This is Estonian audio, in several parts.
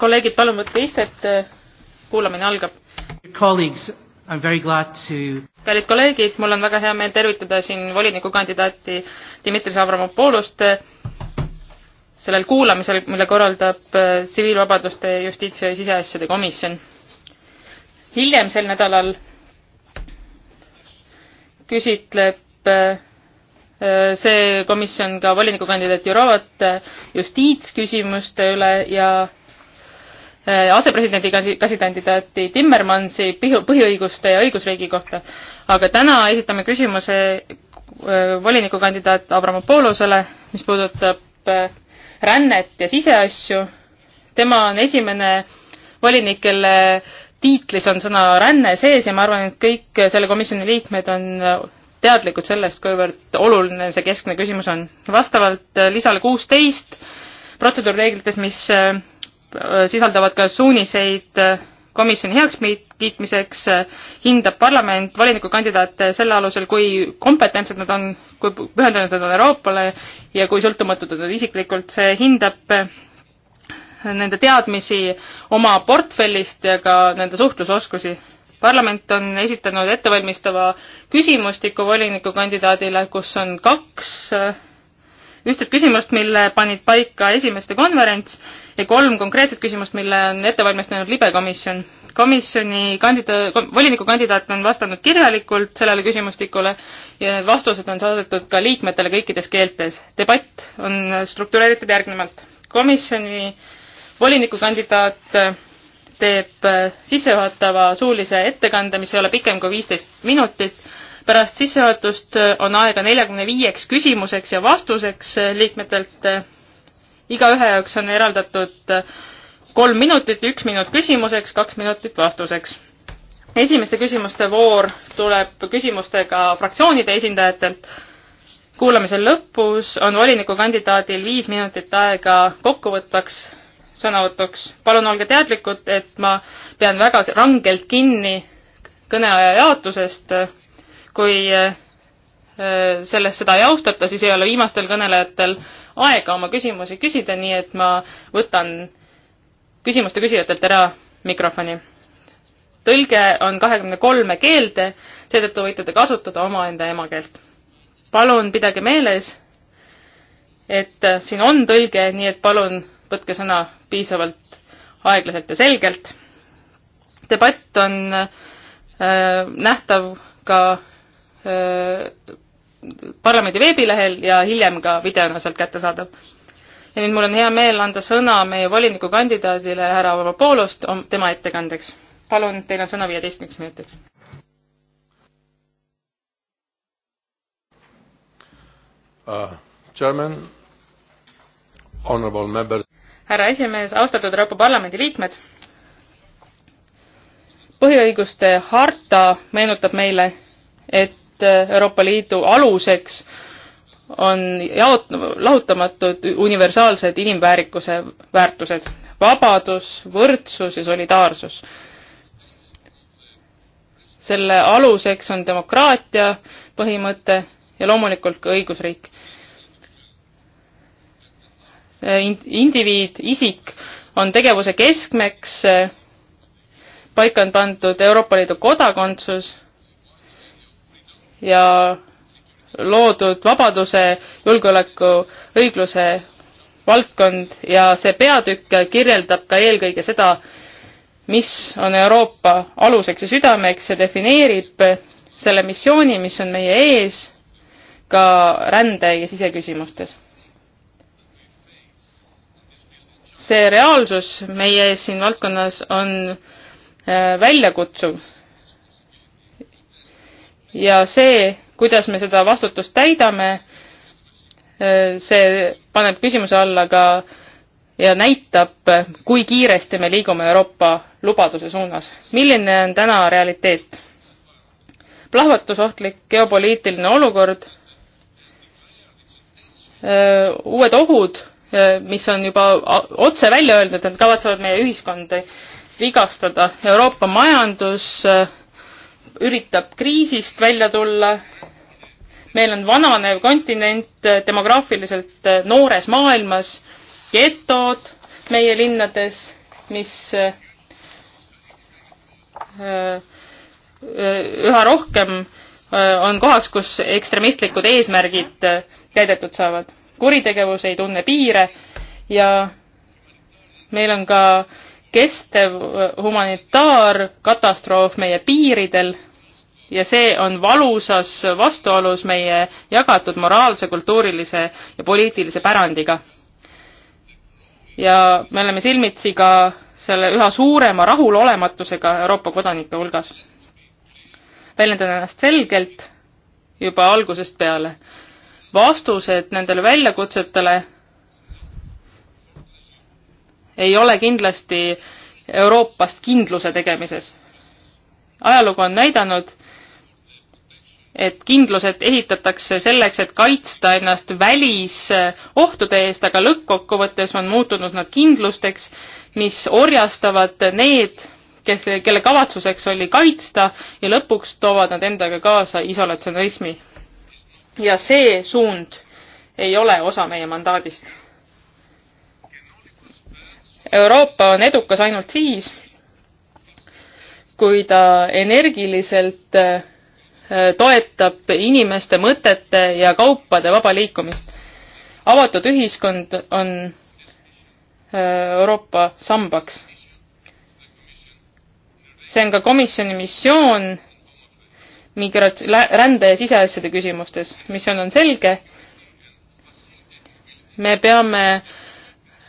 kolleegid, palun võtke istet, kuulamine algab. kallid kolleegid, mul on väga hea meel tervitada siin volinikukandidaati Dmitri Savramopoulost äh, sellel kuulamisel, mille korraldab äh, tsiviilvabaduste justiits- ja siseasjade komisjon. hiljem sel nädalal küsitleb äh, see komisjon ka volinikukandidaat Jurovat justiitsküsimuste üle ja Äh, asepresidendi kandidaati Timmermansi põhiõiguste ja õigusriigi kohta. aga täna esitame küsimuse äh, volinikukandidaat Abramopoulosele, mis puudutab äh, rännet ja siseasju. tema on esimene volinik, kelle tiitlis on sõna ränne sees ja ma arvan, et kõik selle komisjoni liikmed on teadlikud sellest, kuivõrd oluline see keskne küsimus on. vastavalt lisale kuusteist protseduurireeglites, mis Äh, sisaldavad ka suuniseid äh, komisjoni heakskiitmiseks, äh, hindab parlament volinikukandidaate selle alusel, kui kompetentsed nad on, kui pühendunud nad on Euroopale ja kui sõltumatud nad isiklikult, see hindab nende teadmisi oma portfellist ja ka nende suhtlusoskusi. parlament on esitanud ettevalmistava küsimustiku volinikukandidaadile, kus on kaks ühtset küsimust, mille panid paika esimeste konverents ja kolm konkreetset küsimust, mille on ette valmistanud libekomisjon. komisjoni kandida-, volinikukandidaat on vastanud kirjalikult sellele küsimustikule ja need vastused on saadetud ka liikmetele kõikides keeltes. debatt on struktureeritud järgnevalt. komisjoni volinikukandidaat teeb sissejuhatava suulise ettekande, mis ei ole pikem kui viisteist minutit pärast sissejuhatust on aega neljakümne viieks küsimuseks ja vastuseks liikmetelt. igaühe jaoks on eraldatud kolm minutit, üks minut küsimuseks, kaks minutit vastuseks. esimeste küsimuste voor tuleb küsimustega fraktsioonide esindajatelt. kuulamise lõpus on volinikukandidaadil viis minutit aega kokkuvõtvaks sõnavõtuks. palun olge teadlikud, et ma pean väga rangelt kinni kõneaja jaotusest kui äh, sellest seda ei austata, siis ei ole viimastel kõnelejatel aega oma küsimusi küsida, nii et ma võtan küsimuste küsijatelt ära mikrofoni. tõlge on kahekümne kolme keelde, seetõttu võite te kasutada omaenda emakeelt. palun pidage meeles, et siin on tõlge, nii et palun võtke sõna piisavalt aeglaselt ja selgelt. debatt on äh, nähtav ka Äh, parlamendi veebilehel ja hiljem ka videona sealt kättesaadav. ja nüüd mul on hea meel anda sõna meie volinikukandidaadile härra Avramopoulost tema ettekandeks. palun, teil on sõna viieteistkümneks minutiks. Uh, chairman, honorable member. härra esimees, austatud Euroopa Parlamendi liikmed, põhiõiguste harta meenutab meile, et et äh, Euroopa Liidu aluseks on jaot-, lahutamatud universaalsed inimväärikuse väärtused. vabadus, võrdsus ja solidaarsus. selle aluseks on demokraatia põhimõte ja loomulikult ka õigusriik. Äh, indiviid, isik on tegevuse keskmeks äh, paika on pandud Euroopa Liidu kodakondsus ja loodud vabaduse, julgeoleku, õigluse valdkond ja see peatükk kirjeldab ka eelkõige seda, mis on Euroopa aluseks ja südameks ja defineerib selle missiooni, mis on meie ees ka rände ja siseküsimustes. see reaalsus meie ees siin valdkonnas on äh, väljakutsuv ja see, kuidas me seda vastutust täidame, äh, see paneb küsimuse alla ka ja näitab, kui kiiresti me liigume Euroopa lubaduse suunas. milline on täna realiteet? plahvatusohtlik geopoliitiline olukord, äh, uued ohud, äh, mis on juba otse välja öeldud, et kavatsevad meie ühiskonda vigastada, Euroopa majandus, üritab kriisist välja tulla. meil on vananev kontinent eh, demograafiliselt eh, noores maailmas, getod meie linnades, mis eh, üha rohkem on kohaks, kus ekstremistlikud eesmärgid täidetud saavad. kuritegevus ei tunne piire ja meil on ka äh, kestev humanitaarkatastroof meie piiridel ja see on valusas vastuolus meie jagatud moraalse, kultuurilise ja poliitilise pärandiga. ja me oleme silmitsi ka selle üha suurema rahulolematusega Euroopa kodanike hulgas. väljendan ennast selgelt juba algusest peale. vastused nendele väljakutsetele ei ole kindlasti Euroopast kindluse tegemises. ajalugu on näidanud, et kindlused ehitatakse selleks, et kaitsta ennast välisohtude eest, aga lõppkokkuvõttes on muutunud nad kindlusteks, mis orjastavad need, kes, kelle kavatsuseks oli kaitsta ja lõpuks toovad nad endaga kaasa isolatsionalismi. ja see suund ei ole osa meie mandaadist Euroopa on edukas ainult siis, kui ta energiliselt äh, toetab inimeste mõtete ja kaupade vaba liikumist. avatud ühiskond on äh, Euroopa sambaks. see on ka komisjoni missioon migrat-, rände ja siseasjade küsimustes. missioon on selge, me peame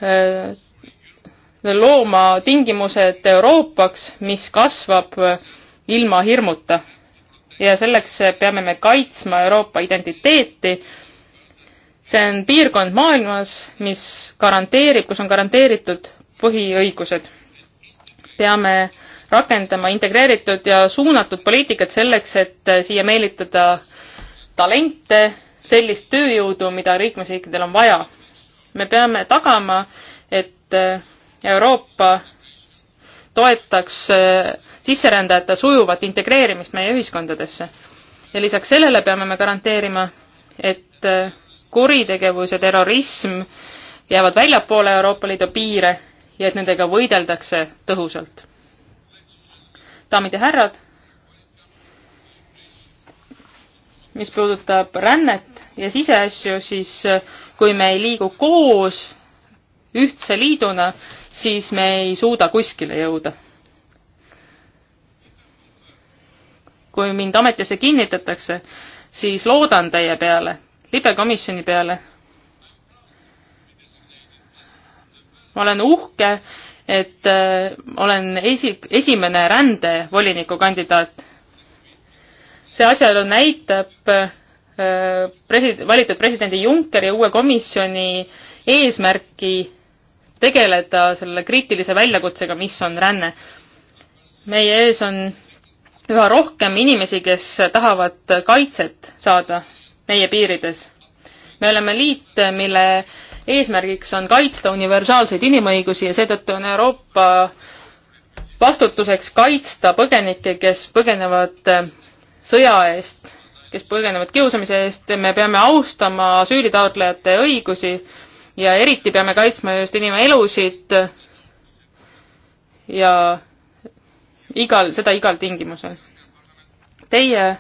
äh, looma tingimused Euroopaks, mis kasvab äh, ilma hirmuta. ja selleks peame me kaitsma Euroopa identiteeti. see on piirkond maailmas, mis garanteerib, kus on garanteeritud põhiõigused. peame rakendama integreeritud ja suunatud poliitikat selleks, et äh, siia meelitada talente, sellist tööjõudu, mida liikmesriikidel on vaja. me peame tagama, et äh, Euroopa toetaks eh, sisserändajate sujuvat integreerimist meie ühiskondadesse. ja lisaks sellele peame me garanteerima, et eh, kuritegevus ja terrorism jäävad väljapoole Euroopa Liidu piire ja et nendega võideldakse tõhusalt. daamid ja härrad, mis puudutab rännet ja siseasju, siis eh, kui me ei liigu koos ühtse liiduna, siis me ei suuda kuskile jõuda. kui mind ametisse kinnitatakse, siis loodan teie peale, libekomisjoni peale. ma olen uhke, et äh, olen esi, esimene rändevoliniku kandidaat. see asjaolu näitab äh, presid-, valitud presidendi Junckeri uue komisjoni eesmärki tegeleda selle kriitilise väljakutsega, mis on ränne. meie ees on üha rohkem inimesi, kes tahavad kaitset saada meie piirides. me oleme liit, mille eesmärgiks on kaitsta universaalseid inimõigusi ja seetõttu on Euroopa vastutuseks kaitsta põgenikke, kes põgenevad sõja eest, kes põgenevad kiusamise eest, me peame austama asüülitaotlejate õigusi ja eriti peame kaitsma just inimelusid ja igal, seda igal tingimusel. Teie eh,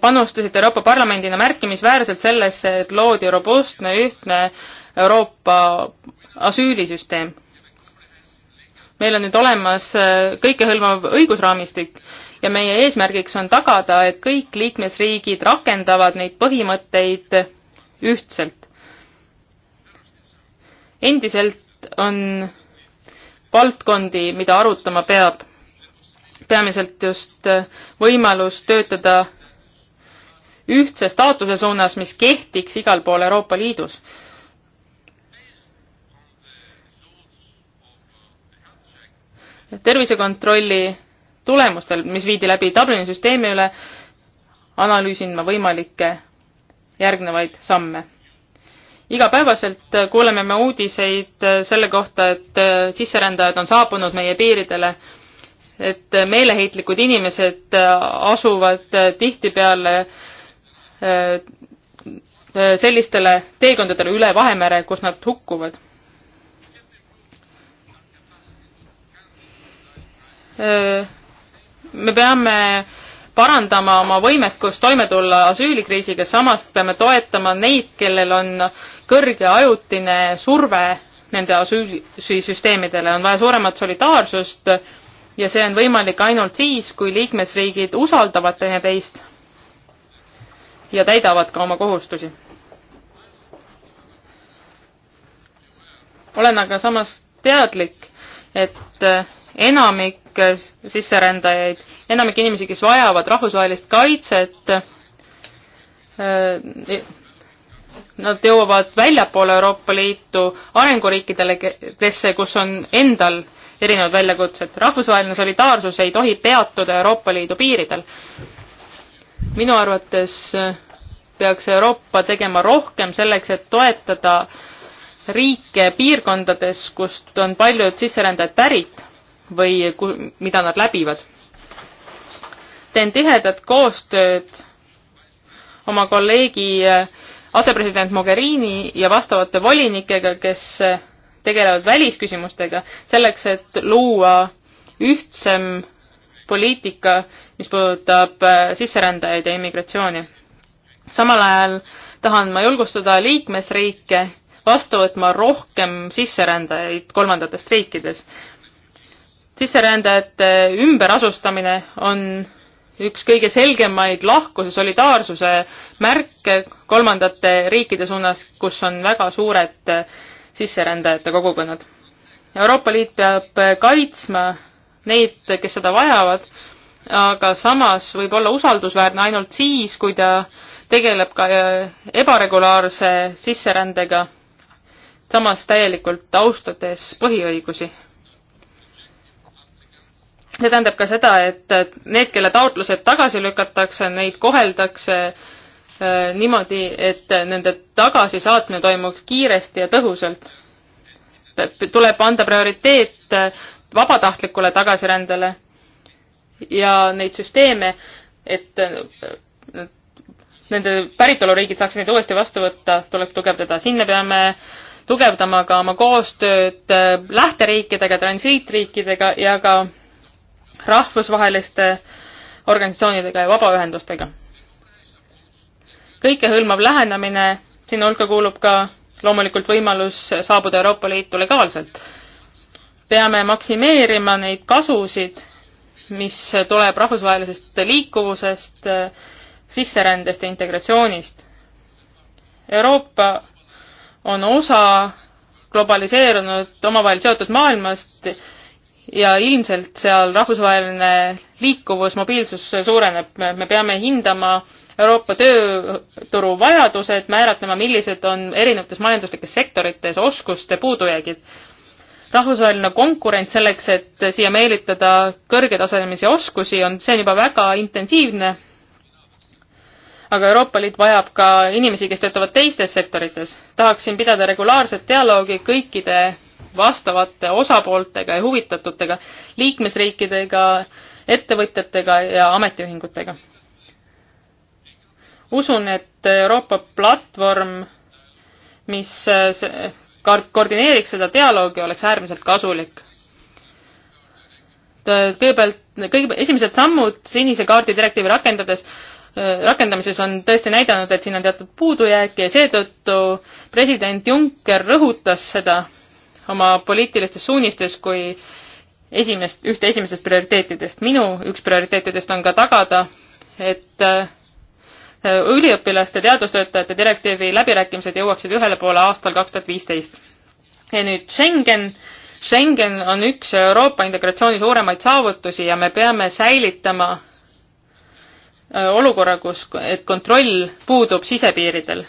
panustasite Euroopa Parlamendina märkimisväärselt sellesse, et loodi robustne, ühtne Euroopa asüülisüsteem. meil on nüüd olemas eh, kõikehõlmav õigusraamistik ja meie eesmärgiks on tagada, et kõik liikmesriigid rakendavad neid põhimõtteid ühtselt. endiselt on valdkondi, mida arutama peab, peamiselt just võimalus töötada ühtse staatuse suunas, mis kehtiks igal pool Euroopa Liidus. tervisekontrolli tulemustel, mis viidi läbi Dublini süsteemi üle, analüüsin ma võimalikke järgnevaid samme. igapäevaselt äh, kuuleme me uudiseid äh, selle kohta, et äh, sisserändajad on saabunud meie piiridele, et meeleheitlikud inimesed asuvad tihtipeale sellistele teekondadele üle Vahemere, kus nad hukkuvad me peame parandama oma võimekust toime tulla asüülikriisiga, samas peame toetama neid, kellel on kõrge ajutine surve nende asüülisüsteemidele, on vaja suuremat solidaarsust ja see on võimalik ainult siis, kui liikmesriigid usaldavad teineteist ja täidavad ka oma kohustusi. olen aga samas teadlik, et enamik sisserändajaid, enamik inimesi, kes vajavad rahvusvahelist kaitset, eh, nad jõuavad väljapoole Euroopa Liitu arenguriikidele, kesse, kus on endal erinevad väljakutsed. rahvusvaheline solidaarsus ei tohi peatuda Euroopa Liidu piiridel. minu arvates peaks Euroopa tegema rohkem selleks, et toetada riike piirkondades, kust on paljud sisserändajad pärit või mida nad läbivad. teen tihedat koostööd oma kolleegi äh, asepresident Mogherini ja vastavate volinikega, kes äh, tegelevad välisküsimustega, selleks et luua ühtsem poliitika, mis puudutab äh, sisserändajaid ja immigratsiooni. samal ajal tahan ma julgustada liikmesriike vastu võtma rohkem sisserändajaid kolmandatest riikidest sisserändajate ümberasustamine on üks kõige selgemaid lahkuse, solidaarsuse märke kolmandate riikide suunas, kus on väga suured sisserändajate kogukonnad. Euroopa Liit peab kaitsma neid, kes seda vajavad, aga samas võib olla usaldusväärne ainult siis, kui ta tegeleb ka äh, ebaregulaarse sisserändega, samas täielikult austades põhiõigusi see tähendab ka seda, et need, kelle taotlused tagasi lükatakse, neid koheldakse äh, niimoodi, et nende tagasisaatmine toimuks kiiresti ja tõhusalt. tuleb anda prioriteet äh, vabatahtlikule tagasirändele ja neid süsteeme, et äh, nende päritoluriigid saaks neid uuesti vastu võtta, tuleb tugevdada. siin me peame tugevdama ka oma koostööd äh, lähteriikidega, transiitriikidega ja ka rahvusvaheliste organisatsioonidega ja vabaühendustega. kõikehõlmav lähenemine, sinna hulka kuulub ka loomulikult võimalus saabuda Euroopa Liitu legaalselt. peame maksimeerima neid kasusid, mis tuleb rahvusvahelisest liikuvusest, sisserändest ja integratsioonist. Euroopa on osa globaliseerunud omavahel seotud maailmast ja ilmselt seal rahvusvaheline liikuvus, mobiilsus suureneb, me peame hindama Euroopa tööturu vajadused, määratlema, millised on erinevates majanduslikes sektorites oskuste puudujäägid. rahvusvaheline konkurents selleks, et siia meelitada kõrgetasemelisi oskusi, on, see on juba väga intensiivne, aga Euroopa Liit vajab ka inimesi, kes töötavad teistes sektorites. tahaksin pidada regulaarset dialoogi kõikide vastavate osapooltega ja huvitatutega, liikmesriikidega, ettevõtjatega ja ametiühingutega. usun, et Euroopa platvorm, mis äh, koordineeriks seda dialoogi, oleks äärmiselt kasulik. kõigepealt, kõige, esimesed sammud sinise kaardi direktiivi rakendades äh, rakendamises on tõesti näidanud, et siin on teatud puudujääk ja seetõttu president Juncker rõhutas seda oma poliitilistes suunistes kui esimest, ühte esimesest prioriteetidest. minu üks prioriteetidest on ka tagada, et äh, üliõpilaste teadustöötajate direktiivi läbirääkimised jõuaksid ühele poole aastal kaks tuhat viisteist. ja nüüd Schengen. Schengen on üks Euroopa integratsiooni suuremaid saavutusi ja me peame säilitama äh, olukorra, kus, et kontroll puudub sisepiiridel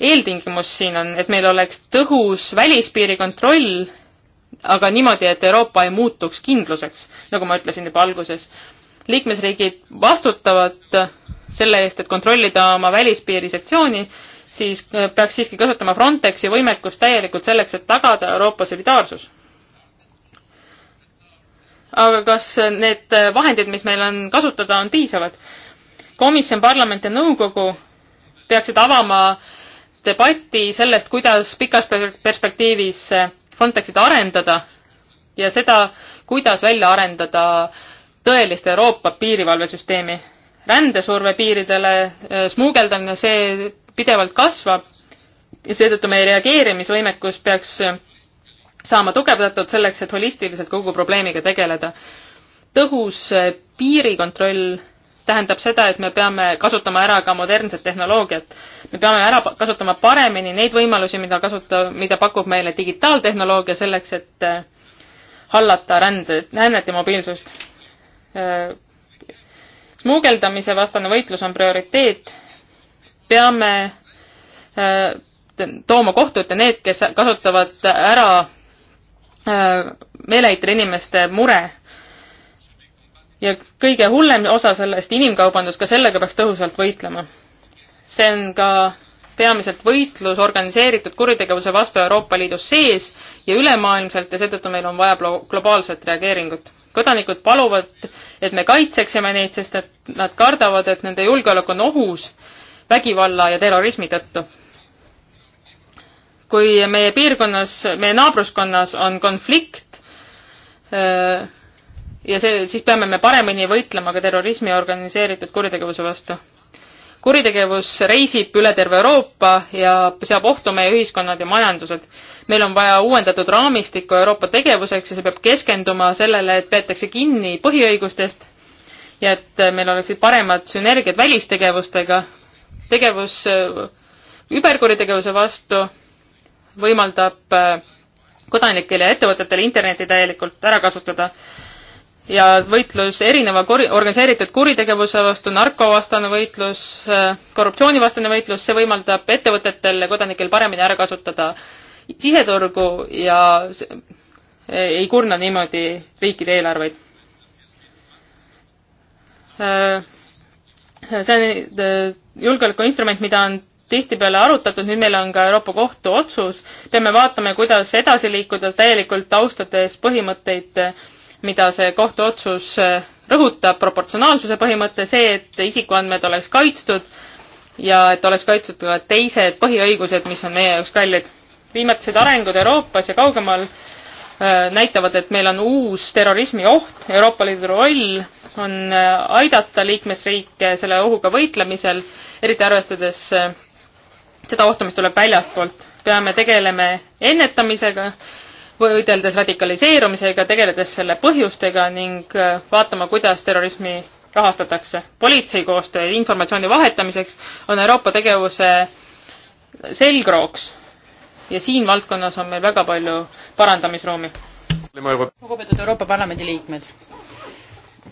eeltingimus siin on, et meil oleks tõhus välispiiri kontroll, aga niimoodi, et Euroopa ei muutuks kindluseks, nagu ma ütlesin juba alguses. liikmesriigid vastutavad selle eest, et kontrollida oma välispiiri sektsiooni, siis peaks siiski kasutama Frontexi võimekust täielikult selleks, et tagada Euroopa solidaarsus. aga kas need vahendid, mis meil on kasutada, on piisavad? komisjon, parlament ja nõukogu peaksid avama debatti sellest, kuidas pikas perspektiivis Frontexit arendada ja seda, kuidas välja arendada tõelist Euroopa piirivalvesüsteemi. rändesurve piiridele, äh, smuugeldamine, see pidevalt kasvab ja seetõttu meie reageerimisvõimekus peaks äh, saama tugevdatud selleks, et holistiliselt kogu probleemiga tegeleda. tõhus äh, piirikontroll tähendab seda, et me peame kasutama ära ka modernset tehnoloogiat. me peame ära kasutama paremini neid võimalusi, mida kasuta, mida pakub meile digitaaltehnoloogia selleks, et äh, hallata rände, rännet ja mobiilsust. Äh, smuugeldamise vastane võitlus on prioriteet. peame äh, tooma kohtu ette need, kes kasutavad ära meeleheitel inimeste mure ja kõige hullem osa sellest, inimkaubandus, ka sellega peaks tõhusalt võitlema. see on ka peamiselt võitlus organiseeritud kuritegevuse vastu Euroopa Liidu sees ja ülemaailmselt ja seetõttu meil on vaja globaalset reageeringut. kodanikud paluvad, et me kaitseksime neid, sest et nad kardavad, et nende julgeolek on ohus vägivalla ja terrorismi tõttu. kui meie piirkonnas, meie naabruskonnas on konflikt, äh, ja see, siis peame me paremini võitlema ka terrorismi ja organiseeritud kuritegevuse vastu. kuritegevus reisib üle terve Euroopa ja seab ohtu meie ühiskonnad ja majandused. meil on vaja uuendatud raamistikku Euroopa tegevuseks ja see peab keskenduma sellele, et peetakse kinni põhiõigustest ja et meil oleksid paremad sünergiad välistegevustega, tegevus küberkuritegevuse äh, vastu võimaldab äh, kodanikele ja ettevõtetele interneti täielikult ära kasutada ja võitlus erineva kuri, organiseeritud kuritegevuse vastu, narkovastane võitlus, korruptsioonivastane võitlus, see võimaldab ettevõtetel ja kodanikel paremini ära kasutada siseturgu ja ei kurna niimoodi riikide eelarveid. see on äh, julgeolekuinstrument, mida on tihtipeale arutatud, nüüd meil on ka Euroopa Kohtu otsus, peame vaatama, kuidas edasi liikuda täielikult austades põhimõtteid äh, mida see kohtuotsus äh, rõhutab, proportsionaalsuse põhimõte, see, et isikuandmed oleks kaitstud ja et oleks kaitstud ka teised põhiõigused, mis on meie jaoks kallid. viimatised arengud Euroopas ja kaugemal äh, näitavad, et meil on uus terrorismi oht, Euroopa Liidu roll on äh, aidata liikmesriike selle ohuga võitlemisel, eriti arvestades seda ohtu, mis tuleb väljastpoolt. peame tegeleme ennetamisega võideldes radikaliseerumisega, tegeledes selle põhjustega ning äh, vaatama, kuidas terrorismi rahastatakse. politsei koostöö informatsiooni vahetamiseks on Euroopa tegevuse selgrooks ja siin valdkonnas on meil väga palju parandamisruumi. lugupeetud Euroopa Parlamendi liikmed,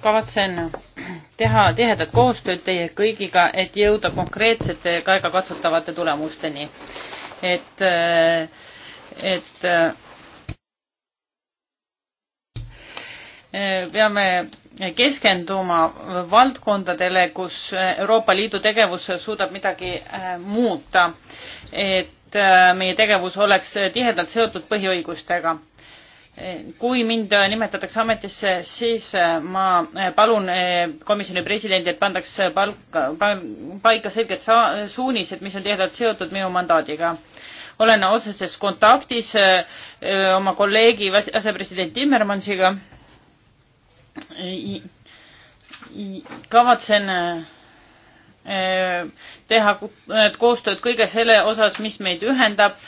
kavatsen teha tihedat koostööd teie kõigiga, et jõuda konkreetsete käegakatsutavate tulemusteni. et, äh, et äh, peame keskenduma valdkondadele, kus Euroopa Liidu tegevus suudab midagi äh, muuta, et äh, meie tegevus oleks tihedalt seotud põhiõigustega. kui mind nimetatakse ametisse, siis äh, ma palun komisjoni presidendi, et pandaks palka, paika selged suunised, mis on tihedalt seotud minu mandaadiga olen otseses kontaktis öö, oma kolleegi asepresident Timmermansiga kavatsen äh, teha äh, koostööd kõige selle osas, mis meid ühendab.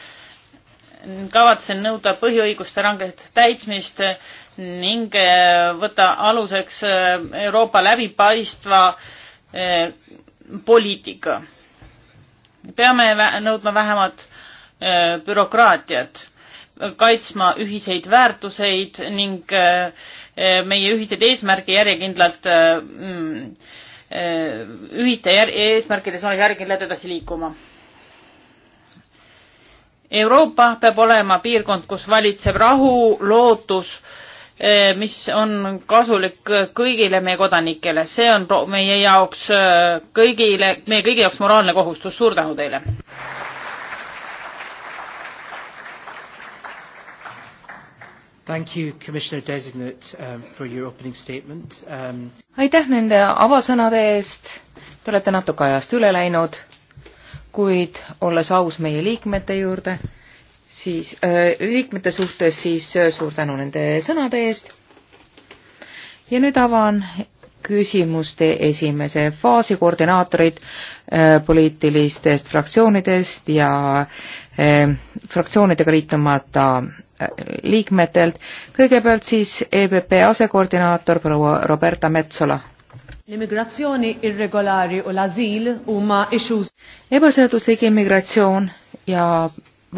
kavatsen nõuda põhiõiguste ranget täitmist ning äh, võtta aluseks Euroopa läbipaistva poliitika. peame nõudma vähemat bürokraatiat, kaitsma ühiseid väärtuseid ning Eh, meie ühiseid eesmärke järjekindlalt, eh, mm, eh, ühiste jär, eesmärkide suunas järjekindlalt edasi liikuma. Euroopa peab olema piirkond, kus valitseb rahu, lootus, mis on kasulik kõigile meie kodanikele, see on meie jaoks kõigile, meie kõigi jaoks moraalne kohustus, suur tänu teile! Thank you, Commissioner Designate, um, for your opening statement. Um... aitäh nende avasõnade eest, te olete natuke ajast üle läinud, kuid olles aus meie liikmete juurde, siis äh,, liikmete suhtes, siis äh, suur tänu nende sõnade eest. ja nüüd avan küsimuste esimese faasi koordinaatorid äh, poliitilistest fraktsioonidest ja äh, fraktsioonidega liitumata äh, liikmetelt. kõigepealt siis EPP asekoordinaator proua Roberta Metsola. L-immigratsiooni irregolaari u l-aziil huma issues. ebaseaduslik immigratsioon ja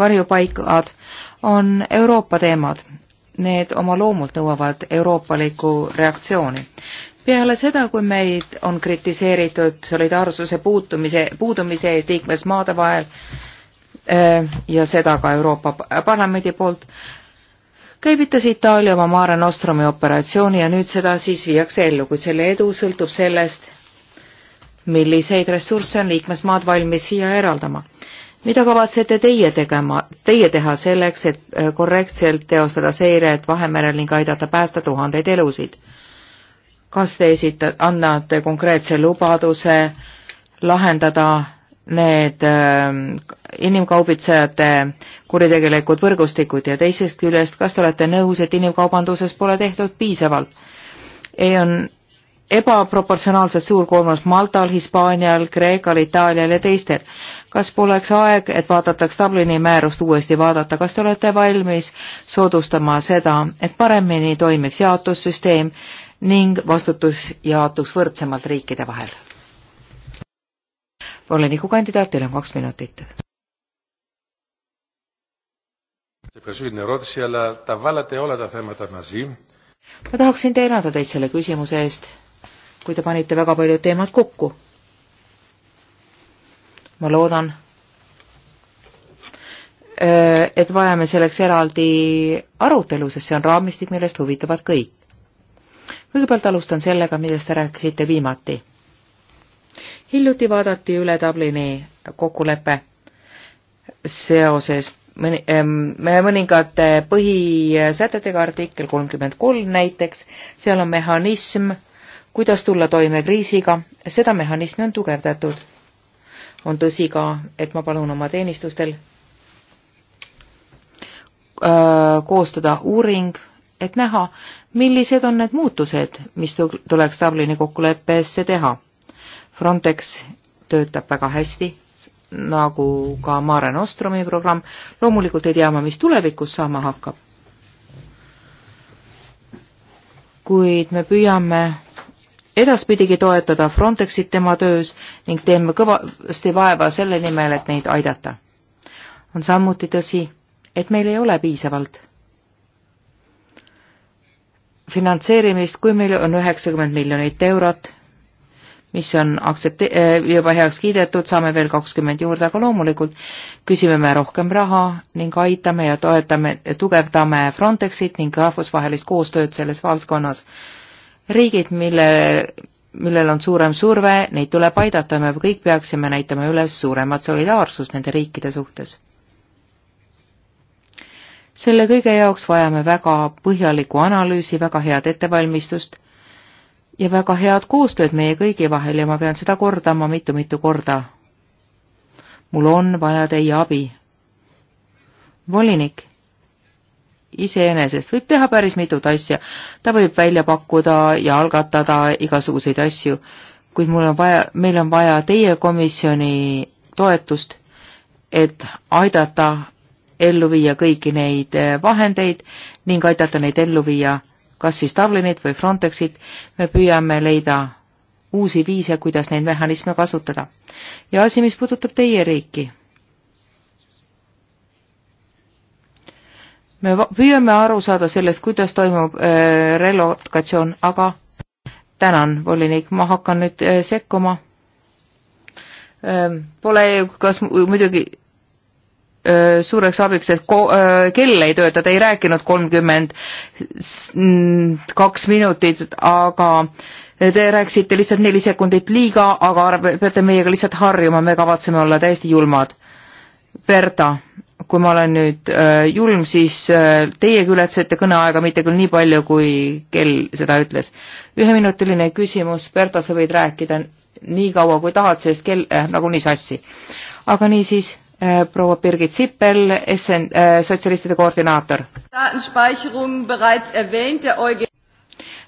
varjupaigad on Euroopa teemad. Need oma loomult nõuavad euroopalikku reaktsiooni peale seda, kui meid on kritiseeritud solidaarsuse puutumise, puudumise eest liikmesmaade vahel, Äh, ja seda ka Euroopa Parlamendi poolt, käivitas Itaalia oma Mare Nostromi operatsiooni ja nüüd seda siis viiakse ellu, kuid selle edu sõltub sellest, milliseid ressursse on liikmesmaad valmis siia eraldama. mida kavatsete teie tegema, teie teha selleks, et äh, korrektselt teostada seiret Vahemerel ning aidata päästa tuhandeid elusid? kas te esita-, annate konkreetse lubaduse lahendada need ähm, inimkaubitsejate kuritegelikud võrgustikud ja teisest küljest, kas te olete nõus, et inimkaubanduses pole tehtud piisavalt? ei, on ebaproportsionaalselt suur koormus Maltal, Hispaanial, Kreekal, Itaalial ja teistel. kas poleks aeg, et vaadataks Dublini määrust uuesti vaadata, kas te olete valmis soodustama seda, et paremini toimiks jaotussüsteem ning vastutus jaotuks võrdsemalt riikide vahel? voliniku kandidaat, teil on kaks minutit ma tahaksin tänada teid selle küsimuse eest, kui te panite väga paljud teemad kokku. ma loodan, äh, et vajame selleks eraldi arutelu, sest see on raamistik, millest huvitavad kõik. kõigepealt alustan sellega, millest te rääkisite viimati. hiljuti vaadati üle Dublini kokkulepe seoses mõni, mõningate põhisätetega, artikkel kolmkümmend kolm näiteks, seal on mehhanism, kuidas tulla toime kriisiga, seda mehhanismi on tugevdatud. on tõsi ka, et ma palun oma teenistustel öö, äh, koostada uuring, et näha, millised on need muutused, mis tuleks Dublini kokkuleppesse teha. Frontex töötab väga hästi nagu ka Mare Nostrumi programm, loomulikult ei tea ma, mis tulevikus saama hakkab. kuid me püüame edaspidigi toetada Frontexit tema töös ning teeme kõvasti vaeva selle nimel, et neid aidata. on samuti tõsi, et meil ei ole piisavalt finantseerimist, kui meil on üheksakümmend miljonit eurot mis on aktsepte-, eh, juba heaks kiidetud, saame veel kakskümmend juurde, aga loomulikult küsime me rohkem raha ning aitame ja toetame, tugevdame Frontexit ning rahvusvahelist koostööd selles valdkonnas. riigid, mille, millel on suurem surve, neid tuleb aidata, me kõik peaksime näitama üles suuremat solidaarsust nende riikide suhtes. selle kõige jaoks vajame väga põhjalikku analüüsi, väga head ettevalmistust ja väga head koostööd meie kõigi vahel ja ma pean seda kordama mitu-mitu korda. mul on vaja teie abi. volinik iseenesest võib teha päris mitut asja, ta võib välja pakkuda ja algatada igasuguseid asju, kuid mul on vaja, meil on vaja teie komisjoni toetust, et aidata ellu viia kõiki neid vahendeid ning aidata neid ellu viia kas siis Dublinit või Frontexit, me püüame leida uusi viise, kuidas neid mehhanisme kasutada. ja asi, mis puudutab teie riiki. me püüame aru saada sellest, kuidas toimub äh, relokatsioon, aga tänan, volinik, ma hakkan nüüd äh, sekkuma ähm,. Pole, kas muidugi suureks abiks, et ko-, kell ei tööta, ta ei rääkinud kolmkümmend kaks minutit, aga te rääkisite lihtsalt neli sekundit liiga, aga peate meiega lihtsalt harjuma, me kavatseme olla täiesti julmad. Berta, kui ma olen nüüd äh, julm, siis äh, teie ületasite kõneaega mitte küll nii palju, kui kell seda ütles. üheminutiline küsimus, Berta, sa võid rääkida nii kaua, kui tahad, sest kell äh, nagunii sassi. aga niisiis Äh, proua Birgit Sippel, SN, äh, sotsialistide koordinaator.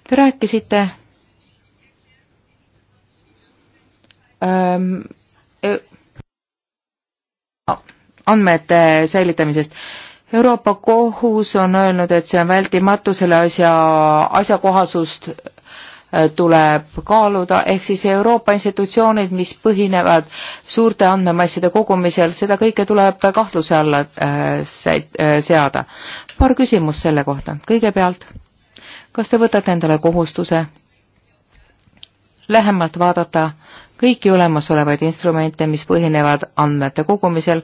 Te rääkisite ähm, e- andmete säilitamisest. Euroopa Kohus on öelnud, et see on vältimatu, selle asja asjakohasust tuleb kaaluda, ehk siis Euroopa institutsioonid, mis põhinevad suurte andmemasside kogumisel, seda kõike tuleb kahtluse alla äh, äh, seada. paar küsimust selle kohta. kõigepealt, kas te võtate endale kohustuse lähemalt vaadata kõiki olemasolevaid instrumente, mis põhinevad andmete kogumisel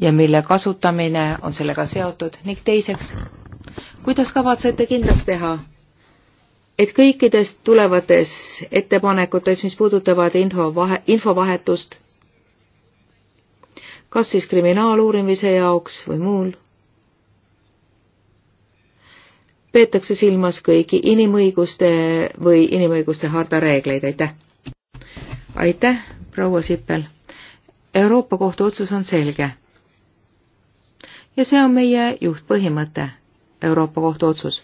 ja mille kasutamine on sellega seotud ning teiseks, kuidas kavatsete kindlaks teha, et kõikides tulevates ettepanekutes, mis puudutavad infovahe, infovahetust, kas siis kriminaaluurimise jaoks või muul, peetakse silmas kõigi inimõiguste või inimõiguste harta reegleid, aitäh! aitäh, proua Sippel! Euroopa Kohtu otsus on selge. ja see on meie juhtpõhimõte, Euroopa Kohtu otsus.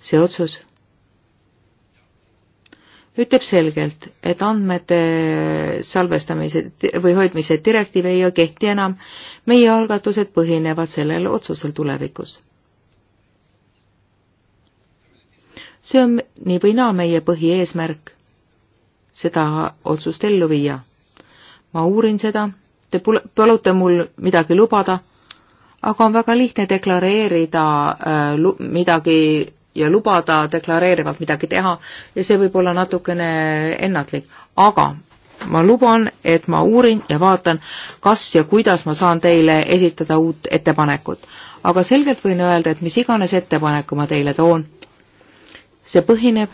see otsus ütleb selgelt, et andmete salvestamise või hoidmise direktiiv ei kehti enam, meie algatused põhinevad sellel otsusel tulevikus. see on nii või naa meie põhieesmärk, seda otsust ellu viia. ma uurin seda, te palute mul midagi lubada, aga on väga lihtne deklareerida äh, midagi ja lubada deklareerivalt midagi teha ja see võib olla natukene ennatlik, aga ma luban, et ma uurin ja vaatan, kas ja kuidas ma saan teile esitada uut ettepanekut. aga selgelt võin öelda, et mis iganes ettepaneku ma teile toon, see põhineb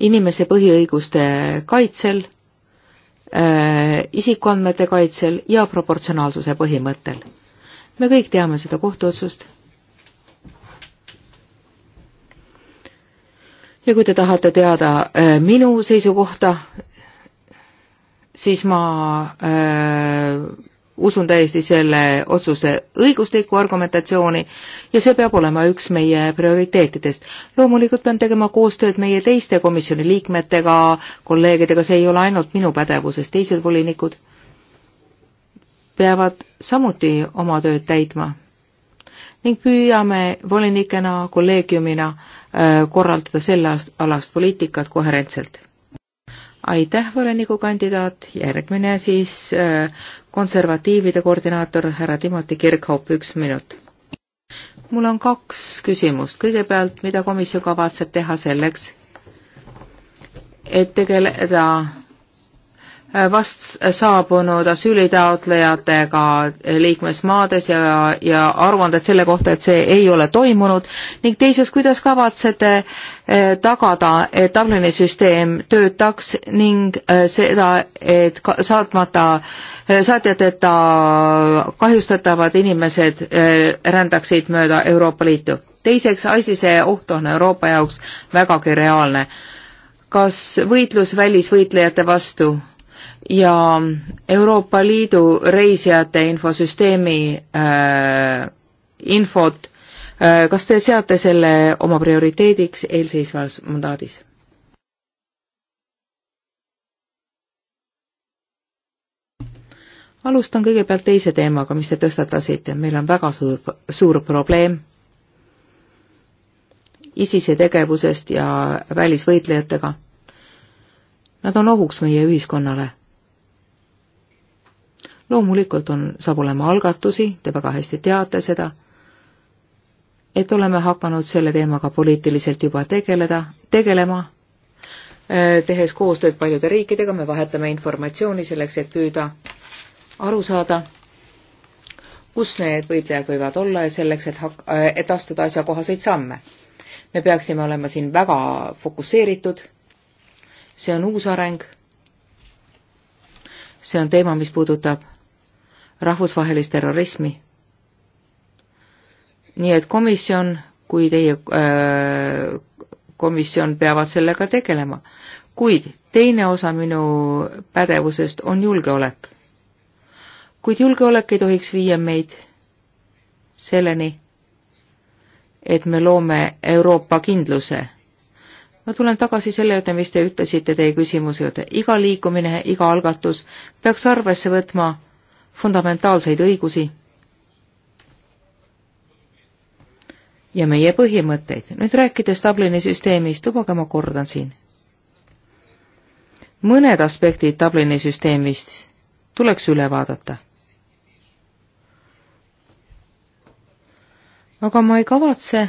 inimese põhiõiguste kaitsel äh,, isikuandmete kaitsel ja proportsionaalsuse põhimõttel me kõik teame seda kohtuotsust. ja kui te tahate teada äh, minu seisukohta, siis ma äh, usun täiesti selle otsuse õiguslikku argumentatsiooni ja see peab olema üks meie prioriteetidest. loomulikult pean tegema koostööd meie teiste komisjoni liikmetega, kolleegidega, see ei ole ainult minu pädevuses, teised volinikud peavad samuti oma tööd täitma ning püüame volinikena, kolleegiumina äh, korraldada sellealast poliitikat koherentselt. aitäh, volinikukandidaat, järgmine siis äh, konservatiivide koordinaator härra Timothy Kirkhoop, üks minut. mul on kaks küsimust, kõigepealt, mida komisjon kavatseb teha selleks, et tegeleda Äh, vast saabunud asüülitaotlejatega liikmesmaades ja, ja aruanded selle kohta, et see ei ole toimunud ning teiseks, kuidas kavatsete äh, tagada, et Dublini süsteem töötaks ning äh, seda, et saatmata, saatjateta kahjustatavad inimesed rändaksid mööda Euroopa Liitu. teiseks, ISISe oht on Euroopa jaoks vägagi reaalne. kas võitlus välisvõitlejate vastu ja Euroopa Liidu reisijate infosüsteemi äh, infot äh,, kas te seate selle oma prioriteediks eelseisvas mandaadis? alustan kõigepealt teise teemaga, mis te tõstatasite, meil on väga suur, suur probleem ISISe tegevusest ja välisvõitlejatega. Nad on ohuks meie ühiskonnale loomulikult on, saab olema algatusi, te väga hästi teate seda, et oleme hakanud selle teemaga poliitiliselt juba tegeleda, tegelema, äh, tehes koostööd paljude riikidega, me vahetame informatsiooni selleks, et püüda aru saada, kus need võitlejad võivad olla ja selleks, et hak-, äh, et astuda asjakohaseid samme. me peaksime olema siin väga fokusseeritud, see on uus areng, see on teema, mis puudutab rahvusvahelist terrorismi. nii et komisjon kui teie öö, äh, komisjon peavad sellega tegelema. kuid teine osa minu pädevusest on julgeolek. kuid julgeolek ei tohiks viia meid selleni, et me loome Euroopa kindluse. ma tulen tagasi selle juurde, mis te ütlesite teie küsimuse juurde. iga liikumine, iga algatus peaks arvesse võtma fundamentaalseid õigusi ja meie põhimõtteid. nüüd rääkides Dublini süsteemist, lubage ma kordan siin. mõned aspektid Dublini süsteemist tuleks üle vaadata. aga ma ei kavatse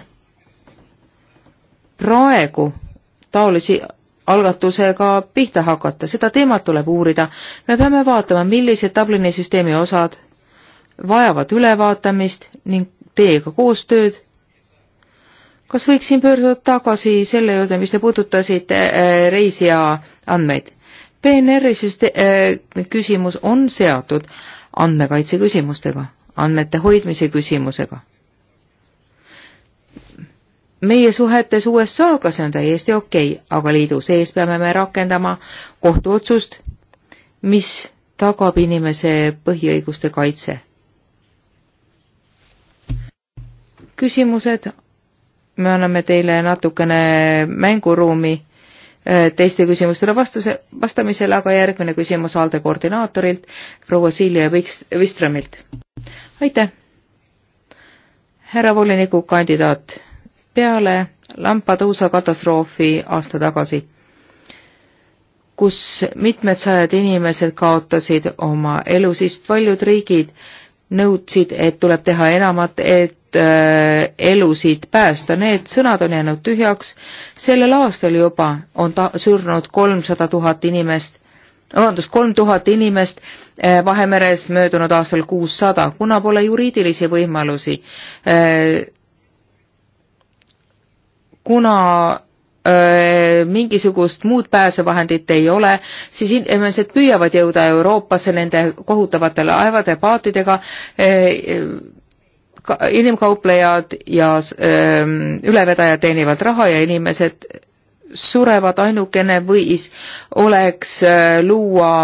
praegu taolisi algatusega pihta hakata, seda teemat tuleb uurida. me peame vaatama, millised Dublini süsteemi osad vajavad ülevaatamist ning teiega koostööd. kas võiksin pöörduda tagasi selle juurde, mis te puudutasite äh, reisija andmeid? PNR-i süste- äh,, küsimus on seotud andmekaitse küsimustega, andmete hoidmise küsimusega meie suhetes USA-ga, see on täiesti okei okay,, aga liidu sees peame me rakendama kohtuotsust, mis tagab inimese põhiõiguste kaitse. küsimused, me anname teile natukene mänguruumi äh, teiste küsimustele vastuse, vastamisele, aga järgmine küsimus ALDE koordinaatorilt, proua Silja Vistramilt. aitäh! härra volinikukandidaat peale Lampeduusa katastroofi aasta tagasi, kus mitmed sajad inimesed kaotasid oma elu, siis paljud riigid nõudsid, et tuleb teha enamat, et äh, elusid päästa, need sõnad on jäänud tühjaks. sellel aastal juba on ta surnud kolmsada tuhat inimest, vabandust, kolm tuhat inimest äh, Vahemeres möödunud aastal kuussada, kuna pole juriidilisi võimalusi äh, kuna mingisugust muud pääsevahendit ei ole, siis inimesed püüavad jõuda Euroopasse nende kohutavate laevade, paatidega, inimkauplejad ja ülevedajad teenivad raha ja inimesed surevad, ainukene võis oleks luua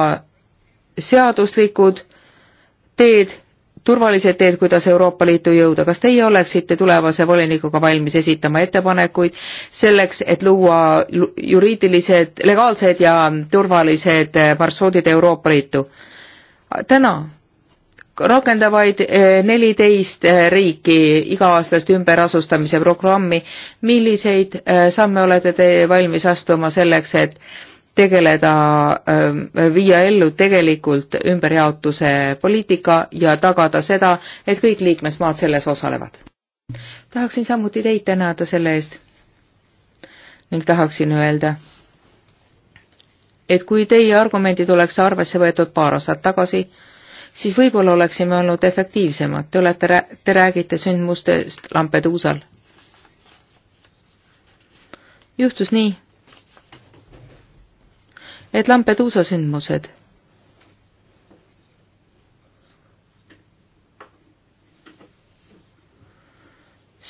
seaduslikud teed turvalised teed, kuidas Euroopa Liitu jõuda. kas teie oleksite tulevase volinikuga valmis esitama ettepanekuid selleks, et luua juriidilised, legaalsed ja turvalised eh, marsruudid Euroopa Liitu? täna rakendavaid eh, neliteist eh, riiki iga-aastast ümberasustamise programmi. milliseid samme olete te valmis astuma selleks, et tegeleda, ähm, viia ellu tegelikult ümberjaotuse poliitika ja tagada seda, et kõik liikmesmaad selles osalevad. tahaksin samuti teid tänada selle eest ning tahaksin öelda, et kui teie argumendid oleks arvesse võetud paar aastat tagasi, siis võib-olla oleksime olnud efektiivsemad. Te olete, te räägite sündmustest Lampeduusal. juhtus nii et Lampeduusa sündmused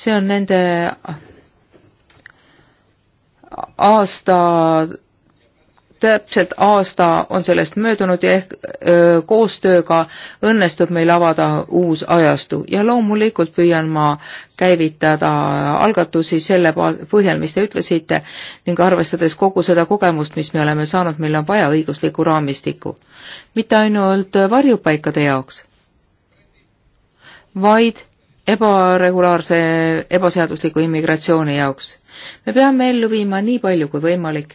see on nende aasta täpselt aasta on sellest möödunud ja ehk öö, koostööga õnnestub meil avada uus ajastu ja loomulikult püüan ma käivitada algatusi selle põhjal, mis te ütlesite ning arvestades kogu seda kogemust, mis me oleme saanud, meil on vaja õiguslikku raamistikku. mitte ainult varjupaikade jaoks, vaid ebaregulaarse ebaseadusliku immigratsiooni jaoks. me peame ellu viima nii palju kui võimalik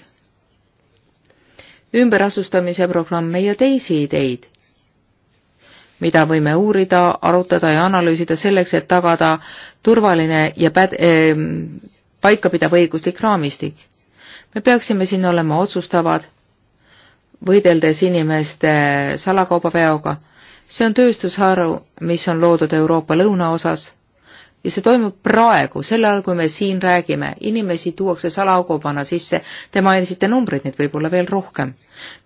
ümberasustamise programme ja teisi ideid, mida võime uurida, arutada ja analüüsida selleks, et tagada turvaline ja päd- äh,, paikapidav õiguslik raamistik. me peaksime siin olema otsustavad, võideldes inimeste salakaubaveoga. see on tööstusharu, mis on loodud Euroopa lõunaosas ja see toimub praegu, sel ajal, kui me siin räägime, inimesi tuuakse salaaugukonna sisse, te mainisite numbreid, neid võib olla veel rohkem.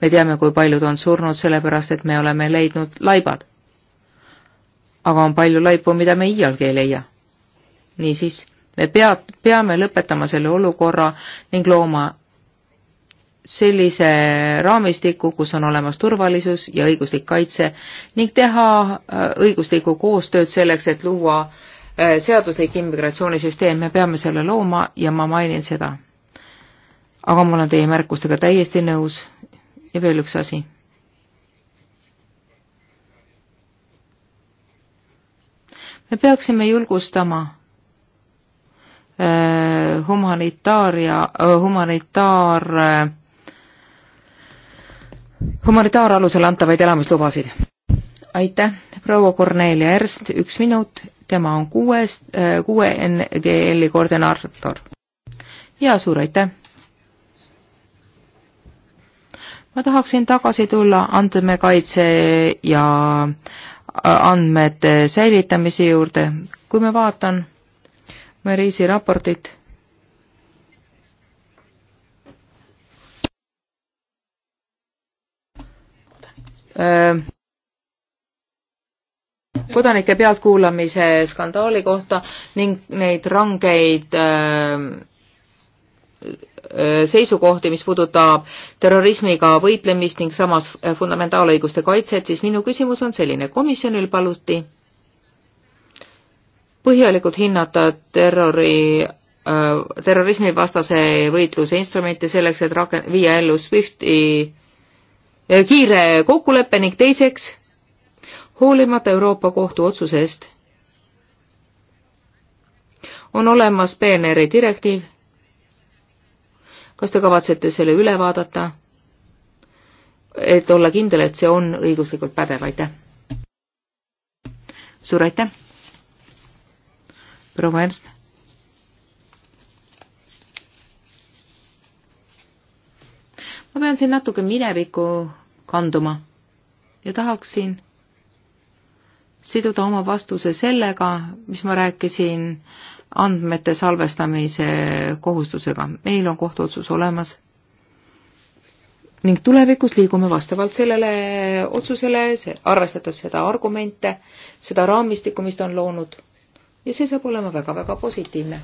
me teame, kui paljud on surnud sellepärast, et me oleme leidnud laibad. aga on palju laipu, mida me iialgi ei leia. niisiis, me pea, peame lõpetama selle olukorra ning looma sellise raamistiku, kus on olemas turvalisus ja õiguslik kaitse ning teha äh, õiguslikku koostööd selleks, et luua äh, Äh, seaduslik immigratsioonisüsteem, me peame selle looma ja ma mainin seda. aga ma olen teie märkustega täiesti nõus ja veel üks asi. me peaksime julgustama äh, humanitaaria, äh, humanitaar, humanitaaralusel antavaid elamislubasid. aitäh, proua Kornelia Erst, üks minut tema on kuues, kuue äh, NGL-i koordinaator. ja suur aitäh! ma tahaksin tagasi tulla andmekaitse ja äh, andmete säilitamise juurde. kui ma vaatan Mariisi raportit, öö, äh, kodanike pealtkuulamise skandaali kohta ning neid rangeid äh, äh, seisukohti, mis puudutab terrorismiga võitlemist ning samas äh, fundamentaalõiguste kaitset, siis minu küsimus on selline. komisjonil paluti põhjalikult hinnata terrori terrorismivastase võitluse instrumente selleks, et raken-, viia ellu SWIFTi kiire kokkulepe ning teiseks hoolimata Euroopa Kohtu otsusest on olemas PNR-i direktiiv. kas te kavatsete selle üle vaadata, et olla kindel, et see on õiguslikult pädev, aitäh! suur aitäh! proua Ernst. ma pean siin natuke minevikku kanduma ja tahaksin siduda oma vastuse sellega, mis ma rääkisin andmete salvestamise kohustusega. meil on kohtuotsus olemas ning tulevikus liigume vastavalt sellele otsusele, arvestades seda argumente, seda raamistikku, mis ta on loonud. ja see saab olema väga-väga positiivne.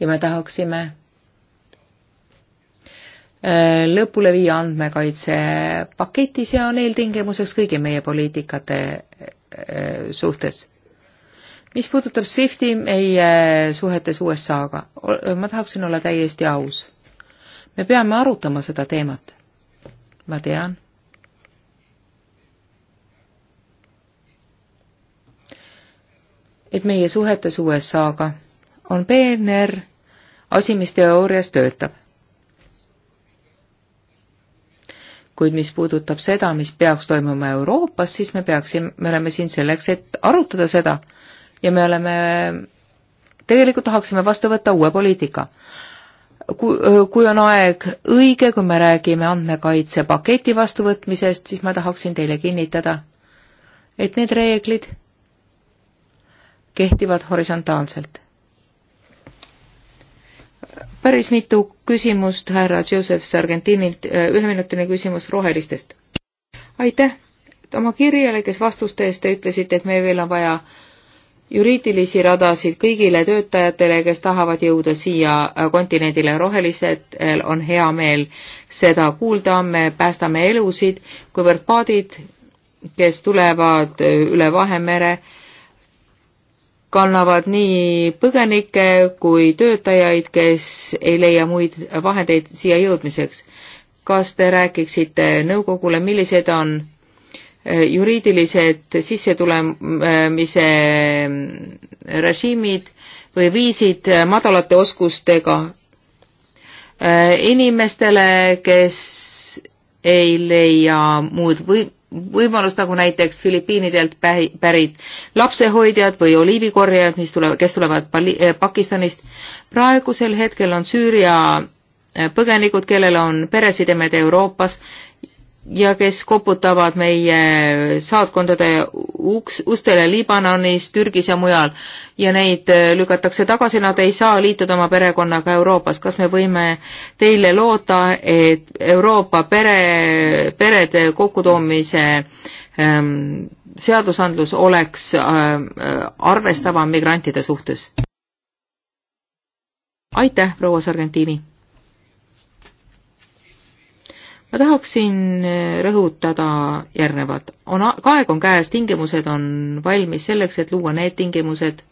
ja me tahaksime äh, lõpule viia andmekaitsepaketis ja on eeltingimuseks kõigi meie poliitikate Äh, suhtes. mis puudutab SWIFTi meie äh, suhetes USA-ga, äh, ma tahaksin olla täiesti aus. me peame arutama seda teemat. ma tean. et meie suhetes USA-ga on PNR asi, mis teoorias töötab. kuid mis puudutab seda, mis peaks toimuma Euroopas, siis me peaksime, me oleme siin selleks, et arutada seda ja me oleme, tegelikult tahaksime vastu võtta uue poliitika. kui, kui on aeg õige, kui me räägime andmekaitsepaketi vastuvõtmisest, siis ma tahaksin teile kinnitada, et need reeglid kehtivad horisontaalselt päris mitu küsimust härra Joseph Sargentinilt, äh, üheminutine küsimus rohelistest. aitäh, oma kirjalikes vastuste eest te ütlesite, et meil veel on vaja juriidilisi radasid kõigile töötajatele, kes tahavad jõuda siia äh, kontinendile. rohelistel on hea meel seda kuulda, me päästame elusid, kuivõrd paadid, kes tulevad äh, üle Vahemere, kannavad nii põgenikke kui töötajaid, kes ei leia muid vahendeid siia jõudmiseks. kas te rääkiksite nõukogule, millised on eh, juriidilised sissetulemise eh, režiimid või viisid eh, madalate oskustega inimestele, kes ei leia muud või võimalust, nagu näiteks Filipiinidelt pärit lapsehoidjad või oliivikorjajad, mis tulevad, kes tulevad eh, Pakistanist. praegusel hetkel on Süüria eh, põgenikud, kellel on peresidemed Euroopas ja kes koputavad meie saatkondade uks, ustele Liibanonis, Türgis ja mujal ja neid äh, lükatakse tagasi, nad ei saa liituda oma perekonnaga Euroopas. kas me võime teile loota, et Euroopa pere, perede kokkutoomise ähm, seadusandlus oleks ähm, arvestavam migrantide suhtes? aitäh, proua Sargentini! ma tahaksin äh, rõhutada järgnevat. on, aeg on käes, tingimused on valmis selleks, et luua need tingimused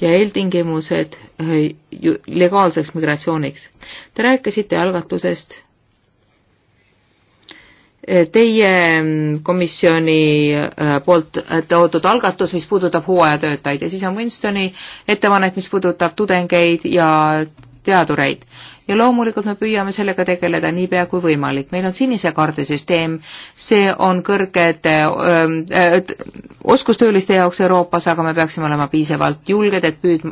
ja eeltingimused äh, legaalseks migratsiooniks. Te rääkisite algatusest, äh, teie mm, komisjoni poolt toodud algatus, mis puudutab hooajatöötajaid ja siis on Winstoni ettepanek, mis puudutab tudengeid ja teadureid ja loomulikult me püüame sellega tegeleda niipea kui võimalik. meil on sinise kaardi süsteem, see on kõrgete öö, ähm, äh, oskustööliste jaoks Euroopas, aga me peaksime olema piisavalt julged, et püüd-,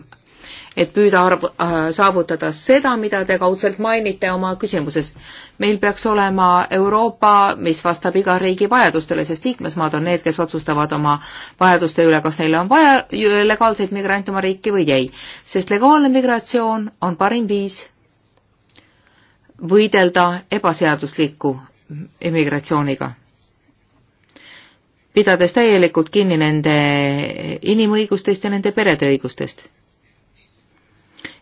et püüda arv-, äh, saavutada seda, mida te kaudselt mainite oma küsimuses. meil peaks olema Euroopa, mis vastab iga riigi vajadustele, sest liikmesmaad on need, kes otsustavad oma vajaduste üle, kas neile on vaja legaalseid migrante oma riiki või ei. sest legaalne migratsioon on parim viis võidelda ebaseadusliku immigratsiooniga, pidades täielikult kinni nende inimõigustest ja nende perede õigustest.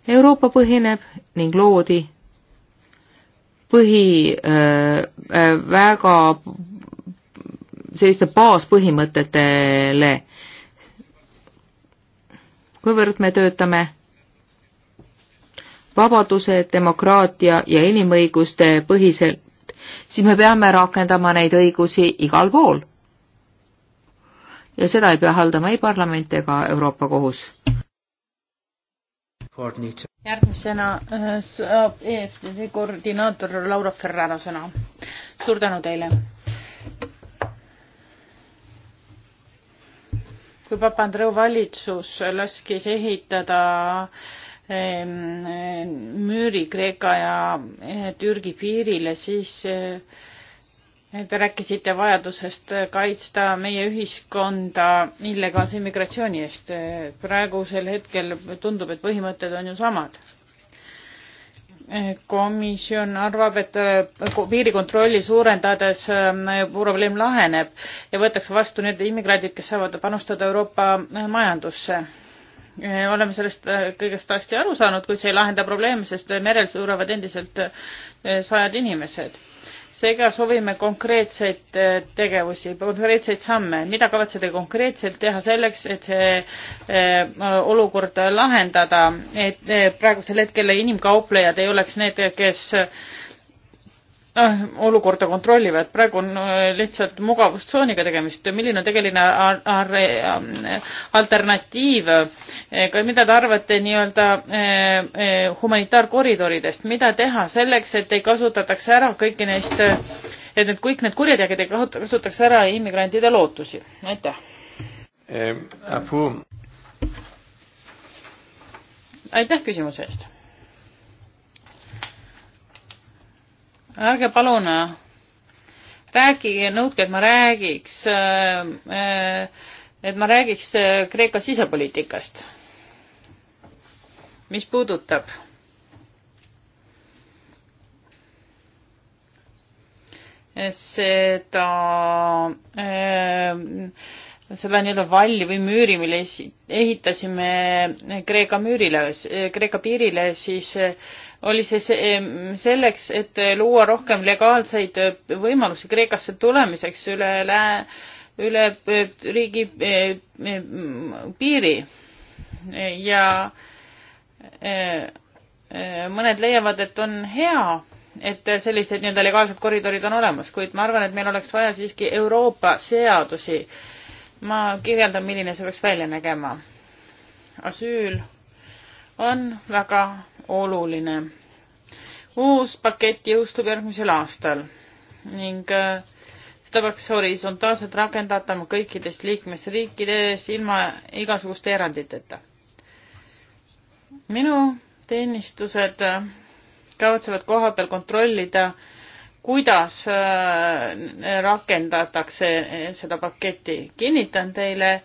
Euroopa põhineb ning loodi põhi äh, äh väga selliste baaspõhimõtetele, kuivõrd me töötame vabaduse, demokraatia ja inimõiguste põhiselt, siis me peame rakendama neid õigusi igal pool. ja seda ei pea haldama ei parlament ega Euroopa Kohus. järgmisena saab äh, EFTD koordinaator Laura Ferrara sõna. suur tänu teile. kui Papandreou valitsus laskis ehitada äh, müüri Kreeka ja eh, Türgi piirile, siis eh, te rääkisite vajadusest kaitsta meie ühiskonda illegaalse immigratsiooni eest. Eh, praegusel hetkel tundub, et põhimõtted on ju samad. komisjon arvab, et piirikontrolli suurendades probleem laheneb ja võetakse vastu need immigrandid, kes saavad panustada Euroopa majandusse Äh, oleme sellest äh, kõigest hästi aru saanud, kuid see ei lahenda probleemi, sest äh, merel surevad endiselt sajad inimesed. seega soovime konkreetseid tegevusi, konkreetseid samme, mida kavatsete konkreetselt teha selleks, et see olukord lahendada, et praegusel hetkel inimkauplejad ei oleks need, kes Äh, olukorda kontrollivad. praegu on äh, lihtsalt mugavustsooniga tegemist. milline on tegeline äh, alternatiiv? mida te arvate nii-öelda humanitaarkoridoridest, mida teha selleks, et ei kasutataks ära kõiki neist, et need kõik need kurjategijad ei kasutaks ära immigrantide lootusi? aitäh. aitäh küsimuse eest ärge palun äh, rääkige, nõudke, et ma räägiks, äh, äh, et ma räägiks Kreeka sisepoliitikast. mis puudutab seda äh, seda nii-öelda valli või müüri, mille ehitasime Kreeka müürile, Kreeka piirile, siis eh, oli see eh, selleks, et luua rohkem legaalseid eh, võimalusi Kreekasse tulemiseks üle lää-, üle riigi piiri. ja mõned leiavad, et on hea, et sellised nii-öelda legaalsed koridorid on olemas, kuid ma arvan, et meil oleks vaja siiski Euroopa seadusi ma kirjeldan, milline see peaks välja nägema. asüül on väga oluline. uus pakett jõustub järgmisel aastal ning äh, seda peaks horisontaalselt rakendatama kõikides liikmesriikides ilma igasuguste eranditeta. minu teenistused äh, kavatsevad kohapeal kontrollida äh, kuidas äh, rakendatakse seda paketti. kinnitan teile,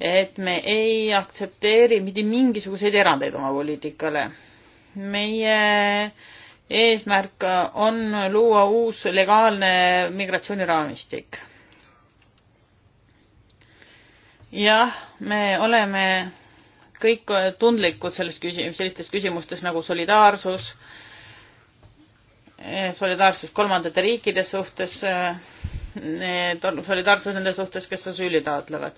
et me ei aktsepteeri mitte mingisuguseid erandeid oma poliitikale. meie eesmärk on luua uus legaalne migratsiooniraamistik. jah, me oleme kõik tundlikud selles küsim-, sellistes küsimustes nagu solidaarsus äh,, Eh, solidaarsust kolmandate riikide suhtes, eh, solidaarsus nende suhtes, kes asüüli taotlevad.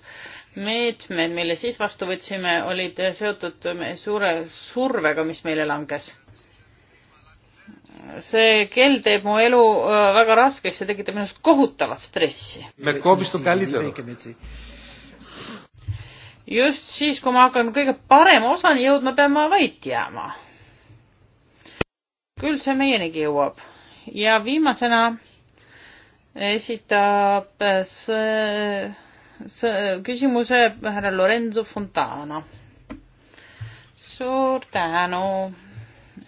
meetmed, mille siis vastu võtsime, olid seotud suure survega, mis meile langes. see kell teeb mu elu eh, väga raskeks ja tekitab minust kohutavat stressi. just siis, kui ma hakkan kõige parema osani jõudma, pean ma vait jääma küll see meienigi jõuab. ja viimasena esitab äh, s-, s-, küsimuse härra Lorenzo Fontana. suur tänu,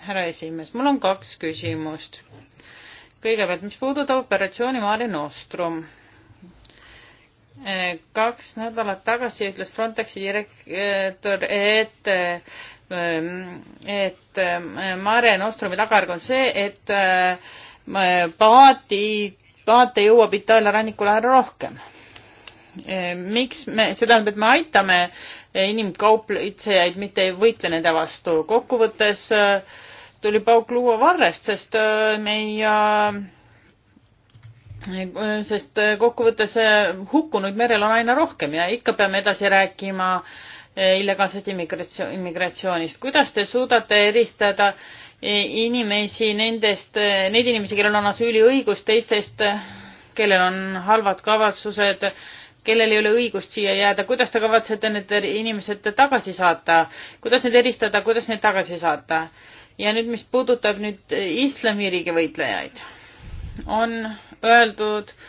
härra esimees, mul on kaks küsimust. kõigepealt, mis puudutab operatsiooni Mare Nostrum. Äh, kaks nädalat tagasi ütles Frontexi direktor, et äh, Ähm, et ähm, Mare Nostrumi tagajärg on see, et äh, paati, paate jõuab Itaalia rannikule aina rohkem. Ähm, miks me, see tähendab, et me aitame äh, inimkauplejaid, mitte ei võitle nende vastu. kokkuvõttes äh, tuli pauk luua varrest, sest meie sest kokkuvõttes hukkunuid merel on aina rohkem ja ikka peame edasi rääkima äh, Eh, illegaalsest immigratsioonist. kuidas te suudate eristada eh, inimesi nendest, eh, neid inimesi, kellel on asüüliõigus, teistest, kellel on halvad kavatsused, kellel ei ole õigust siia jääda, kuidas te kavatsete need inimesed tagasi saata, kuidas neid eristada, kuidas neid tagasi saata? ja nüüd, mis puudutab nüüd islamiriigi võitlejaid, on öeldud äh,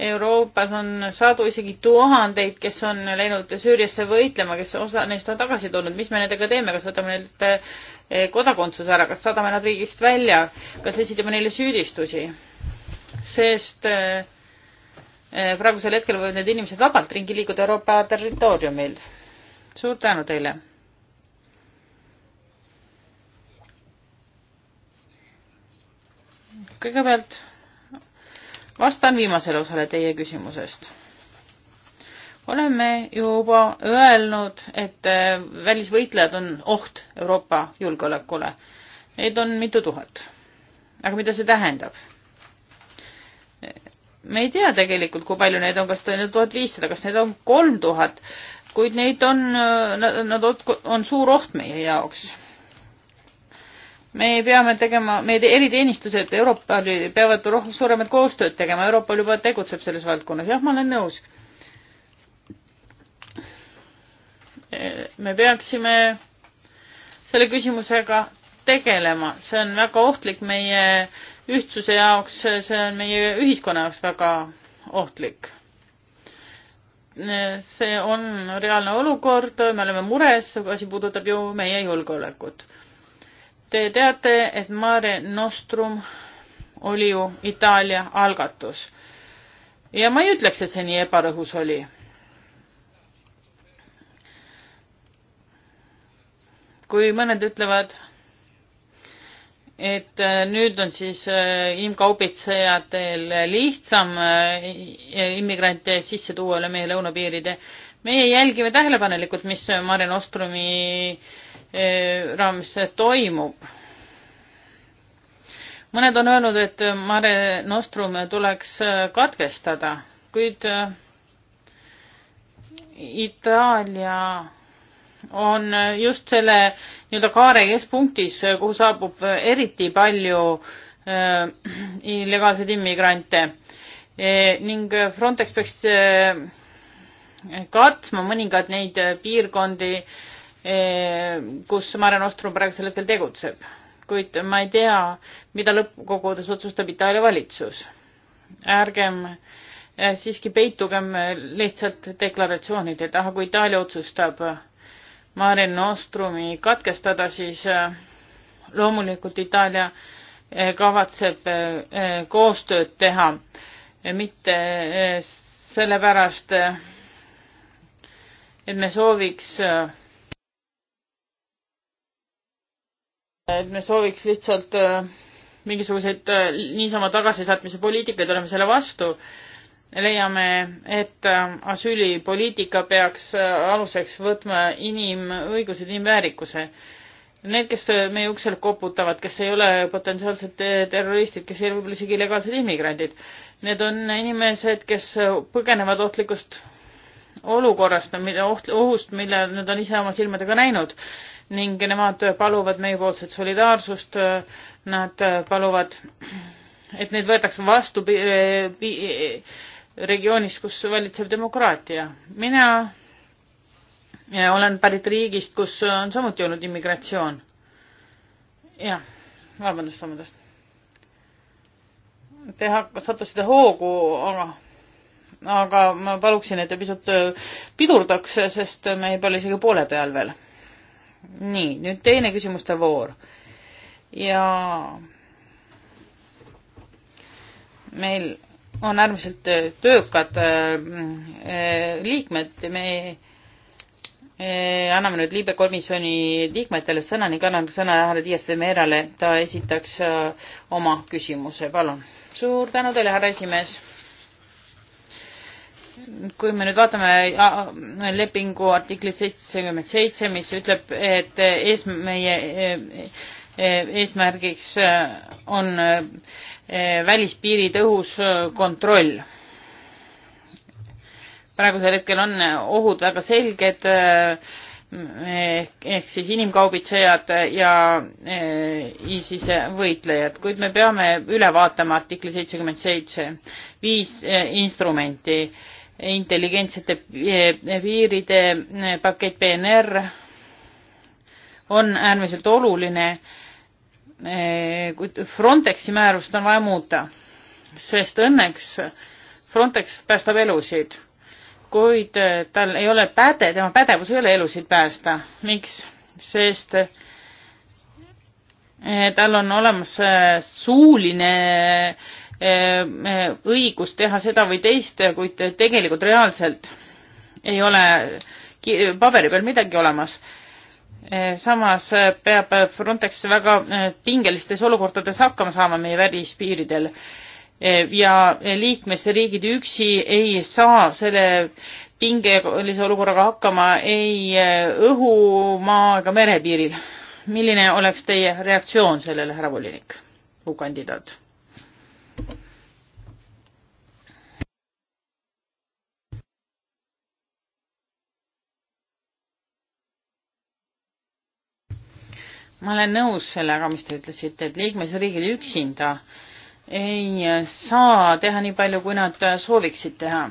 Euroopas on sadu, isegi tuhandeid, kes on läinud Süüriasse võitlema, kes osa neist on tagasi tulnud, mis me nendega teeme, kas võtame neilt eh, kodakondsuse ära, kas saadame nad riigist välja, kas esitame neile süüdistusi? sest eh, eh, praegusel hetkel võivad need inimesed vabalt ringi liikuda Euroopa territooriumil. suur tänu teile! kõigepealt vastan viimasele osale teie küsimusest. oleme juba öelnud, et eh, välisvõitlejad on oht Euroopa julgeolekule. Neid on mitu tuhat. aga mida see tähendab? me ei tea tegelikult, kui palju neid on, kas tuhat viissada, kas neid on kolm tuhat, kuid neid on, eh, nad, nad on suur oht meie jaoks me peame tegema, meie eriteenistused Euroopal peavad rohkem suuremat koostööd tegema, Euroopal juba tegutseb selles valdkonnas, jah, ma olen nõus. me peaksime selle küsimusega tegelema, see on väga ohtlik meie ühtsuse jaoks, see on meie ühiskonna jaoks väga ohtlik. see on reaalne olukord, me oleme mures, asi puudutab ju meie julgeolekut Te teate, et Mare Nostrum oli ju Itaalia algatus. ja ma ei ütleks, et see nii ebarõhus oli. kui mõned ütlevad, et äh, nüüd on siis inimkaubitsejatel äh, lihtsam äh, immigrante sisse tuua üle meie lõunapiiride, meie jälgime tähelepanelikult, mis Mare Nostrumi äh, Eh, raames toimub. mõned on öelnud, et Mare Nostrum tuleks eh, katkestada, kuid eh, Itaalia on just selle nii-öelda kaare keskpunktis, kuhu saabub eriti palju äh, illegaalseid immigrante e, ning Frontex peaks äh, katma mõningad neid piirkondi äh, Eh, kus Mare Nostrum praegusel hetkel tegutseb. kuid ma ei tea, mida lõppkokkuvõttes otsustab Itaalia valitsus. ärgem eh, siiski peitugem lihtsalt deklaratsioonide taha, kui Itaalia otsustab Mare Nostrumi katkestada, siis eh, loomulikult Itaalia kavatseb koostööd teha, mitte sellepärast, et me sooviks et me sooviks lihtsalt äh, mingisuguseid äh, niisama tagasisaatmise poliitikaid, oleme selle vastu. leiame, et äh, asüülipoliitika peaks aluseks võtma inimõigused, inimväärikuse. Need, kes meie uksele koputavad, kes ei ole potentsiaalsed terroristid, kes ei ole võib-olla isegi legaalsed immigrandid, need on inimesed, kes põgenevad ohtlikust olukorrast, ohust, mille nad on ise oma silmadega näinud ning nemad paluvad meiepoolset solidaarsust, nad paluvad, et neid võetakse vastu regioonis, kus valitseb demokraatia. mina olen pärit riigist, kus on samuti olnud immigratsioon. jah, vabandust, vabandust. Te sattusite hoogu, aga aga ma paluksin, et te pisut pidurdaks, sest me ei ole isegi poole peal veel nii, nüüd teine küsimuste voor. ja meil on äärmiselt äh, töökad äh, äh, liikmed, me anname nüüd Liibe komisjoni liikmetele sõna ning annan sõna härra Dias de Merale, ta esitaks oma küsimuse, palun. suur tänu teile, härra esimees kui me nüüd vaatame lepingu artiklit seitsekümmend seitse, mis ütleb, et ees-, meie e, e, eesmärgiks e, on välispiiri tõhus kontroll. praegusel hetkel on ohud väga selged ehk siis inimkaubitsejad ja ISISe võitlejad, kuid me peame üle vaatama artikli seitsekümmend seitse, viis instrumenti intelligentsete eh, piiride eh, pakett PNR on äärmiselt oluline, eh, kuid Frontexi määrust on vaja muuta, sest õnneks Frontex päästab elusid, kuid tal ei ole päde, tema pädevus ei ole elusid päästa. miks? sest tal on olemas suuline äh, Eh, õigus teha seda või teist, kuid tegelikult reaalselt ei ole paberi peal midagi olemas. Eh, samas peab Frontex väga eh, pingelistes olukordades hakkama saama meie välispiiridel ja liikmesriigid üksi ei saa selle pingelise olukorraga hakkama ei õhu, maa ega merepiiril. milline oleks teie reaktsioon sellele, härra volinik, kandidaat? ma olen nõus sellega, mis te ütlesite, et liikmesriigid üksinda ei saa teha nii palju, kui nad sooviksid teha.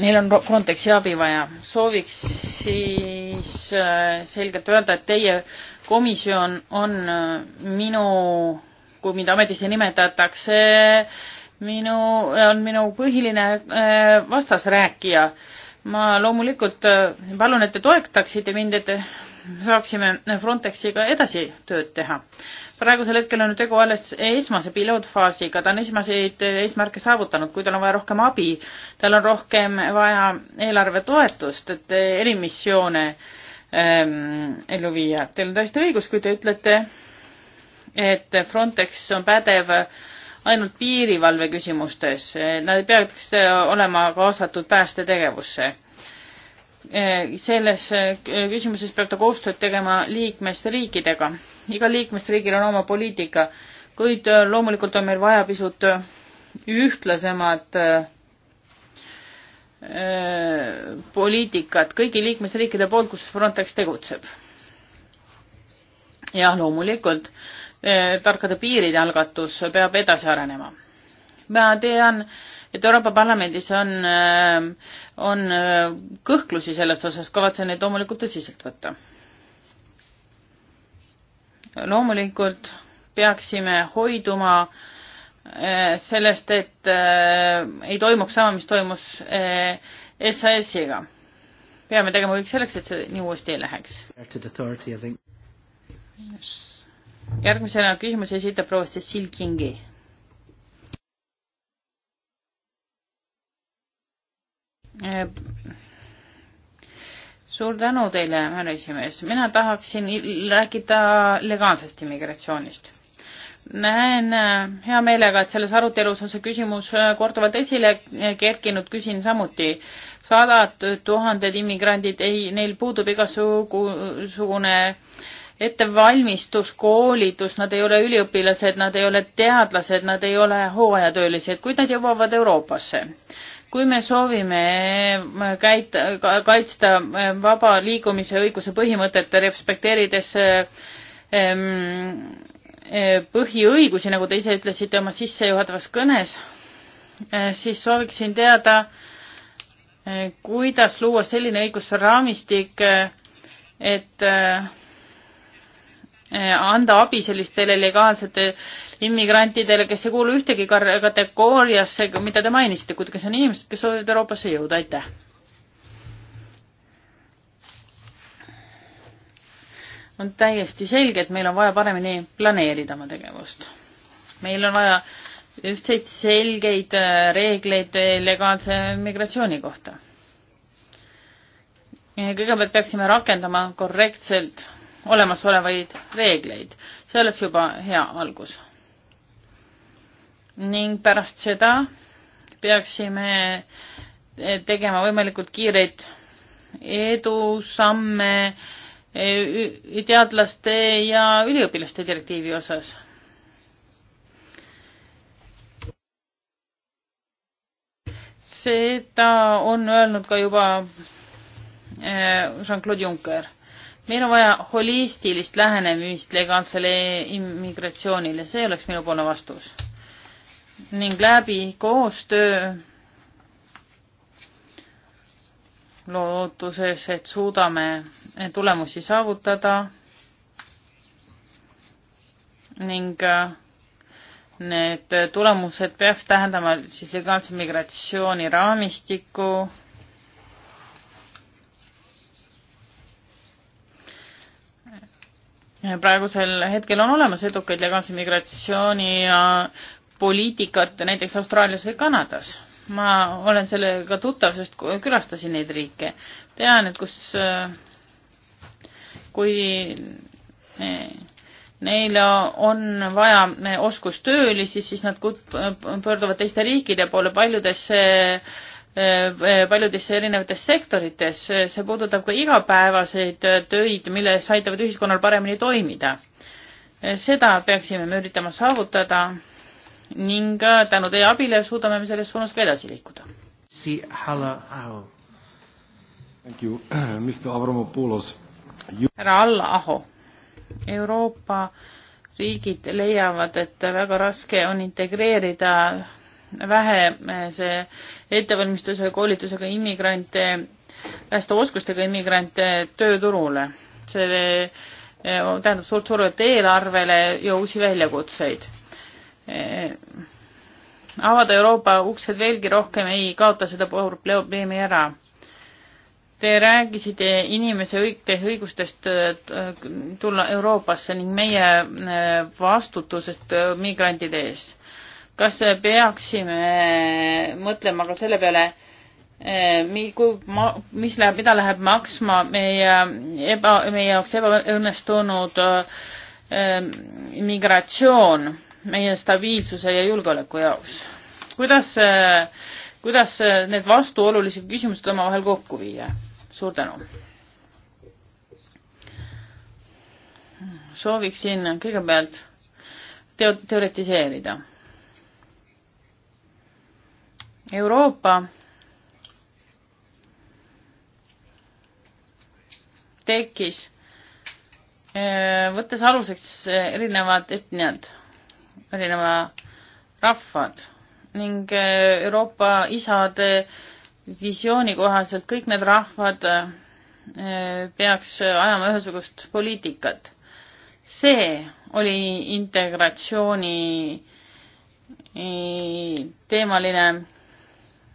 Neil on Frontexi abi vaja. sooviks siis äh, selgelt öelda, et teie komisjon on äh, minu, kui mind ametisse nimetatakse, minu, on minu põhiline äh, vastasrääkija. ma loomulikult palun, et te toetaksite mind, et saaksime Frontexiga edasi tööd teha. praegusel hetkel on tegu alles esmase pilootfaasiga, ta on esmaseid eesmärke saavutanud, kui tal on vaja rohkem abi, tal on rohkem vaja eelarvetoetust, et erimissioone ähm, ellu viia. Teil on täiesti õigus, kui te ütlete, et Frontex on pädev ainult piirivalve küsimustes, nad ei peaks olema kaasatud päästetegevusse Eh, selles eh, küsimuses peab ta koostööd tegema liikmesriikidega. igal liikmesriigil on oma poliitika, kuid eh, loomulikult on meil vaja pisut ühtlasemat poliitikat kõigi liikmesriikide poolt, kus Frontex tegutseb. ja loomulikult tarkade piiride algatus peab edasi arenema. ma tean, et Euroopa Parlamendis on, äh, on äh, kõhklusi selles osas, kavatsen neid loomulikult tõsiselt võtta. loomulikult peaksime hoiduma äh, sellest, et ei toimuks sama, mis toimus SAS-iga. peame tegema kõik selleks, et see nii uuesti ei läheks. järgmisena küsimuse esitab proua Cecil Kingi Äh, suur tänu teile, härra esimees. mina tahaksin rääkida legaalsest immigratsioonist. näen äh, hea meelega, et selles arutelus on see küsimus äh, korduvalt esile kerkinud, küsin samuti. sadad tuhanded immigrandid, ei, neil puudub igasugune ettevalmistus, koolitus, nad ei ole üliõpilased, nad ei ole teadlased, nad ei ole hooajatöölised, kuid nad jõuavad Euroopasse kui me soovime äh, käit-, kaitsta äh, vaba liikumise õiguse põhimõtet, respekteerides äh, ähm, põhiõigusi, nagu te ise ütlesite oma sissejuhatavas kõnes, siis sooviksin teada, kuidas luua selline õigusraamistik, et äh, Eh, anda abi sellistele legaalsete immigrantidele, kes ei kuulu ühtegi kategooriasse, mida te mainisite, kuid kes on inimesed, kes soovivad Euroopasse jõuda, aitäh. on täiesti selge, et meil on vaja paremini planeerida oma tegevust. meil on vaja ühtseid selgeid eh, reegleid legaalse migratsiooni kohta. Eh, kõigepealt peaksime rakendama korrektselt olemasolevaid reegleid. see oleks juba hea algus. ning pärast seda peaksime tegema võimalikult kiireid edusamme eh, teadlaste ja üliõpilaste direktiivi osas seda on öelnud ka juba eh, Jean-Claude Juncker meil on vaja holistilist lähenemist legaalsele immigratsioonile, see oleks minupoolne vastus. ning läbi koostöö lootuses, et suudame tulemusi saavutada ning äh, need tulemused peaks tähendama siis legaalse migratsiooni raamistikku praegusel hetkel on olemas edukaid legaalse migratsiooni ja poliitikat näiteks Austraalias või Kanadas. ma olen sellega tuttav, sest külastasin neid riike. tean, et kus, kui eh, neile on vaja eh, oskustöölisi, siis nad pöörduvad teiste riikide poole, paljudesse eh, Eh, eh, paljudes erinevates sektorites, see puudutab ka igapäevaseid eh, töid, milles aitavad ühiskonnal paremini toimida. seda peaksime me üritama saavutada ning tänu teie abile suudame me selles suunas ka edasi liikuda. härra Alla Aho, Euroopa riigid leiavad, et väga raske on integreerida vähese äh, ettevalmistuse ja koolitusega immigrante, väheste oskustega immigrante tööturule. see äh, tähendab suurt survet eelarvele ja uusi väljakutseid. Äh, avada Euroopa uksed veelgi rohkem ei kaota seda probleemi ära. Te rääkisite inimese õig-, õigustest tulla Euroopasse ning meie vastutusest migrantide ees kas peaksime mõtlema ka selle peale, eh, mi-, kui ma-, mis läheb, mida läheb maksma meie eba, meie jaoks ebaõnnestunud eh, migratsioon meie stabiilsuse ja julgeoleku jaoks? kuidas, eh, kuidas need vastuolulised küsimused omavahel kokku viia? suur tänu! sooviksin kõigepealt teo-, teoritiseerida Euroopa tekkis, äh, võttes aluseks äh, erinevad etniad, erineva rahvad ning äh, Euroopa isade visiooni kohaselt kõik need rahvad peaks ajama ühesugust poliitikat. see oli integratsiooni teemaline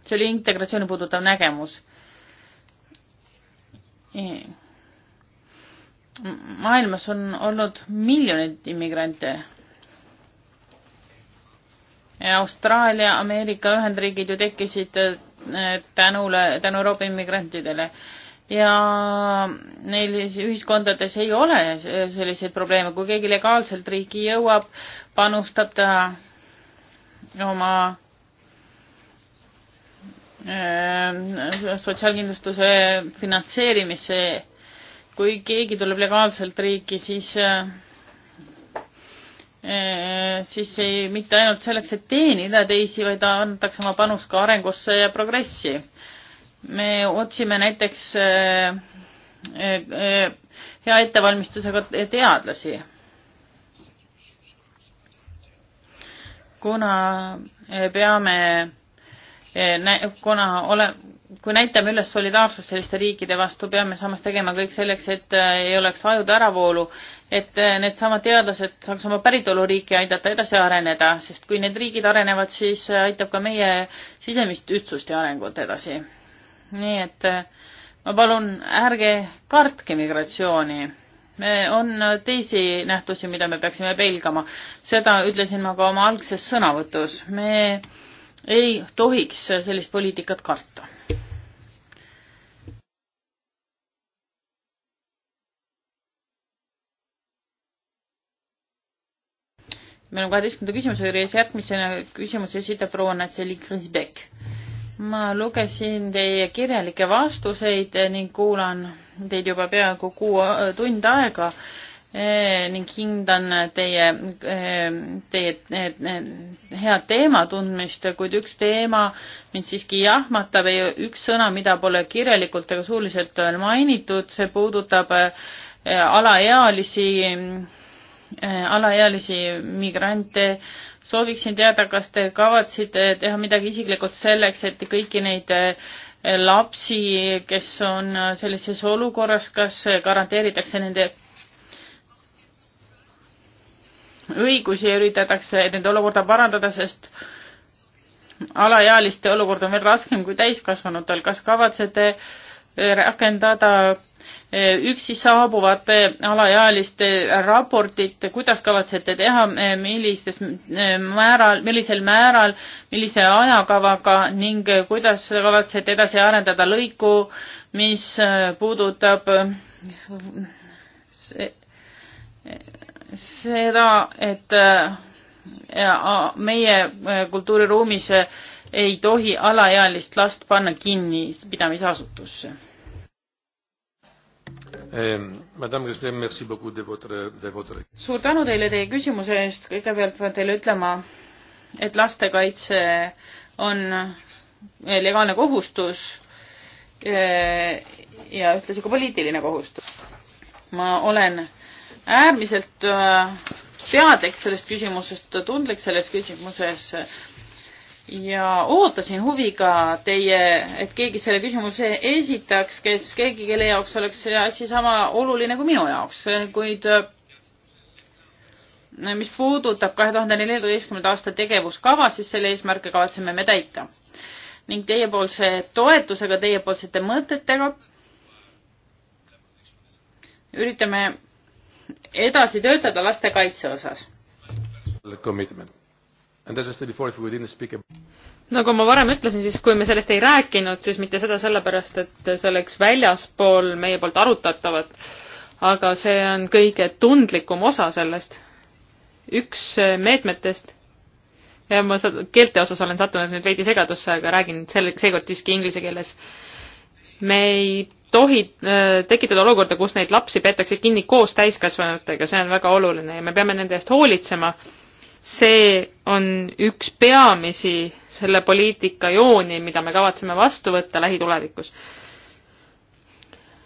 see oli integratsiooni puudutav nägemus. maailmas on olnud miljoneid immigrante. Austraalia, Ameerika Ühendriigid ju tekkisid äh, tänule, tänu Euroopa immigrantidele ja neil ühiskondades ei ole selliseid probleeme, kui keegi legaalselt riiki jõuab, panustab ta oma Ehm, sotsiaalkindlustuse finantseerimisse. kui keegi tuleb legaalselt riiki, siis, ehm, siis ei, mitte ainult selleks, et teenida teisi, vaid antakse oma panus ka arengusse ja progressi. me otsime näiteks ehm, hea ettevalmistusega teadlasi kuna eh, peame Eh, kuna ole, kui näitame üles solidaarsust selliste riikide vastu, peame samas tegema kõik selleks, et eh, ei oleks ajude äravoolu, et eh, needsamad teadlased saaks oma päritoluriiki aidata edasi areneda, sest kui need riigid arenevad, siis aitab ka meie sisemist ühtsust ja arengut edasi. nii et ma palun, ärge kartke migratsiooni me on teisi nähtusi, mida me peaksime pelgama. seda ütlesin ma ka oma algses sõnavõtus. me ei tohiks sellist poliitikat karta. meil on kaheteistkümnenda küsimuse juures, järgmisena küsimuse esitab proua Natseli Krisbek. ma lugesin teie kirjalikke vastuseid ning kuulan teid juba peaaegu kuu tund aega Eh, ning hindan teie, eh, teie eh, head teema tundmist, kuid üks teema mind siiski jahmatab, üks sõna, mida pole kirjalikult ega suuliselt veel mainitud, see puudutab alaealisi, alaealisi migrante. sooviksin teada, kas te kavatsite teha midagi isiklikult selleks, et kõiki neid lapsi, kes on sellises olukorras, kas garanteeritakse nende õigusi ja üritatakse nende olukorda parandada, sest alaealiste olukord on veel raskem kui täiskasvanutel. kas kavatsete eh, rakendada eh, üksi saabuvate alaealiste raportit, kuidas kavatsete teha, eh, millistes määral, millisel määral, millise ajakavaga ning kuidas kavatsete edasi arendada lõiku, mis puudutab see, seda, et äh, meie äh, kultuuriruumis äh, ei tohi alaealist last panna kinnipidamisasutusse. Ähm, suur tänu teile teie küsimuse eest, kõigepealt pean teile ütlema, et lastekaitse on legaalne kohustus ja ühtlasi ka poliitiline kohustus. ma olen äärmiselt äh, teadlik sellest küsimusest, tundlik selles küsimuses ja ootasin huviga teie, et keegi selle küsimuse esitaks, kes keegi, kelle jaoks oleks see asi sama oluline kui minu jaoks, kuid äh, mis puudutab kahe tuhande neljateistkümnenda aasta tegevuskava, siis selle eesmärke kavatseme me täita. ning teiepoolse toetusega, teiepoolsete mõtetega üritame edasi töötada lastekaitse osas. nagu ma varem ütlesin, siis kui me sellest ei rääkinud, siis mitte seda sellepärast, et see oleks väljaspool meie poolt arutatavat, aga see on kõige tundlikum osa sellest. üks meetmetest ja ma keelte osas olen sattunud nüüd veidi segadusse, aga räägin selle, seekord siiski inglise keeles. me ei tohi äh, tekitada olukorda, kus neid lapsi peetakse kinni koos täiskasvanutega, see on väga oluline ja me peame nende eest hoolitsema. see on üks peamisi selle poliitika jooni, mida me kavatseme vastu võtta lähitulevikus.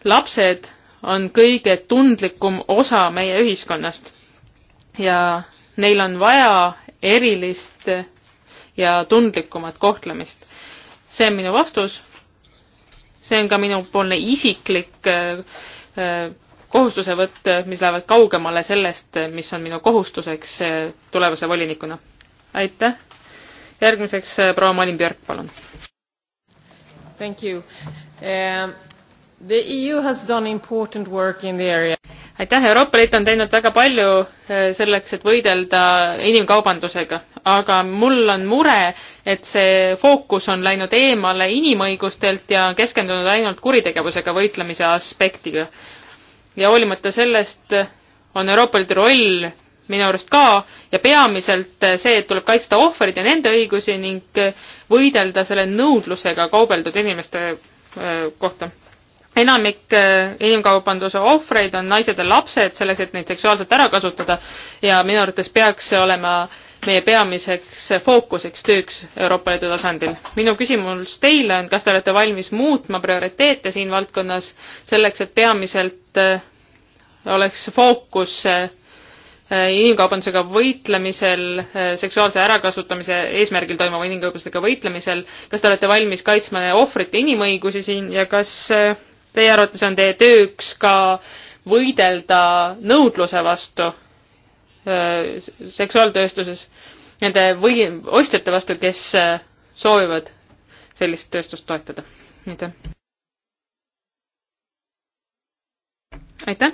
lapsed on kõige tundlikum osa meie ühiskonnast ja neil on vaja erilist ja tundlikumat kohtlemist. see on minu vastus see on ka minupoolne isiklik äh, äh, kohustusevõtt, mis lähevad kaugemale sellest, mis on minu kohustuseks äh, tulevase volinikuna. aitäh! järgmiseks proua Malin Björk, palun. Thank you um,. The EU has done important work in the area. aitäh, Euroopa Liit on teinud väga palju selleks, et võidelda inimkaubandusega, aga mul on mure, et see fookus on läinud eemale inimõigustelt ja keskendunud ainult kuritegevusega võitlemise aspektiga. ja hoolimata sellest on Euroopa Liidu roll minu arust ka ja peamiselt see, et tuleb kaitsta ohvrid ja nende õigusi ning võidelda selle nõudlusega kaubeldud inimeste kohta enamik inimkaubanduse ohvreid on naised ja lapsed selleks, et neid seksuaalselt ära kasutada ja minu arvates peaks see olema äh, meie peamiseks fookuseks tööks Euroopa Liidu tasandil. minu küsimus teile on, kas te olete valmis muutma prioriteete siin valdkonnas selleks, et peamiselt äh, oleks fookus äh, inimkaubandusega võitlemisel, äh, seksuaalse ärakasutamise eesmärgil toimuva inimkaubandusega võitlemisel, kas te olete valmis kaitsma ohvrite inimõigusi siin ja kas teie arvates on teie tööks ka võidelda nõudluse vastu Äh, seksuaaltööstuses nende või ostjate vastu, kes äh, soovivad sellist tööstust toetada. aitäh. aitäh.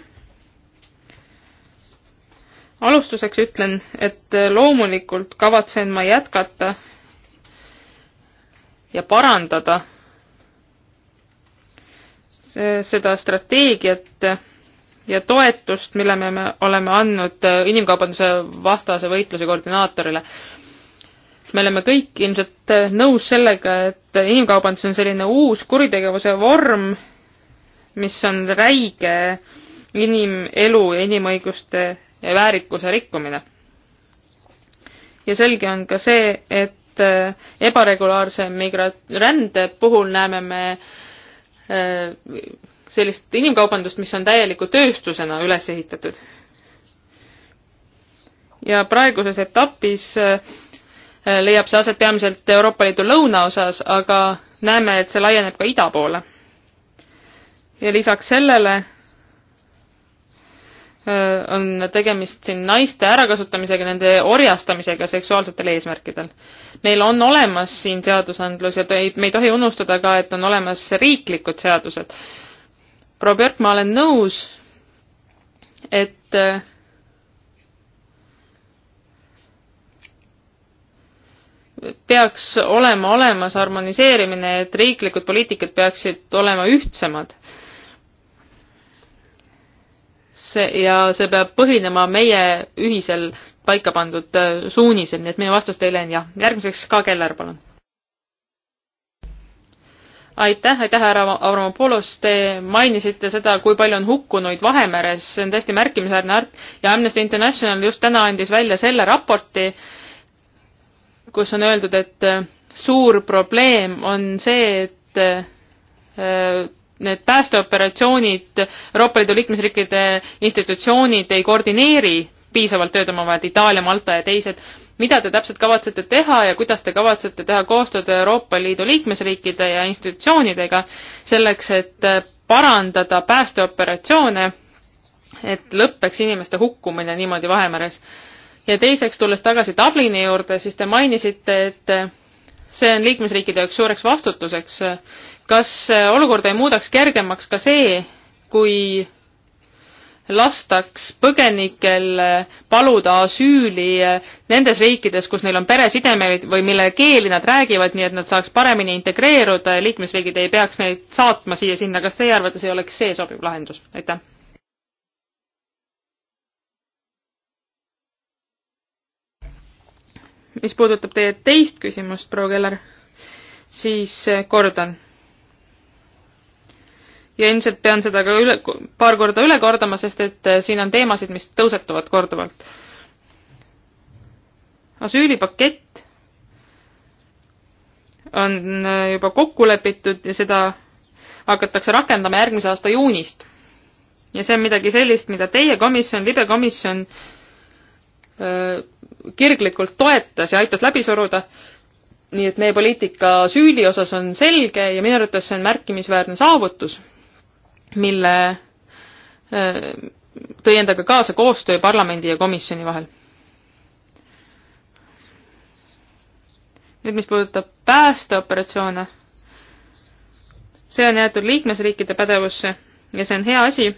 alustuseks ütlen, et äh, loomulikult kavatsen ma jätkata ja parandada seda strateegiat ja toetust, mille me, me oleme andnud äh, inimkaubanduse vastase võitluse koordinaatorile. me oleme kõik ilmselt äh, nõus sellega, et inimkaubandus on selline uus kuritegevuse vorm, mis on räige inimelu ja inimõiguste ja väärikuse rikkumine. ja selge on ka see, et äh, ebaregulaarse migra-, rände puhul näeme me sellist inimkaubandust, mis on täieliku tööstusena üles ehitatud. ja praeguses etapis äh, leiab see aset peamiselt Euroopa Liidu lõunaosas, aga näeme, et see laieneb ka ida poole. ja lisaks sellele äh, on tegemist siin naiste ärakasutamisega, nende orjastamisega seksuaalsetel eesmärkidel. meil on olemas siin seadusandlus ja me ei tohi unustada ka, et on olemas riiklikud seadused proua Björk, ma olen nõus, et äh, peaks olema olemas harmoniseerimine, et riiklikud poliitikad peaksid olema ühtsemad. see, ja see peab põhinema meie ühisel paika pandud äh, suunisel, nii et minu vastus teile on jah. järgmiseks ka Keller, palun aitäh, aitäh, härra Avramopoulos, te mainisite seda, kui palju on hukkunuid Vahemeres, see on tõesti märkimisväärne art- ja Amnesty International just täna andis välja selle raporti, kus on öeldud, et äh, suur probleem on see, et äh, need päästeoperatsioonid Euroopa Liidu liikmesriikide institutsioonid ei koordineeri piisavalt tööd omavahel, Itaalia, Malta ja teised mida te täpselt kavatsete teha ja kuidas te kavatsete teha koostööd Euroopa Liidu liikmesriikide ja institutsioonidega selleks, et äh, parandada päästeoperatsioone, et lõpeks inimeste hukkumine niimoodi Vahemeres. ja teiseks, tulles tagasi Dublini juurde, siis te mainisite, et äh, see on liikmesriikide jaoks suureks vastutuseks. kas äh, olukord ei muudaks kergemaks ka see, kui lastaks põgenikel paluda asüüli nendes riikides, kus neil on peresidemeid või mille keeli nad räägivad, nii et nad saaks paremini integreeruda ja liikmesriigid ei peaks neid saatma siia-sinna. kas teie arvates ei oleks see sobiv lahendus? aitäh. mis puudutab teie teist küsimust, proua Keller, siis kordan ja ilmselt pean seda ka üle, paar korda üle kordama, sest et äh, siin on teemasid, mis tõusetuvad korduvalt. asüülipakett on äh, juba kokku lepitud ja seda hakatakse rakendama järgmise aasta juunist. ja see on midagi sellist, mida teie komisjon, libe komisjon äh, kirglikult toetas ja aitas läbi suruda. nii et meie poliitika süüli osas on selge ja minu arvates see on märkimisväärne saavutus mille äh, tõi endaga kaasa koostöö parlamendi ja komisjoni vahel. nüüd, mis puudutab päästeoperatsioone, see on jäetud liikmesriikide pädevusse ja see on hea asi,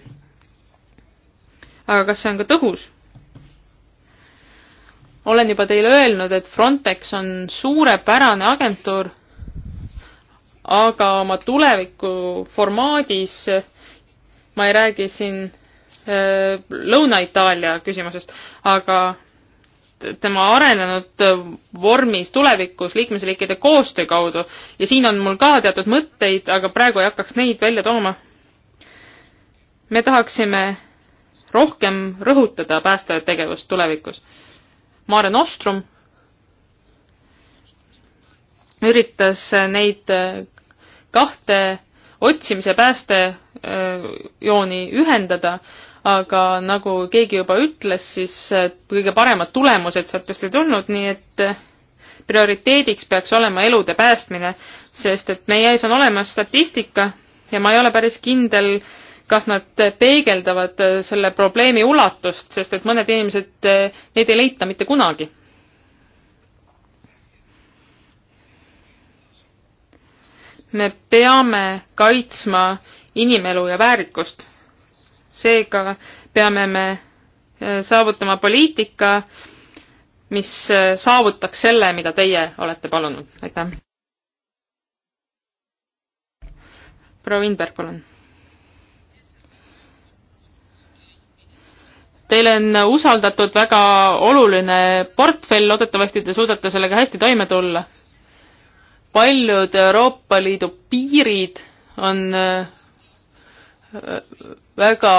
aga kas see on ka tõhus? olen juba teile öelnud, et Frontex on suurepärane agentuur, aga oma tuleviku formaadis ma ei räägi siin äh, Lõuna-Itaalia küsimusest, aga tema arenenud äh, vormis tulevikus liikmesriikide koostöö kaudu ja siin on mul ka teatud mõtteid, aga praegu ei hakkaks neid välja tooma. me tahaksime rohkem rõhutada päästetegevust tulevikus. Mare Nostrum üritas neid äh, kahte otsimise päästejooni äh, ühendada, aga nagu keegi juba ütles, siis äh, kõige paremad tulemused sealt just ei tulnud, nii et äh, prioriteediks peaks olema elude päästmine, sest et meie ees on olemas statistika ja ma ei ole päris kindel, kas nad peegeldavad selle probleemi ulatust, sest et mõned inimesed, neid ei leita mitte kunagi me peame kaitsma inimelu ja väärikust. seega peame me e, saavutama poliitika, mis e, saavutaks selle, mida teie olete palunud. aitäh. proua Vindberg, palun. Teile on usaldatud väga oluline portfell, loodetavasti te suudate sellega hästi toime tulla paljud Euroopa Liidu piirid on äh, väga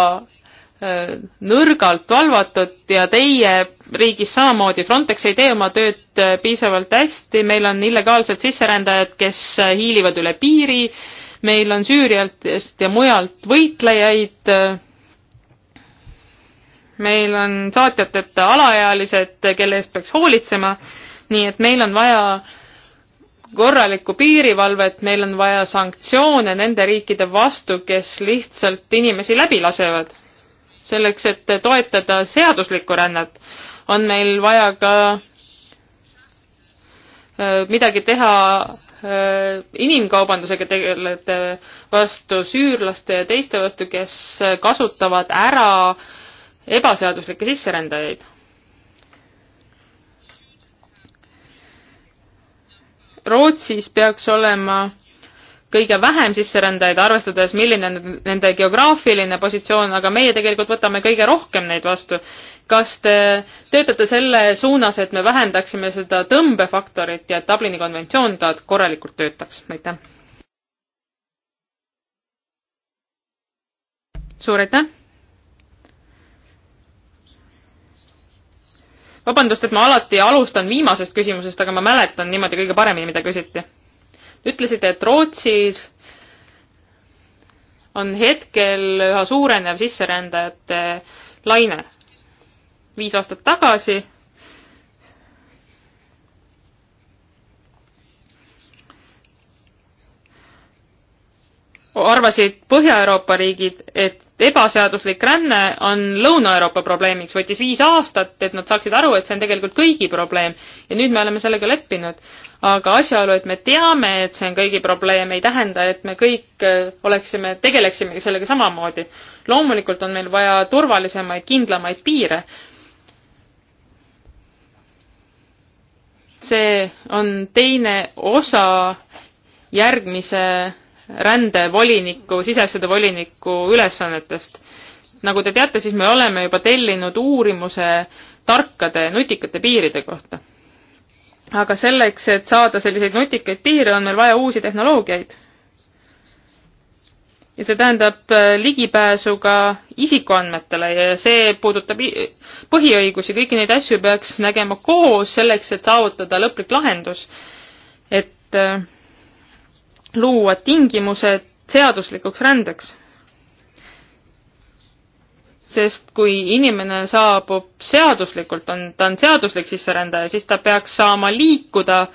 äh, nõrgalt valvatud ja teie riigis samamoodi. Frontex ei tee oma tööd äh, piisavalt hästi, meil on illegaalsed sisserändajad, kes hiilivad üle piiri, meil on Süürialt ja mujalt võitlejaid, meil on saatjateta alaealised, kelle eest peaks hoolitsema, nii et meil on vaja äh, korralikku piirivalvet, meil on vaja sanktsioone nende riikide vastu, kes lihtsalt inimesi läbi lasevad. selleks, et toetada seaduslikku rännet, on meil vaja ka äh, midagi teha äh, inimkaubandusega tegelejate vastu, süürlaste ja teiste vastu, kes kasutavad ära ebaseaduslikke sisserändajaid Rootsis peaks olema kõige vähem sisserändajaid, arvestades, milline on nende geograafiline positsioon, aga meie tegelikult võtame kõige rohkem neid vastu. kas te töötate selle suunas, et me vähendaksime seda tõmbefaktorit ja et Dublini konventsioon ka korralikult töötaks? aitäh! suur aitäh! vabandust, et ma alati alustan viimasest küsimusest, aga ma mäletan niimoodi kõige paremini, mida küsiti. ütlesite, et Rootsis on hetkel üha suurenev sisserändajate laine. viis aastat tagasi arvasid Põhja-Euroopa riigid, et ebaseaduslik ränne on Lõuna-Euroopa probleemiks, võttis viis aastat, et nad saaksid aru, et see on tegelikult kõigi probleem ja nüüd me oleme sellega leppinud. aga asjaolu, et me teame, et see on kõigi probleem, ei tähenda, et me kõik äh, oleksime, tegeleksime sellega samamoodi. loomulikult on meil vaja turvalisemaid, kindlamaid piire. see on teine osa järgmise rändevoliniku, sisesõda voliniku ülesannetest. nagu te teate, siis me oleme juba tellinud uurimuse tarkade nutikate piiride kohta. aga selleks, et saada selliseid nutikaid piire, on meil vaja uusi tehnoloogiaid. ja see tähendab äh, ligipääsu ka isikuandmetele ja see puudutab põhiõigusi, kõiki neid asju peaks nägema koos selleks, et saavutada lõplik lahendus. et äh, luua tingimused seaduslikuks rändeks. sest kui inimene saabub seaduslikult, on, ta on seaduslik sisserändaja, siis ta peaks saama liikuda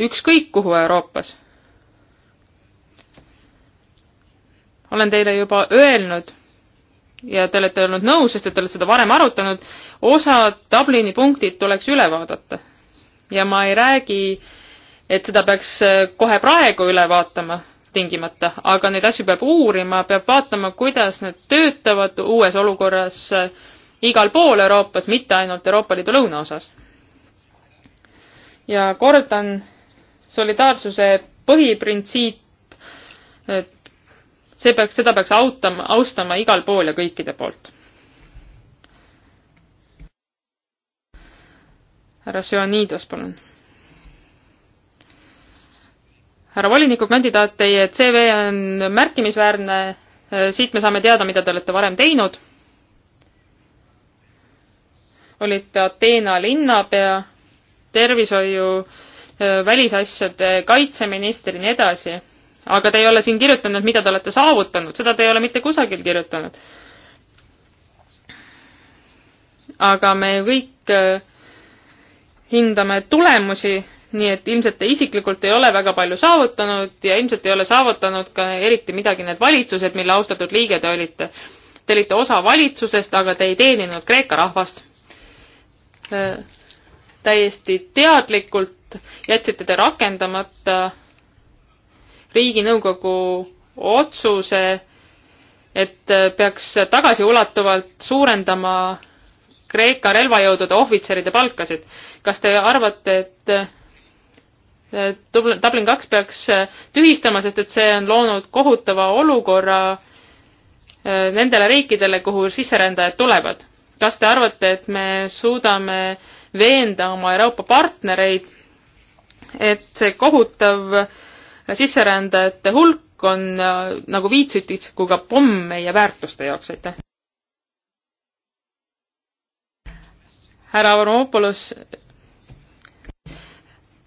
ükskõik kuhu Euroopas. olen teile juba öelnud ja te olete olnud nõus, sest et te olete seda varem arutanud, osad Dublini punktid tuleks üle vaadata. ja ma ei räägi äh, et seda peaks äh, kohe praegu üle vaatama tingimata, aga neid asju peab uurima, peab vaatama, kuidas need töötavad uues olukorras äh, igal pool Euroopas, mitte ainult Euroopa Liidu lõunaosas. ja kordan, solidaarsuse põhiprintsiip, et see peaks, seda peaks autama, austama igal pool ja kõikide poolt. härra Sioanidos, palun härra volinikukandidaat, teie CV on märkimisväärne, siit me saame teada, mida te olete varem teinud. olite Ateena linnapea, tervishoiu, välisasjade kaitseminister ja nii edasi. aga te ei ole siin kirjutanud, mida te olete saavutanud, seda te ei ole mitte kusagil kirjutanud. aga me kõik äh, hindame tulemusi nii et ilmselt te isiklikult ei ole väga palju saavutanud ja ilmselt ei ole saavutanud ka eriti midagi need valitsused, mille austatud liige te olite. Te olite osa valitsusest, aga te ei teeninud Kreeka rahvast. täiesti teadlikult jätsite te rakendamata riiginõukogu otsuse, et peaks tagasiulatuvalt suurendama Kreeka relvajõudude ohvitseride palkasid. kas te arvate, et Dublin, Dublin kaks peaks äh, tühistama, sest et see on loonud kohutava olukorra äh, nendele riikidele, kuhu sisserändajad tulevad. kas te arvate, et me suudame veenda oma Euroopa partnereid, et see kohutav sisserändajate hulk on äh, nagu viitsütikuga pomm meie väärtuste jaoks, aitäh! härra Avramopoulos,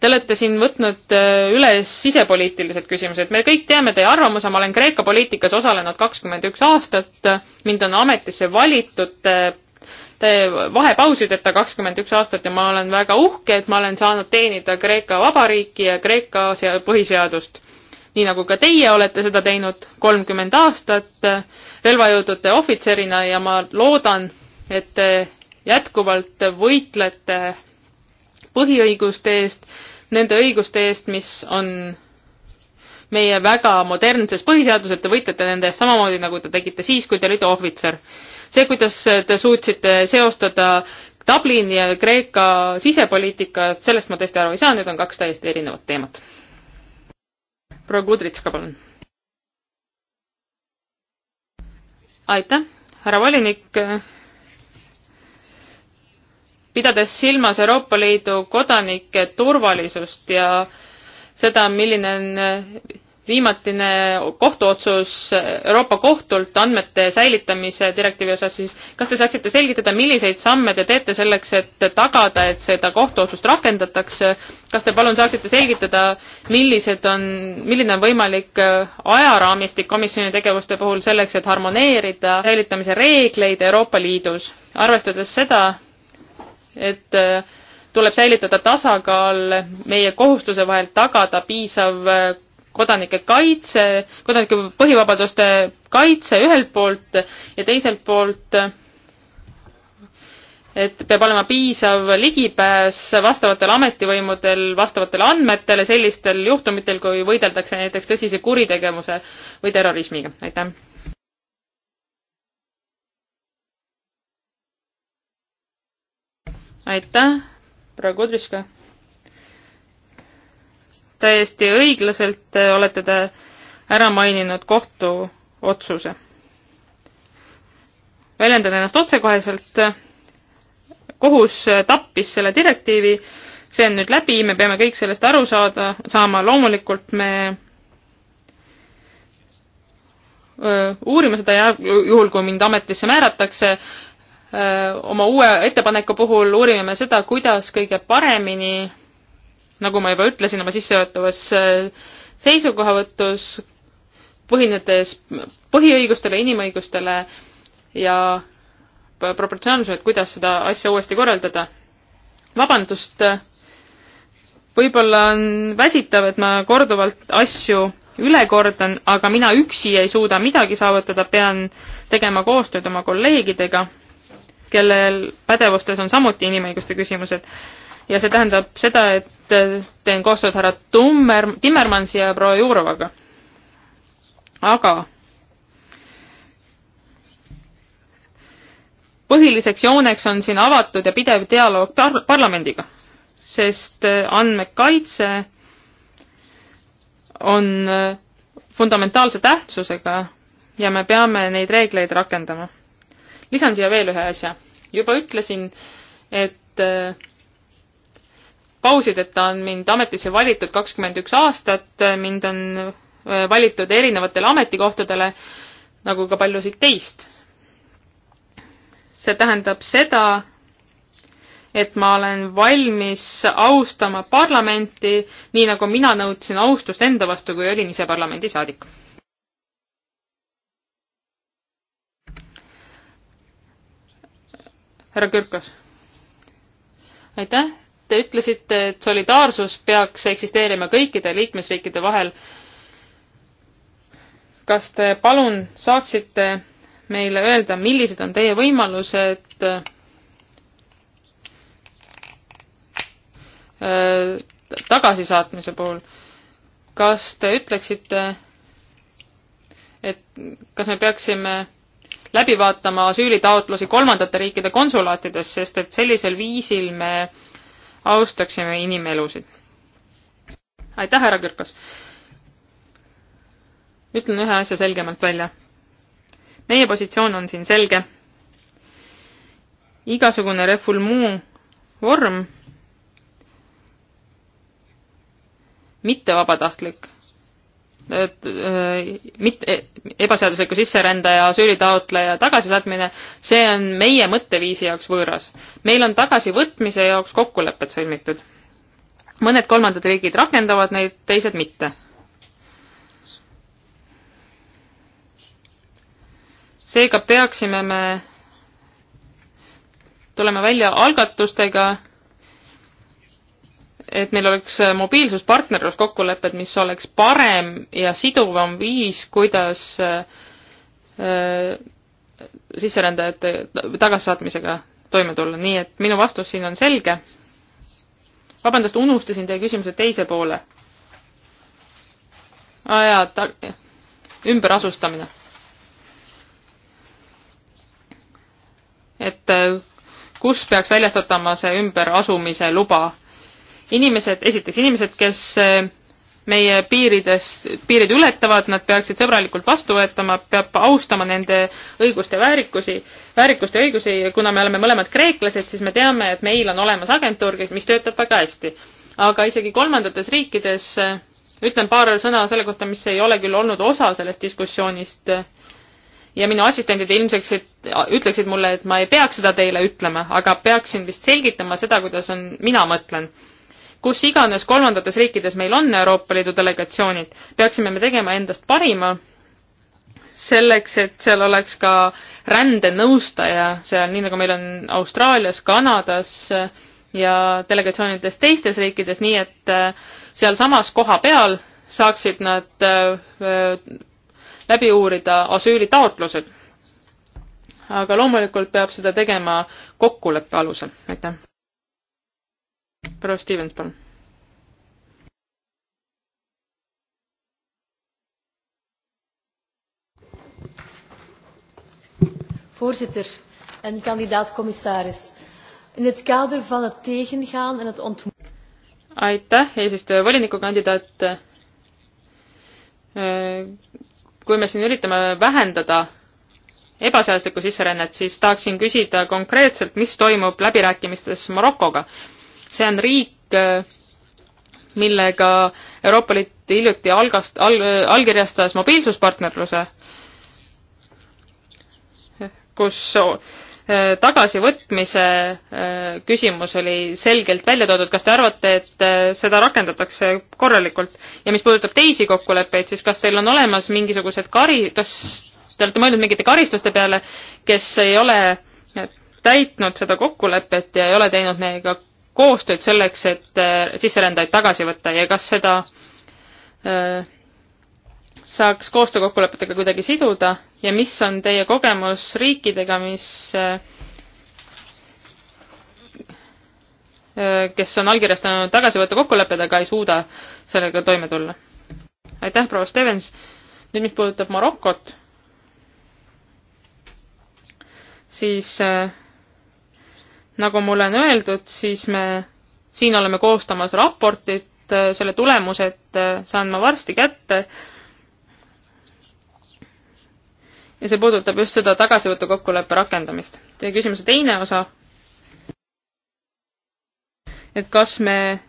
Te olete siin võtnud äh, üle sisepoliitilised küsimused. me kõik teame teie arvamuse, ma olen Kreeka poliitikas osalenud kakskümmend üks aastat, mind on ametisse valitud vahepausideta kakskümmend üks aastat ja ma olen väga uhke, et ma olen saanud teenida Kreeka Vabariiki ja Kreeka põhiseadust. nii nagu ka teie olete seda teinud kolmkümmend aastat äh, relvajõudude ohvitserina ja ma loodan, et te jätkuvalt võitlete põhiõiguste eest nende õiguste eest, mis on meie väga modernses põhiseaduses, te võitlete nende eest samamoodi, nagu te tegite siis, kui te olite ohvitser. see, kuidas te suutsite seostada Dublini ja Kreeka sisepoliitika, sellest ma tõesti aru ei saa, need on kaks täiesti erinevat teemat. proua Kudritska, palun. aitäh, härra volinik pidades silmas Euroopa Liidu kodanike turvalisust ja seda, milline on äh, viimatine kohtuotsus Euroopa Kohtult andmete säilitamise direktiivi osas, siis kas te saaksite selgitada, milliseid samme te teete selleks, et tagada, et seda kohtuotsust rakendatakse, kas te palun saaksite selgitada, millised on, milline on võimalik äh, ajaraamistik komisjoni tegevuste puhul selleks, et harmoneerida säilitamise reegleid Euroopa Liidus, arvestades seda, et äh, tuleb säilitada tasakaal meie kohustuse vahel tagada piisav äh, kodanike kaitse, kodanike põhivabaduste kaitse ühelt poolt ja teiselt poolt et peab olema piisav ligipääs vastavatel ametivõimudel vastavatele andmetele sellistel juhtumitel, kui võideldakse näiteks tõsise kuritegevuse või terrorismiga. aitäh! aitäh, proua Kudriska. täiesti õiglaselt olete te ära maininud kohtuotsuse. väljendan ennast otsekoheselt. kohus tappis selle direktiivi, see on nüüd läbi, me peame kõik sellest aru saada, saama, loomulikult me uurima seda ja juhul, kui mind ametisse määratakse, oma uue ettepaneku puhul uurime me seda, kuidas kõige paremini, nagu ma juba ütlesin oma sissejuhatavas seisukohavõtus, põhinedes põhiõigustele, inimõigustele ja proportsionaalsusele, et kuidas seda asja uuesti korraldada. vabandust, võib-olla on väsitav, et ma korduvalt asju üle kordan, aga mina üksi ei suuda midagi saavutada, pean tegema koostööd oma kolleegidega kellel pädevustes on samuti inimõiguste küsimused. ja see tähendab seda, et teen koostööd härra Tummer, Timmermansi ja proua Jurovaga. aga põhiliseks jooneks on siin avatud ja pidev dialoog par-, parlamendiga, sest andmekaitse on fundamentaalse tähtsusega ja me peame neid reegleid rakendama. lisan siia veel ühe asja juba ütlesin, et äh, pausideta on mind ametisse valitud kakskümmend üks aastat, äh, mind on äh, valitud erinevatele ametikohtadele, nagu ka paljusid teist. see tähendab seda, et ma olen valmis austama parlamenti, nii nagu mina nõudsin austust enda vastu, kui olin ise parlamendisaadik härra Kürkas. aitäh, te ütlesite, et solidaarsus peaks eksisteerima kõikide liikmesriikide vahel. kas te palun saaksite meile öelda, millised on teie võimalused äh, tagasisaatmise puhul? kas te ütleksite, et kas me peaksime läbi vaatama asüülitaotlusi kolmandate riikide konsulaatides, sest et sellisel viisil me austaksime inimelusid. aitäh, härra Kürkas! ütlen ühe asja selgemalt välja. meie positsioon on siin selge. igasugune refulmuu vorm, mitte vabatahtlik et äh, mitte, ebaseadusliku sisserändaja asüülitaotleja tagasisaatmine, see on meie mõtteviisi jaoks võõras. meil on tagasivõtmise jaoks kokkulepped sõlmitud. mõned kolmandad riigid rakendavad neid, teised mitte. seega peaksime me tulema välja algatustega et meil oleks äh, mobiilsuspartnerlus kokkulepped, mis oleks parem ja siduvam viis, kuidas äh, äh, sisserändajate tagasisaatmisega toime tulla, nii et minu vastus siin on selge. vabandust, unustasin teie küsimuse teise poole. aa ah, jaa, ta-, ümberasustamine. et kus peaks väljastatama see ümberasumise luba inimesed, esiteks inimesed, kes eh, meie piirides, piirid ületavad, nad peaksid sõbralikult vastu võetama, peab austama nende õiguste väärikusi, väärikuste õigusi ja kuna me oleme mõlemad kreeklased, siis me teame, et meil on olemas agentuur, mis töötab väga hästi. aga isegi kolmandates riikides eh, ütlen paar sõna selle kohta, mis ei ole küll olnud osa sellest diskussioonist ja minu assistendid ilmseks et, ütleksid mulle, et ma ei peaks seda teile ütlema, aga peaksin vist selgitama seda, kuidas on, mina mõtlen kus iganes kolmandates riikides meil on Euroopa Liidu delegatsioonid, peaksime me tegema endast parima selleks, et seal oleks ka rändenõustaja seal, nii nagu meil on Austraalias, Kanadas ja delegatsioonides teistes riikides, nii et äh, sealsamas koha peal saaksid nad äh, läbi uurida asüülitaotlused. aga loomulikult peab seda tegema kokkuleppe alusel, aitäh proua Stevens, palun. voorzitter en kandidaat commissaris in het kader van het tegengaan en het ontmoedigen. aitäh eesistuja volinikukandidaat eh, kui me siin üritame vähendada ebaseaduslikku sisserännet siis tahaksin küsida konkreetselt mis toimub läbirääkimistes marokoga see on riik, äh, millega Euroopa Liit hiljuti algast- al,, allkirjastas mobiilsuspartnerluse, kus äh, tagasivõtmise äh, küsimus oli selgelt välja toodud, kas te arvate, et seda rakendatakse korralikult? ja mis puudutab teisi kokkuleppeid, siis kas teil on olemas mingisugused kari-, kas te olete mõelnud mingite karistuste peale, kes ei ole täitnud seda kokkulepet ja ei ole teinud meiega koostööd selleks, et äh, sisserändajaid tagasi võtta ja kas seda äh, saaks koostöökokkulepetega kuidagi siduda ja mis on teie kogemus riikidega, mis, äh, kes on allkirjastanud tagasivõtu kokkulepped, aga ei suuda sellega toime tulla? aitäh, proua Stevens. nüüd, mis puudutab Marokot, siis nagu mulle on öeldud, siis me siin oleme koostamas raportit, äh, selle tulemused äh, saan ma varsti kätte. ja see puudutab just seda tagasivõtu kokkuleppe rakendamist. Teie küsimuse teine osa. et kas me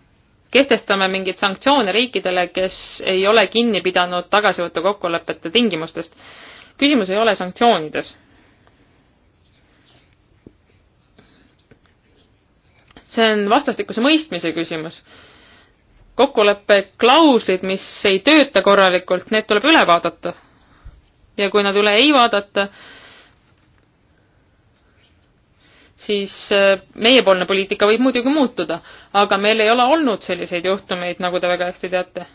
kehtestame mingeid sanktsioone riikidele, kes ei ole kinni pidanud tagasivõtu kokkulepete tingimustest. küsimus ei ole sanktsioonides see on vastastikuse mõistmise küsimus. kokkuleppe klauslid, mis ei tööta korralikult, need tuleb üle vaadata. ja kui nad üle ei vaadata, siis äh, meiepoolne poliitika võib muidugi muutuda, aga meil ei ole olnud selliseid juhtumeid, nagu te väga hästi teate.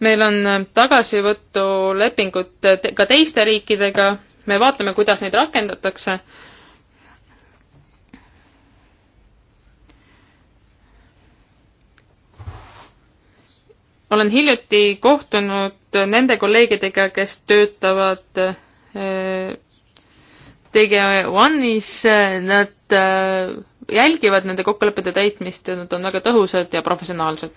meil on äh, tagasivõtulepingud äh, ka teiste riikidega, me vaatame, kuidas neid rakendatakse olen hiljuti kohtunud nende kolleegidega, kes töötavad äh, TG One'is, nad äh, jälgivad nende kokkulepete täitmist ja nad on väga tõhusad ja professionaalsed.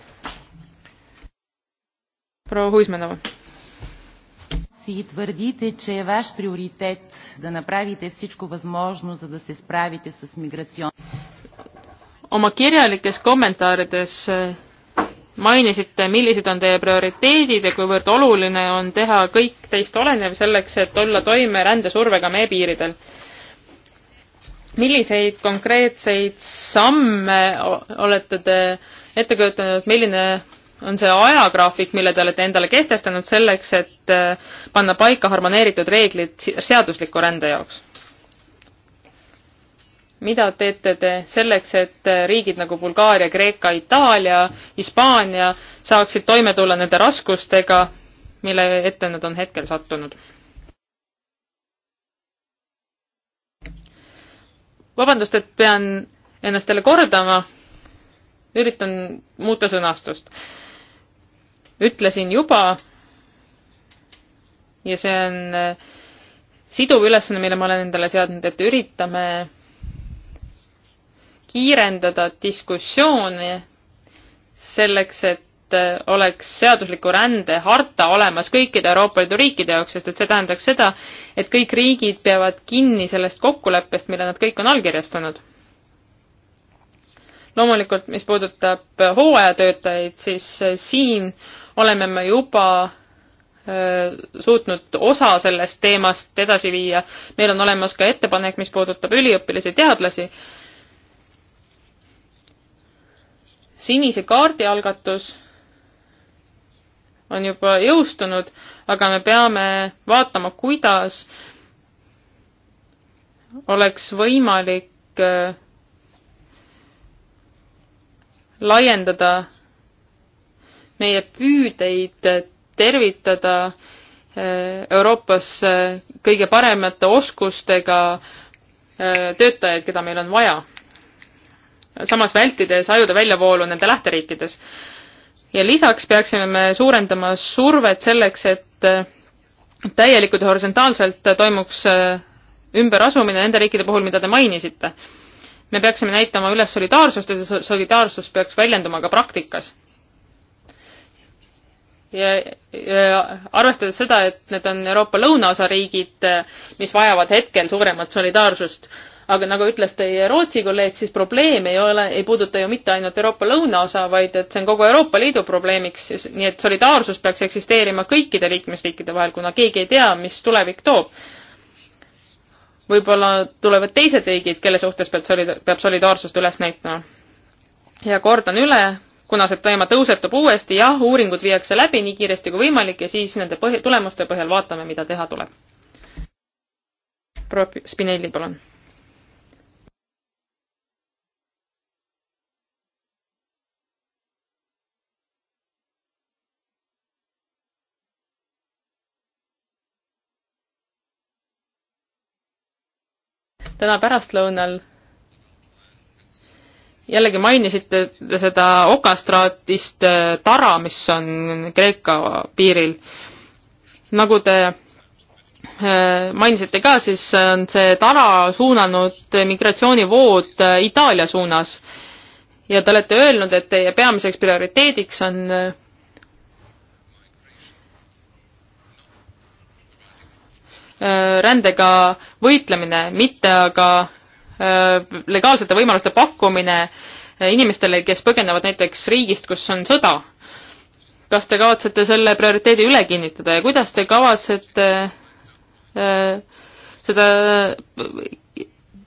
proua Huismanova. Си твърдите, че е ваш приоритет да направите всичко възможно, за да се справите с миграционни. Oma kirjalikes kommentaarides mainisite, millised on teie prioriteedid ja kuivõrd oluline on teha kõik teist olenev selleks, et olla toime rändesurvega meie piiridel. milliseid konkreetseid samme olete te ette kujutanud, milline on see ajagraafik, mille te olete endale kehtestanud selleks, et eh, panna paika harmoneeritud reeglid seadusliku rände jaoks? mida teete te selleks, et riigid nagu Bulgaaria, Kreeka, Itaalia, Hispaania saaksid toime tulla nende raskustega, mille ette nad on hetkel sattunud? vabandust, et pean ennast jälle kordama. üritan muuta sõnastust. ütlesin juba ja see on äh, siduv ülesanne, mille ma olen endale seadnud, et üritame kiirendada diskussioone selleks, et äh, oleks seadusliku rände harta olemas kõikide Euroopa Liidu riikide jaoks, sest et see tähendaks seda, et kõik riigid peavad kinni sellest kokkuleppest, mille nad kõik on allkirjastanud. loomulikult, mis puudutab äh, hooajatöötajaid, siis äh, siin oleme me juba suutnud osa sellest teemast edasi viia. meil on olemas ka ettepanek, mis puudutab üliõpilasi teadlasi sinise kaardi algatus on juba jõustunud, aga me peame vaatama, kuidas oleks võimalik äh, laiendada meie püüdeid tervitada äh, Euroopas äh, kõige paremate oskustega töötajaid, keda meil on vaja samas vältides ajude väljavoolu nende lähteriikides. ja lisaks peaksime me suurendama survet selleks, et äh, täielikult ja horisontaalselt toimuks äh, ümberasumine nende riikide puhul, mida te mainisite. me peaksime näitama üles solidaarsust ja see solidaarsus peaks väljenduma ka praktikas. ja, ja arvestades seda, et need on Euroopa lõunaosa riigid, äh, mis vajavad hetkel suuremat solidaarsust, aga nagu ütles teie Rootsi kolleeg, siis probleem ei ole, ei puuduta ju mitte ainult Euroopa lõunaosa, vaid et see on kogu Euroopa Liidu probleemiks, nii et solidaarsus peaks eksisteerima kõikide liikmesriikide vahel, kuna keegi ei tea, mis tulevik toob. võib-olla tulevad teised riigid, kelle suhtes peab solida-, peab solidaarsust üles näitama. ja kordan üle, kuna see teema tõusetub uuesti, jah, uuringud viiakse läbi nii kiiresti kui võimalik ja siis nende põhi, tulemuste põhjal vaatame, mida teha tuleb. proua Spinelli, palun täna pärastlõunal jällegi mainisite seda okastraatist äh, tara, mis on Kreeka piiril. nagu te äh, mainisite ka, siis on see tara suunanud migratsioonivood äh, Itaalia suunas ja te olete öelnud, et teie peamiseks prioriteediks on Äh, rändega võitlemine, mitte aga äh, legaalsete võimaluste pakkumine äh, inimestele, kes põgenevad näiteks riigist, kus on sõda. kas te kavatsete selle prioriteedi üle kinnitada ja kuidas te kavatsete seda,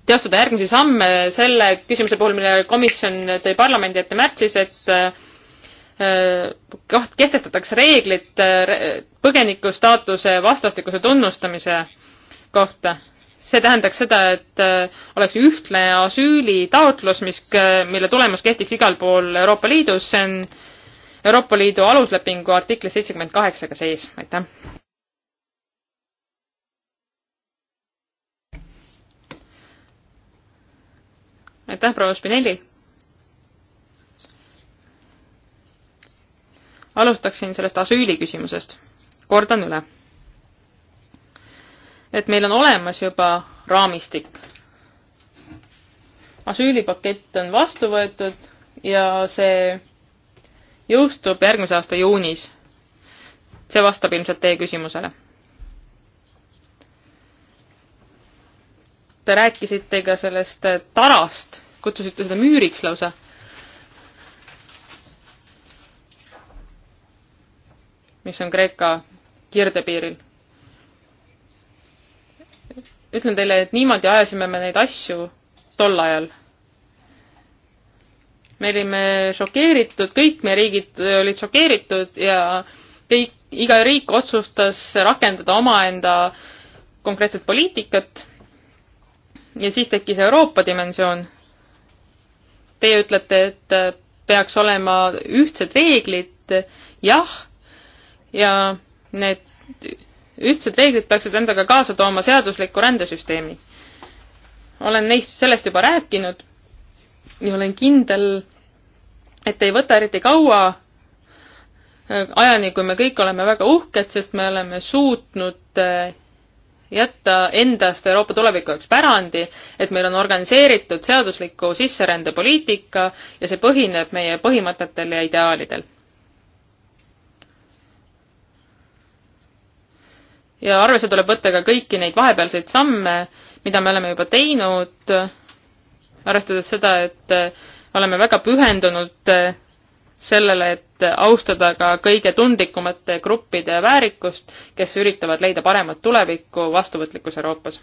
teostada järgmisi samme selle küsimuse puhul, mille komisjon tõi parlamendi ette märtsis, et koht, äh, kehtestatakse reeglid äh, põgeniku staatuse vastastikuse tunnustamise kohta. see tähendaks seda, et äh, oleks ühtne asüülitaotlus, mis, mille tulemus kehtiks igal pool Euroopa Liidus, see on Euroopa Liidu aluslepingu artiklis seitsekümmend kaheksaga sees, aitäh. aitäh, proua Spinelli alustaksin sellest asüüliküsimusest. kordan üle. et meil on olemas juba raamistik. asüülipakett on vastu võetud ja see jõustub järgmise aasta juunis. see vastab ilmselt teie küsimusele. Te rääkisite ka sellest tarast, kutsusite seda müüriks lausa mis on Kreeka kirdepiiril. ütlen teile, et niimoodi ajasime me neid asju tol ajal. me olime šokeeritud, kõik meie riigid olid šokeeritud ja kõik, iga riik otsustas rakendada omaenda konkreetset poliitikat ja siis tekkis Euroopa dimensioon. Teie ütlete, et peaks olema ühtsed reeglid, jah ja need ühtsed reeglid peaksid endaga kaasa tooma seadusliku rändesüsteemi. olen neist, sellest juba rääkinud ja olen kindel, et ei võta eriti kaua ajani, kui me kõik oleme väga uhked, sest me oleme suutnud eh, jätta endast Euroopa tuleviku jaoks pärandi, et meil on organiseeritud seadusliku sisserändepoliitika ja see põhineb meie põhimõtetel ja ideaalidel ja arvesse tuleb võtta ka kõiki neid vahepealseid samme, mida me oleme juba teinud, arvestades seda, et äh, oleme väga pühendunud äh, sellele, et austada ka kõige tundlikumate gruppide väärikust, kes üritavad leida paremat tulevikku vastuvõtlikus Euroopas.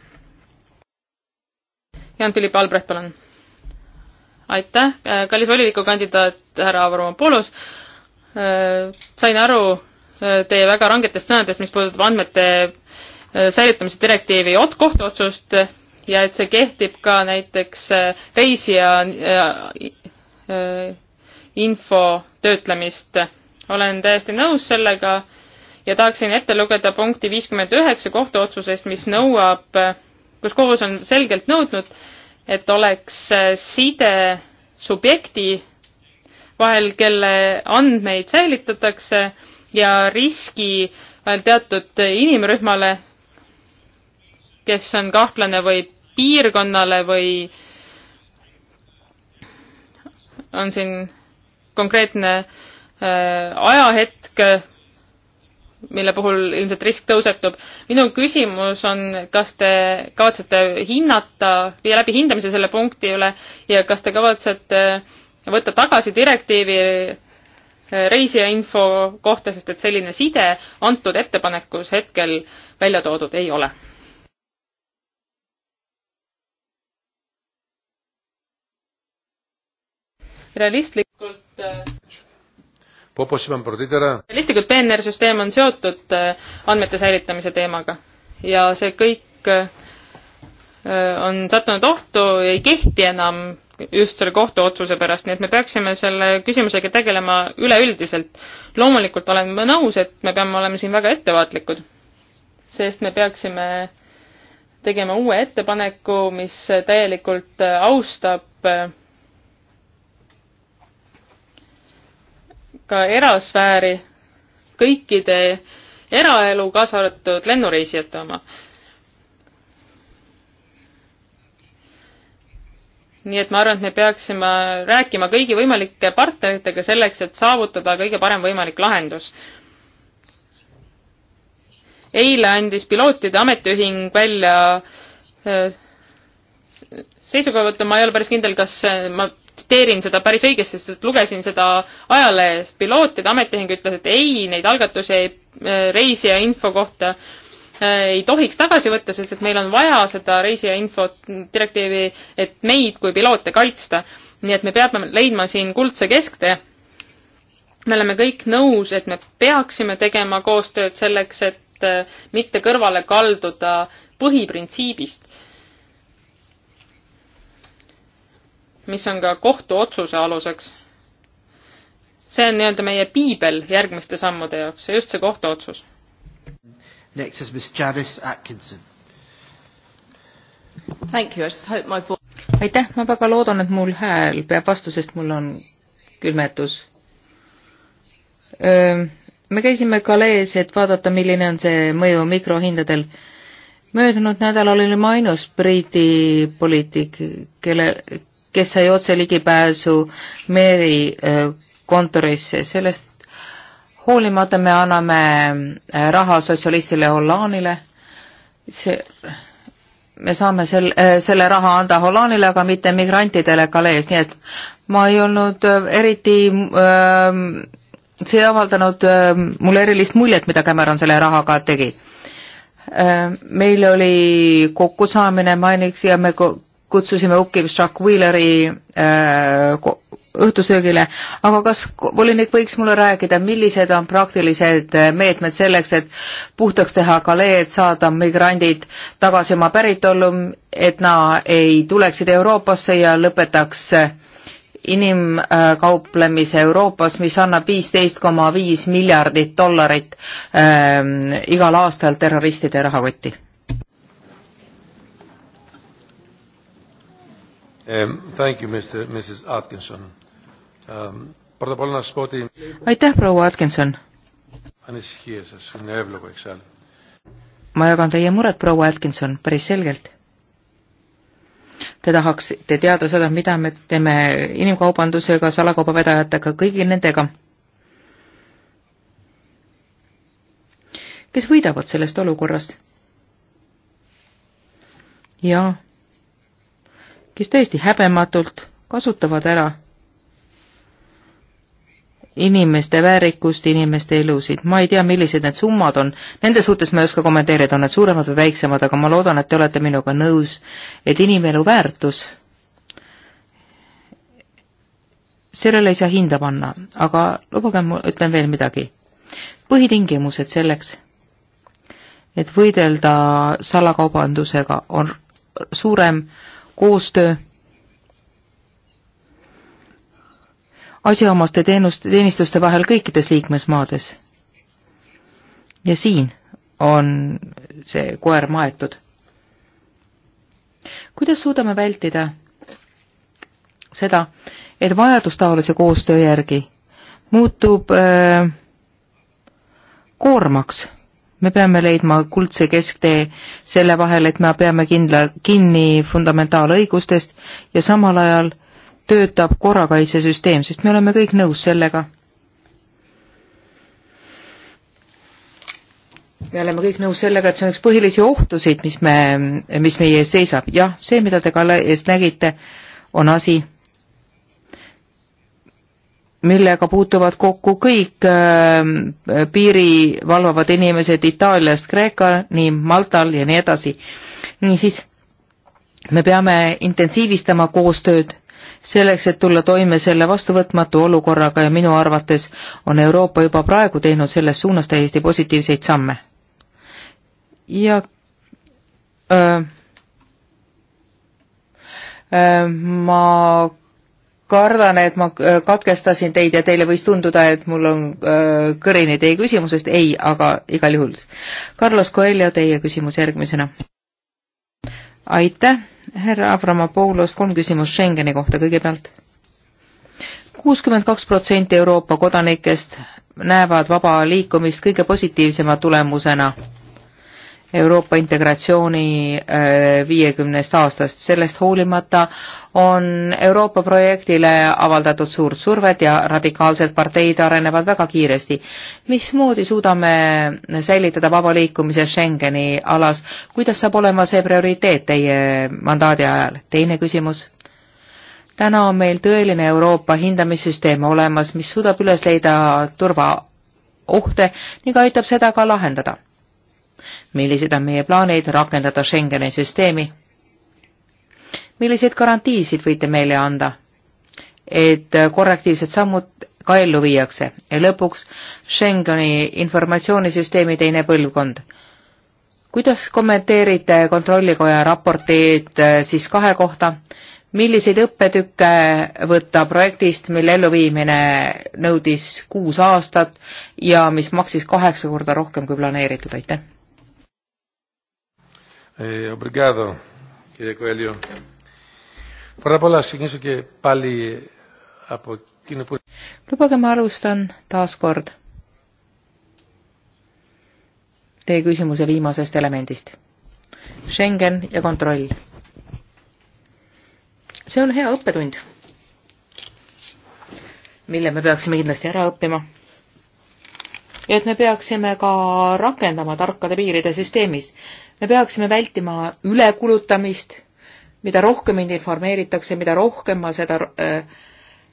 Jan-Philipp Albrecht, palun. aitäh, äh, kallis volinikukandidaat härra Avramopoulos. sain aru teie väga rangetest sõnadest, mis puudutab andmete äh, säilitamise direktiivi kohtuotsust ja et see kehtib ka näiteks äh, reisija äh, info töötlemist. olen täiesti nõus sellega ja tahaksin ette lugeda punkti viiskümmend üheksa kohtuotsusest, mis nõuab, kus kohus on selgelt nõudnud, et oleks side subjekti vahel, kelle andmeid säilitatakse ja riski äh, teatud inimrühmale, kes on kahtlane või piirkonnale või on siin konkreetne äh, ajahetk, mille puhul ilmselt risk tõusetub. minu küsimus on, kas te kavatsete hinnata, viia läbi hindamise selle punkti üle ja kas te kavatsete võtta tagasi direktiivi reisijainfo kohta, sest et selline side antud ettepanekus hetkel välja toodud ei ole. realistlikult äh, realistlikult PNR süsteem on seotud äh, andmete säilitamise teemaga ja see kõik äh, on sattunud ohtu, ei kehti enam just selle kohtuotsuse pärast, nii et me peaksime selle küsimusega tegelema üleüldiselt. loomulikult olen ma nõus, et me peame olema siin väga ettevaatlikud, sest me peaksime tegema uue ettepaneku, mis täielikult austab äh, ka erasfääri, kõikide eraelu, kaasa arvatud lennureisijate oma nii et ma arvan, et me peaksime rääkima kõigi võimalike partneritega selleks, et saavutada kõige parem võimalik lahendus. eile andis pilootide ametiühing välja äh, seisukohavõttu, ma ei ole päris kindel, kas äh, ma tsiteerin seda päris õigesti, sest lugesin seda ajalehest, pilootide ametiühing ütles, et ei, neid algatusi ei äh, reisija info kohta Äh, ei tohiks tagasi võtta, sest et meil on vaja seda reisija infot direktiivi, et meid kui piloote kaitsta. nii et me peame leidma siin kuldse kesktee. me oleme kõik nõus, et me peaksime tegema koostööd selleks, et äh, mitte kõrvale kalduda põhiprintsiibist, mis on ka kohtuotsuse aluseks see on nii-öelda meie piibel järgmiste sammude jaoks, just see kohtuotsus. Next is Ms Janice Atkinson. Thank you, I just hope my voice aitäh, ma väga loodan, et mul hääl peab vastu, sest mul on külmetus. me käisime Galees, et vaadata, milline on see mõju mikrohindadel. möödunud nädalal olin ma ainus Briti poliitik, kelle, kes sai otse ligipääsu Mary kontorisse, sellest hoolimata me anname äh, raha sotsialistile Hollandile, see, me saame sel, äh, selle raha anda Hollandile, aga mitte migrantidele Calais, nii et ma ei olnud äh, eriti ähm, see ei avaldanud mulle erilist muljet, mida Cameron selle rahaga tegi. meil oli kokkusaamine, mainiks, ja me kutsusime Uki Chuck Wheeleri õhtusöögile, aga kas volinik võiks mulle rääkida, millised on praktilised eh, meetmed selleks, et puhtaks teha kalee, et saada migrandid tagasi oma päritollu, et nad ei tuleksid Euroopasse ja lõpetaks eh, inimkauplemise Euroopas, mis annab viisteist koma viis miljardit dollarit ähm, igal aastal terroristide rahakotti Um, thank you, Mr. Mrs. Atkinson aitäh, proua Atkinson! ma jagan teie muret, proua Atkinson, päris selgelt. Te tahaksite teada seda, mida me teeme inimkaubandusega, salakaubavedajatega, kõigi nendega, kes võidavad sellest olukorrast. ja kes täiesti häbematult kasutavad ära inimeste väärikust, inimeste elusid. ma ei tea, millised need summad on, nende suhtes ma ei oska kommenteerida, on need suuremad või väiksemad, aga ma loodan, et te olete minuga nõus, et inimelu väärtus, sellele ei saa hinda panna, aga lubage, ma ütlen veel midagi. põhitingimused selleks, et võidelda salakaubandusega, on suurem koostöö asjaomaste teenust, teenistuste vahel kõikides liikmesmaades. ja siin on see koer maetud. kuidas suudame vältida seda, et vajadus taolise koostöö järgi muutub öö, äh, koormaks? me peame leidma kuldse kesktee selle vahel, et me peame kindla, kinni fundamentaalõigustest ja samal ajal töötab korrakaitsesüsteem, sest me oleme kõik nõus sellega. me oleme kõik nõus sellega, et see on üks põhilisi ohtusid, mis me, mis meie ees seisab. jah, see, mida te Kalle eest nägite, on asi, millega puutuvad kokku kõik äh, piiri valvavad inimesed Itaaliast Kreekani, Maltal ja nii edasi. niisiis, me peame intensiivistama koostööd selleks, et tulla toime selle vastuvõtmatu olukorraga ja minu arvates on Euroopa juba praegu teinud selles suunas täiesti positiivseid samme. ja öö, öö, ma kardan, et ma katkestasin teid ja teile võis tunduda, et mul on öö, kõrini teie küsimusest, ei, aga igal juhul. Carlos Coelho, teie küsimus järgmisena. aitäh härra Avramopoulos, kolm küsimust Schengeni kohta kõigepealt. kuuskümmend kaks protsenti Euroopa kodanikest näevad vaba liikumist kõige positiivsema tulemusena Euroopa integratsiooni eh, viiekümnest aastast. sellest hoolimata on Euroopa projektile avaldatud suurt survet ja radikaalsed parteid arenevad väga kiiresti. mismoodi suudame säilitada vaba liikumise Schengeni alas, kuidas saab olema see prioriteet teie mandaadi ajal? teine küsimus täna on meil tõeline Euroopa hindamissüsteem olemas, mis suudab üles leida turvaohte ning aitab seda ka lahendada millised on meie plaanid rakendada Schengeni süsteemi? milliseid garantiisid võite meile anda, et korrektiivsed sammud ka ellu viiakse ja lõpuks Schengeni informatsioonisüsteemi teine põlvkond. kuidas kommenteerite Kontrollikoja raportit äh, siis kahe kohta, milliseid õppetükke võtta projektist, mille elluviimine nõudis kuus aastat ja mis maksis kaheksa korda rohkem kui planeeritud, aitäh! Obrigado, κύριε Κοέλιο. Πρώτα απ' όλα ξεκινήσω και πάλι από εκείνο που... Lubage ma alustan taas kord teie küsimuse viimasest elemendist. Schengen ja kontroll. see on hea õppetund, mille me peaksime kindlasti ära õppima. et me peaksime ka rakendama tarkade piiride süsteemis me peaksime vältima ülekulutamist, mida rohkem mind informeeritakse, mida rohkem ma seda äh,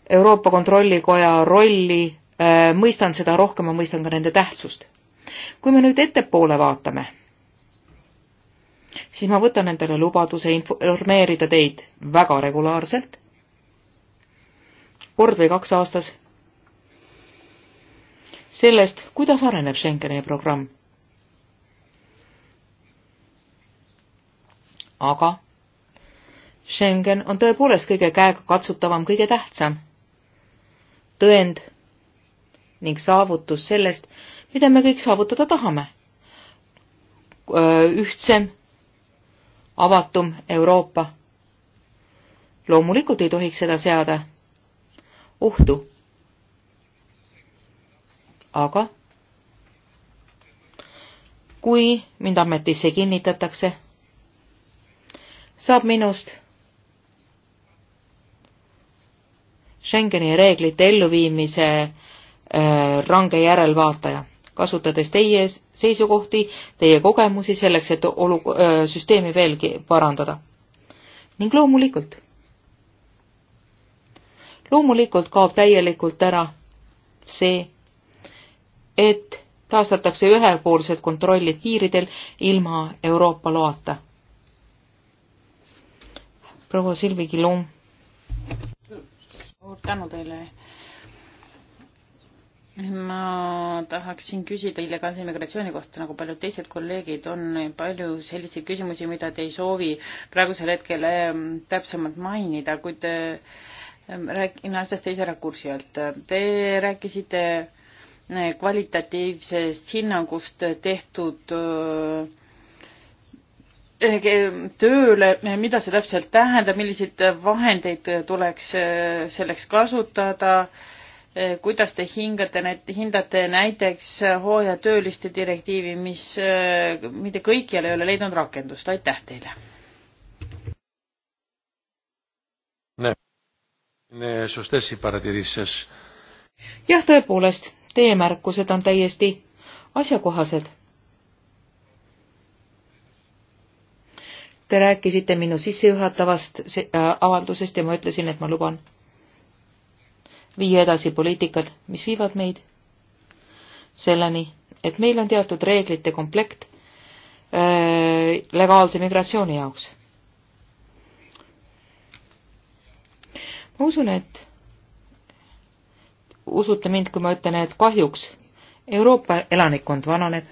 Euroopa Kontrollikoja rolli äh, mõistan, seda rohkem ma mõistan ka nende tähtsust. kui me nüüd ettepoole vaatame, siis ma võtan endale lubaduse informeerida teid väga regulaarselt, kord või kaks aastas, sellest, kuidas areneb Schengeni programm aga Schengen on tõepoolest kõige käegakatsutavam, kõige tähtsam tõend ning saavutus sellest, mida me kõik saavutada tahame. ühtsem, avatum Euroopa. loomulikult ei tohiks seda seada ohtu. aga kui mind ametisse kinnitatakse saab minust Schengeni reeglite elluviimise äh, range järelvaataja, kasutades teie seisukohti, teie kogemusi selleks, et olu- äh,, süsteemi veelgi parandada. ning loomulikult, loomulikult kaob täielikult ära see, et taastatakse ühepoolsed kontrollid piiridel ilma Euroopa loata proua Silvi Kilum. suur tänu teile. ma tahaksin küsida illegaalse immigratsiooni kohta, nagu paljud teised kolleegid, on palju selliseid küsimusi, mida te ei soovi praegusel hetkel ehm, täpsemalt mainida, kuid ehm, räägin asjast teise rakursi alt. Te rääkisite eh, kvalitatiivsest hinnangust tehtud öö, eh, Äh, tööle, äh, mida see täpselt tähendab, milliseid vahendeid tuleks äh, selleks kasutada, kuidas te hingate, hindate näiteks hooajatööliste direktiivi, mis mitte kõikjal ei ole leidnud rakendust, aitäh teile! jah, tõepoolest, teie märkused on täiesti asjakohased Te rääkisite minu sissejuhatavast äh, avaldusest ja ma ütlesin, et ma luban viia edasi poliitikad, mis viivad meid selleni, et meil on teatud reeglite komplekt öö, äh, legaalse migratsiooni jaoks. ma usun, et usute mind, kui ma ütlen, et kahjuks Euroopa elanikkond vananeb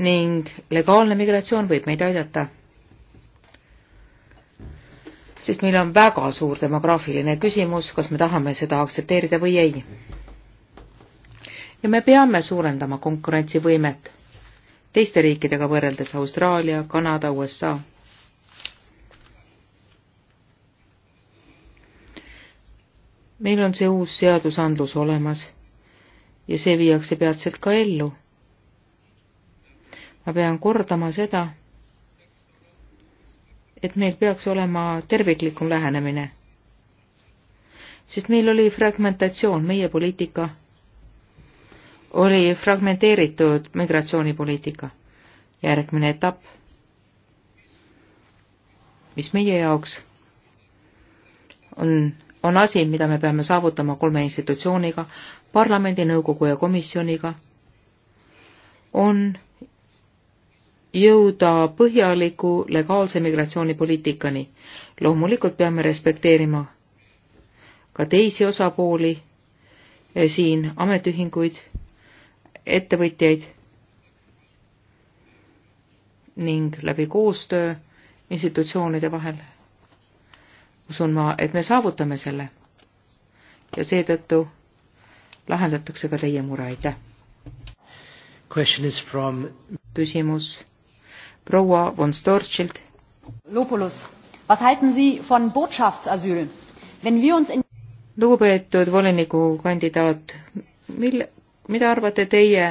ning legaalne migratsioon võib meid aidata. sest meil on väga suur demograafiline küsimus, kas me tahame seda aktsepteerida või ei. ja me peame suurendama konkurentsivõimet teiste riikidega võrreldes Austraalia, Kanada, USA. meil on see uus seadusandlus olemas ja see viiakse peatselt ka ellu ma pean kordama seda, et meil peaks olema terviklikum lähenemine. sest meil oli fragmentatsioon, meie poliitika oli fragmenteeritud migratsioonipoliitika. järgmine etapp, mis meie jaoks on, on asi, mida me peame saavutama kolme institutsiooniga, parlamendi, nõukogu ja komisjoniga, on jõuda põhjaliku legaalse migratsioonipoliitikani. loomulikult peame respekteerima ka teisi osapooli, eh, siin ametiühinguid, ettevõtjaid ning läbi koostöö institutsioonide vahel usun ma, et me saavutame selle. ja seetõttu lahendatakse ka teie mure, aitäh. From... küsimus proua von Storchilt. Lopulus, was halten Sie von Botschaftsasüül? Wenn wir uns in lugupeetud volinikukandidaat, mil, mida arvate teie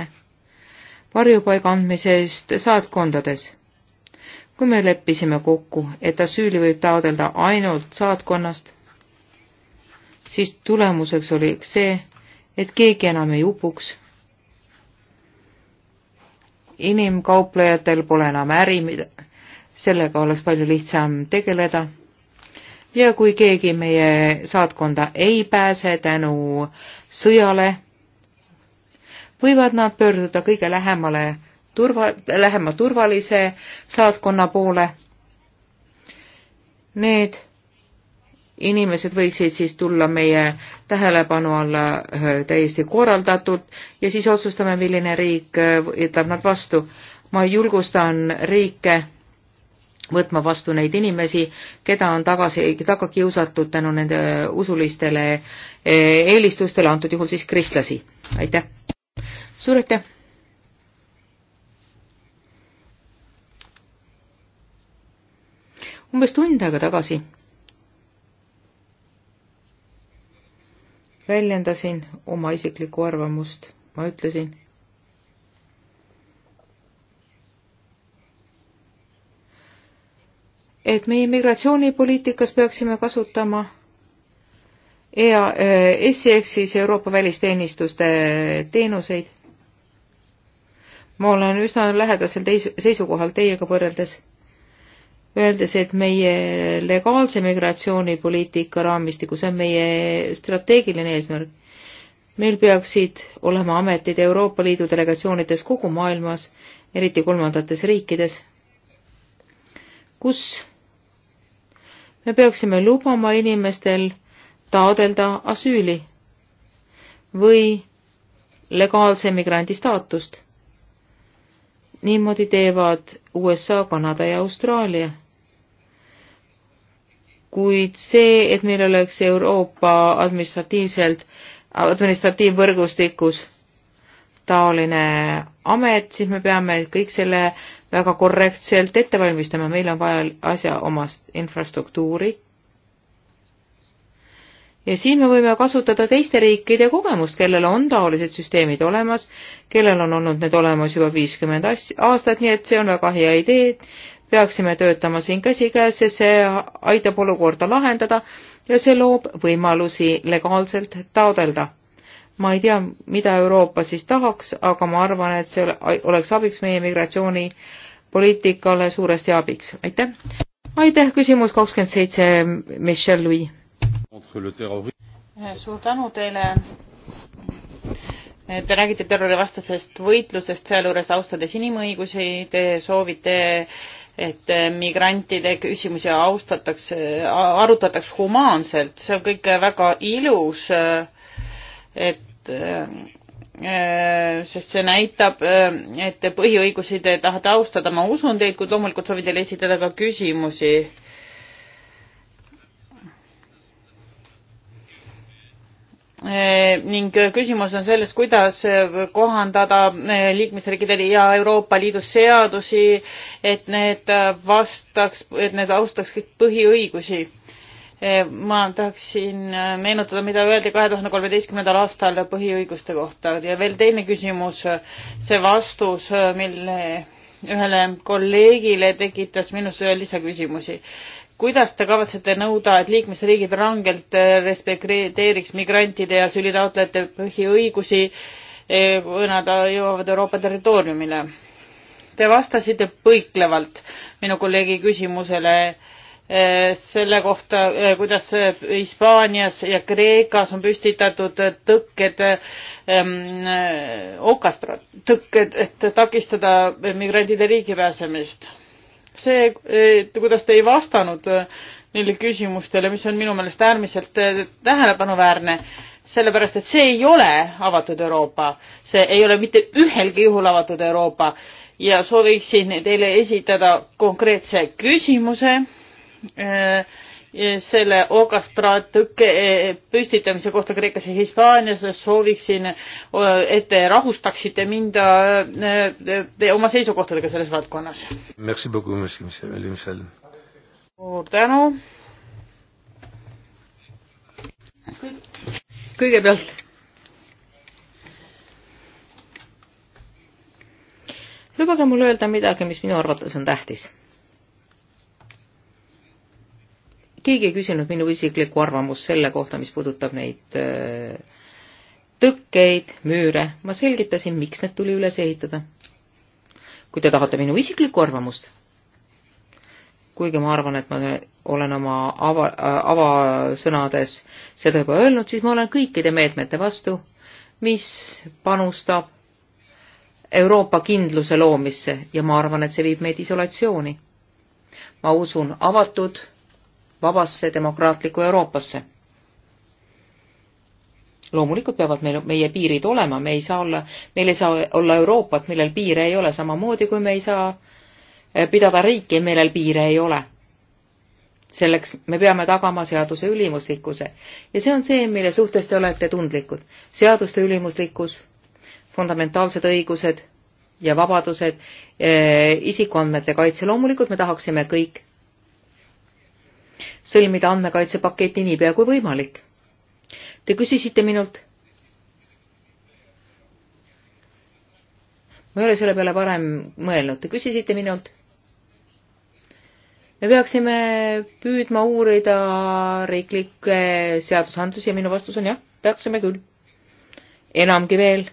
varjupaiga andmisest saatkondades? kui me leppisime kokku, et asüüli võib taodelda ainult saatkonnast, siis tulemuseks oli see, et keegi enam ei upuks inimkauplejatel pole enam äri, sellega oleks palju lihtsam tegeleda. ja kui keegi meie saatkonda ei pääse tänu sõjale, võivad nad pöörduda kõige lähemale turva, lähema turvalise saatkonna poole. Need inimesed võiksid siis tulla meie tähelepanu alla äh, täiesti korraldatult ja siis otsustame, milline riik äh, jätab nad vastu. ma julgustan riike võtma vastu neid inimesi, keda on tagasi, taga kiusatud tänu nende usulistele äh, eelistustele, antud juhul siis kristlasi. aitäh! suur aitäh! umbes tund aega tagasi väljendasin oma isiklikku arvamust, ma ütlesin. et meie migratsioonipoliitikas peaksime kasutama EAS-i ehk siis e Euroopa välisteenistuste teenuseid. ma olen üsna lähedasel teis-, seisukohal teiega võrreldes öeldes, et meie legaalse migratsioonipoliitika raamistikus on meie strateegiline eesmärk. meil peaksid olema ametid Euroopa Liidu delegatsioonides kogu maailmas, eriti kolmandates riikides, kus me peaksime lubama inimestel taodelda asüüli või legaalse migrandi staatust. niimoodi teevad USA, Kanada ja Austraalia kuid see, et meil oleks Euroopa administratiivselt, administratiivvõrgustikus taoline amet, siis me peame kõik selle väga korrektselt ette valmistama, meil on vaja asjaomast infrastruktuuri. ja siin me võime kasutada teiste riikide kogemust, kellel on taolised süsteemid olemas, kellel on olnud need olemas juba viiskümmend aastat, nii et see on väga hea idee, peaksime töötama siin käsikäes ja see aitab olukorda lahendada ja see loob võimalusi legaalselt taodelda. ma ei tea, mida Euroopa siis tahaks, aga ma arvan, et see oleks abiks meie migratsioonipoliitikale suuresti abiks. aitäh! aitäh, küsimus kakskümmend seitse, Michel Louis. suur tänu teile. Te räägite terrorivastasest võitlusest, sealjuures austades inimõigusi, te soovite äh, et äh, migrantide küsimusi austatakse, arutatakse humaanselt, see on kõik väga ilus, äh, et äh, sest see näitab, et põhiõigusi te tahate austada, ma usun teid, kuid loomulikult soovin teile esitada ka küsimusi Eh, ning küsimus on selles, kuidas kohandada eh, liikmesriikide ja Euroopa Liidu seadusi, et need vastaks, et need austaks kõik põhiõigusi. Eh, ma tahaksin meenutada, mida öeldi kahe tuhande kolmeteistkümnendal aastal põhiõiguste kohta ja veel teine küsimus, see vastus, mille ühele kolleegile tekitas minus lisaküsimusi kuidas te kavatsete nõuda, et liikmesriigid rangelt äh, respekteeriks migrantide ja sülitaotlejate põhiõigusi, eh, kui nad äh, jõuavad Euroopa territooriumile? Te vastasite põiklevalt minu kolleegi küsimusele eh, selle kohta, eh, kuidas Hispaanias ja Kreekas on püstitatud tõkked, ehm, okastrat-, tõkked, et takistada migrantide riigi pääsemist see, kuidas te ei vastanud äh, neile küsimustele, mis on minu meelest äärmiselt äh, tähelepanuväärne, sellepärast et see ei ole avatud Euroopa, see ei ole mitte ühelgi juhul avatud Euroopa ja sooviksin teile esitada konkreetse küsimuse äh, selle okastraattõkke e, e, püstitamise kohta Kreekas ja Hispaanias sooviksin, et te rahustaksite mind e, oma seisukohtadega selles valdkonnas. suur tänu. kõigepealt. lubage mul öelda midagi, mis minu arvates on tähtis keegi ei küsinud minu isiklikku arvamust selle kohta, mis puudutab neid äh, tõkkeid, müüre, ma selgitasin, miks need tuli üles ehitada. kui te tahate minu isiklikku arvamust, kuigi ma arvan, et ma olen oma ava, äh, avasõnades seda juba öelnud, siis ma olen kõikide meetmete vastu, mis panustab Euroopa kindluse loomisse ja ma arvan, et see viib meid isolatsiooni. ma usun avatud vabasse demokraatlikku Euroopasse. loomulikult peavad meil, meie piirid olema, me ei saa olla, meil ei saa olla Euroopat, millel piire ei ole, samamoodi kui me ei saa eh, pidada riiki, millel piire ei ole. selleks me peame tagama seaduse ülimuslikkuse ja see on see, mille suhtes te olete tundlikud. seaduste ülimuslikkus, fundamentaalsed õigused ja vabadused, eh, isikuandmete kaitse, loomulikult me tahaksime kõik sõlmida andmekaitsepaketi niipea kui võimalik. Te küsisite minult. ma ei ole selle peale varem mõelnud, te küsisite minult. me peaksime püüdma uurida riiklikke seadusandlusi ja minu vastus on jah, peaksime küll. enamgi veel.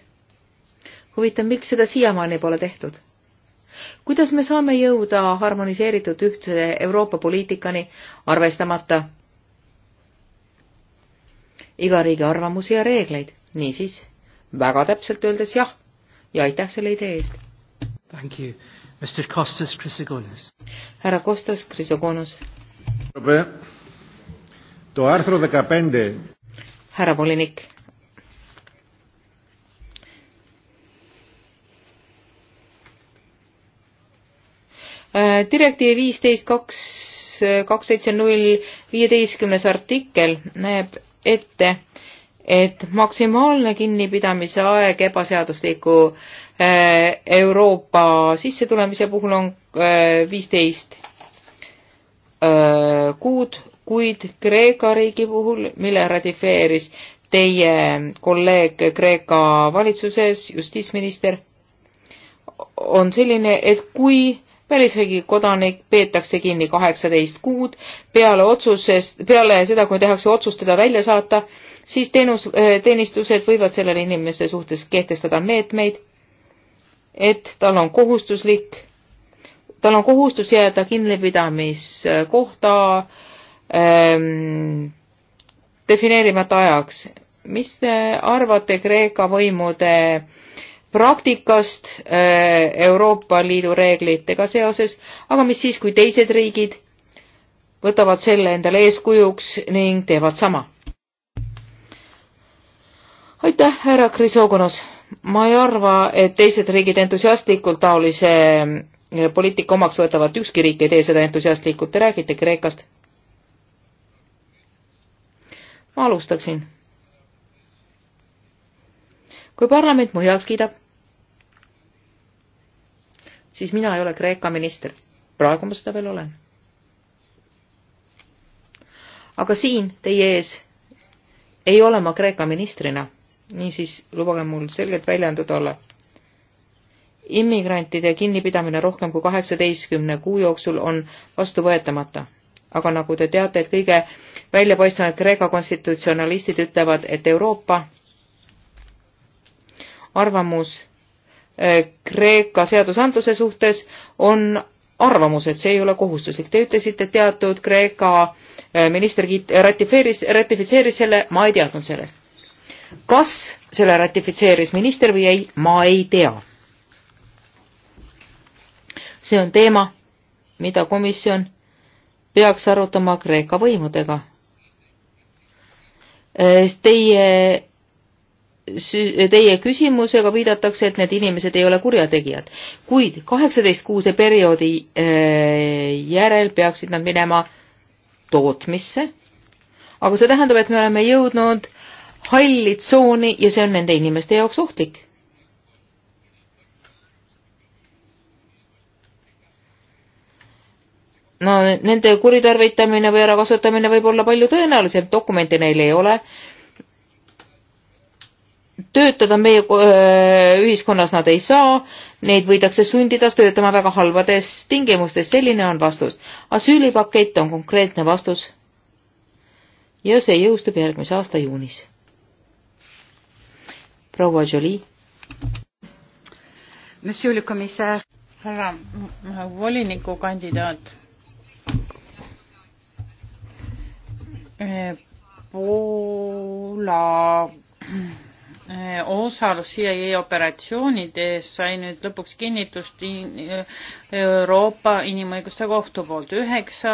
huvitav, miks seda siiamaani pole tehtud? kuidas me saame jõuda harmoniseeritud ühtse Euroopa poliitikani, arvestamata iga riigi arvamusi ja reegleid? niisiis, väga täpselt öeldes jah ja aitäh selle idee eest. Thank you. Mr Costas Chrysogonis. härra Costas Chrysogonis. härra volinik Äh, direktiivi viisteist kaks, äh, kaks seitse null viieteistkümnes artikkel näeb ette, et maksimaalne kinnipidamise aeg ebaseadusliku äh, Euroopa sissetulemise puhul on viisteist kuud, kuid Kreeka riigi puhul, mille ratifeeris teie kolleeg Kreeka valitsuses, justiitsminister, on selline, et kui välisriigi kodanik peetakse kinni kaheksateist kuud peale otsusest, peale seda, kui tehakse otsus teda välja saata, siis teenus, eh, teenistused võivad sellele inimese suhtes kehtestada meetmeid, et tal on kohustuslik, tal on kohustus jääda kinnipidamiskohta ähm, defineerimata ajaks. mis te arvate Kreeka võimude äh, praktikast äh, Euroopa Liidu reeglitega seoses, aga mis siis, kui teised riigid võtavad selle endale eeskujuks ning teevad sama? aitäh, härra Krisogonos. ma ei arva, et teised riigid entusiastlikult taolise äh, poliitika omaks võtavad, ükski riik ei tee seda entusiastlikult, te räägite Kreekast. ma alustaksin kui parlament mu heaks kiidab, siis mina ei ole Kreeka minister. praegu ma seda veel olen. aga siin teie ees ei ole ma Kreeka ministrina, niisiis lubage mul selgelt väljenduda olla. immigrantide kinnipidamine rohkem kui kaheksateistkümne kuu jooksul on vastuvõetamata. aga nagu te teate, et kõige väljapaistvamad Kreeka konstitutsionalistid ütlevad, et Euroopa arvamus äh, Kreeka seadusandluse suhtes on arvamus, et see ei ole kohustuslik. Te ütlesite, teatud Kreeka äh, minister ratifeeris, ratifitseeris selle, ma ei teadnud sellest. kas selle ratifitseeris minister või ei, ma ei tea. see on teema, mida komisjon peaks arutama Kreeka võimudega. Äh, teie teie küsimusega viidatakse, et need inimesed ei ole kurjategijad, kuid kaheksateist kuuse perioodi äh, järel peaksid nad minema tootmisse. aga see tähendab, et me oleme jõudnud halli tsooni ja see on nende inimeste jaoks ohtlik. no nende kuritarvitamine või ärakasutamine võib olla palju tõenäolisem, dokumente neil ei ole töötada meie ühiskonnas nad ei saa, neid võidakse sundida töötama väga halbades tingimustes, selline on vastus. asüülipakett on konkreetne vastus ja see jõustub järgmise aasta juunis. proua Jolie. Monsieur le commissaire. härra volinikukandidaat e. Poola Eh, osalus CIA operatsioonides sai nüüd lõpuks kinnitust Euroopa Inimõiguste Kohtu poolt. üheksa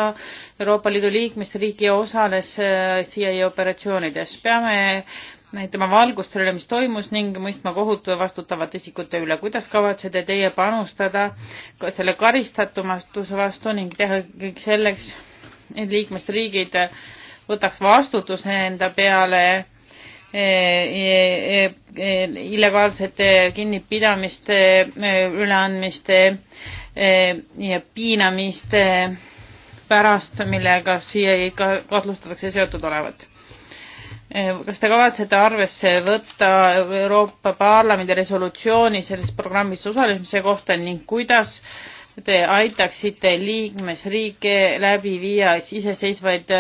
Euroopa Liidu liikmesriigi osales eh, CIA operatsioonides. peame näitama valgust sellele, mis toimus ning mõistma kohut vastutavate isikute üle. kuidas kavatsete teie panustada ka selle karistatumastuse vastu ning teha kõik selleks, et liikmesriigid võtaks vastutuse enda peale Eh, eh, eh, illegaalsete kinnipidamiste, üleandmiste ja piinamiste pärast, millega siia kahtlustatakse seotud olevat. kas te kavatsete arvesse võtta Euroopa Parlamendi resolutsiooni selles programmis osalemise kohta ning kuidas te aitaksite liikmesriike läbi viia iseseisvaid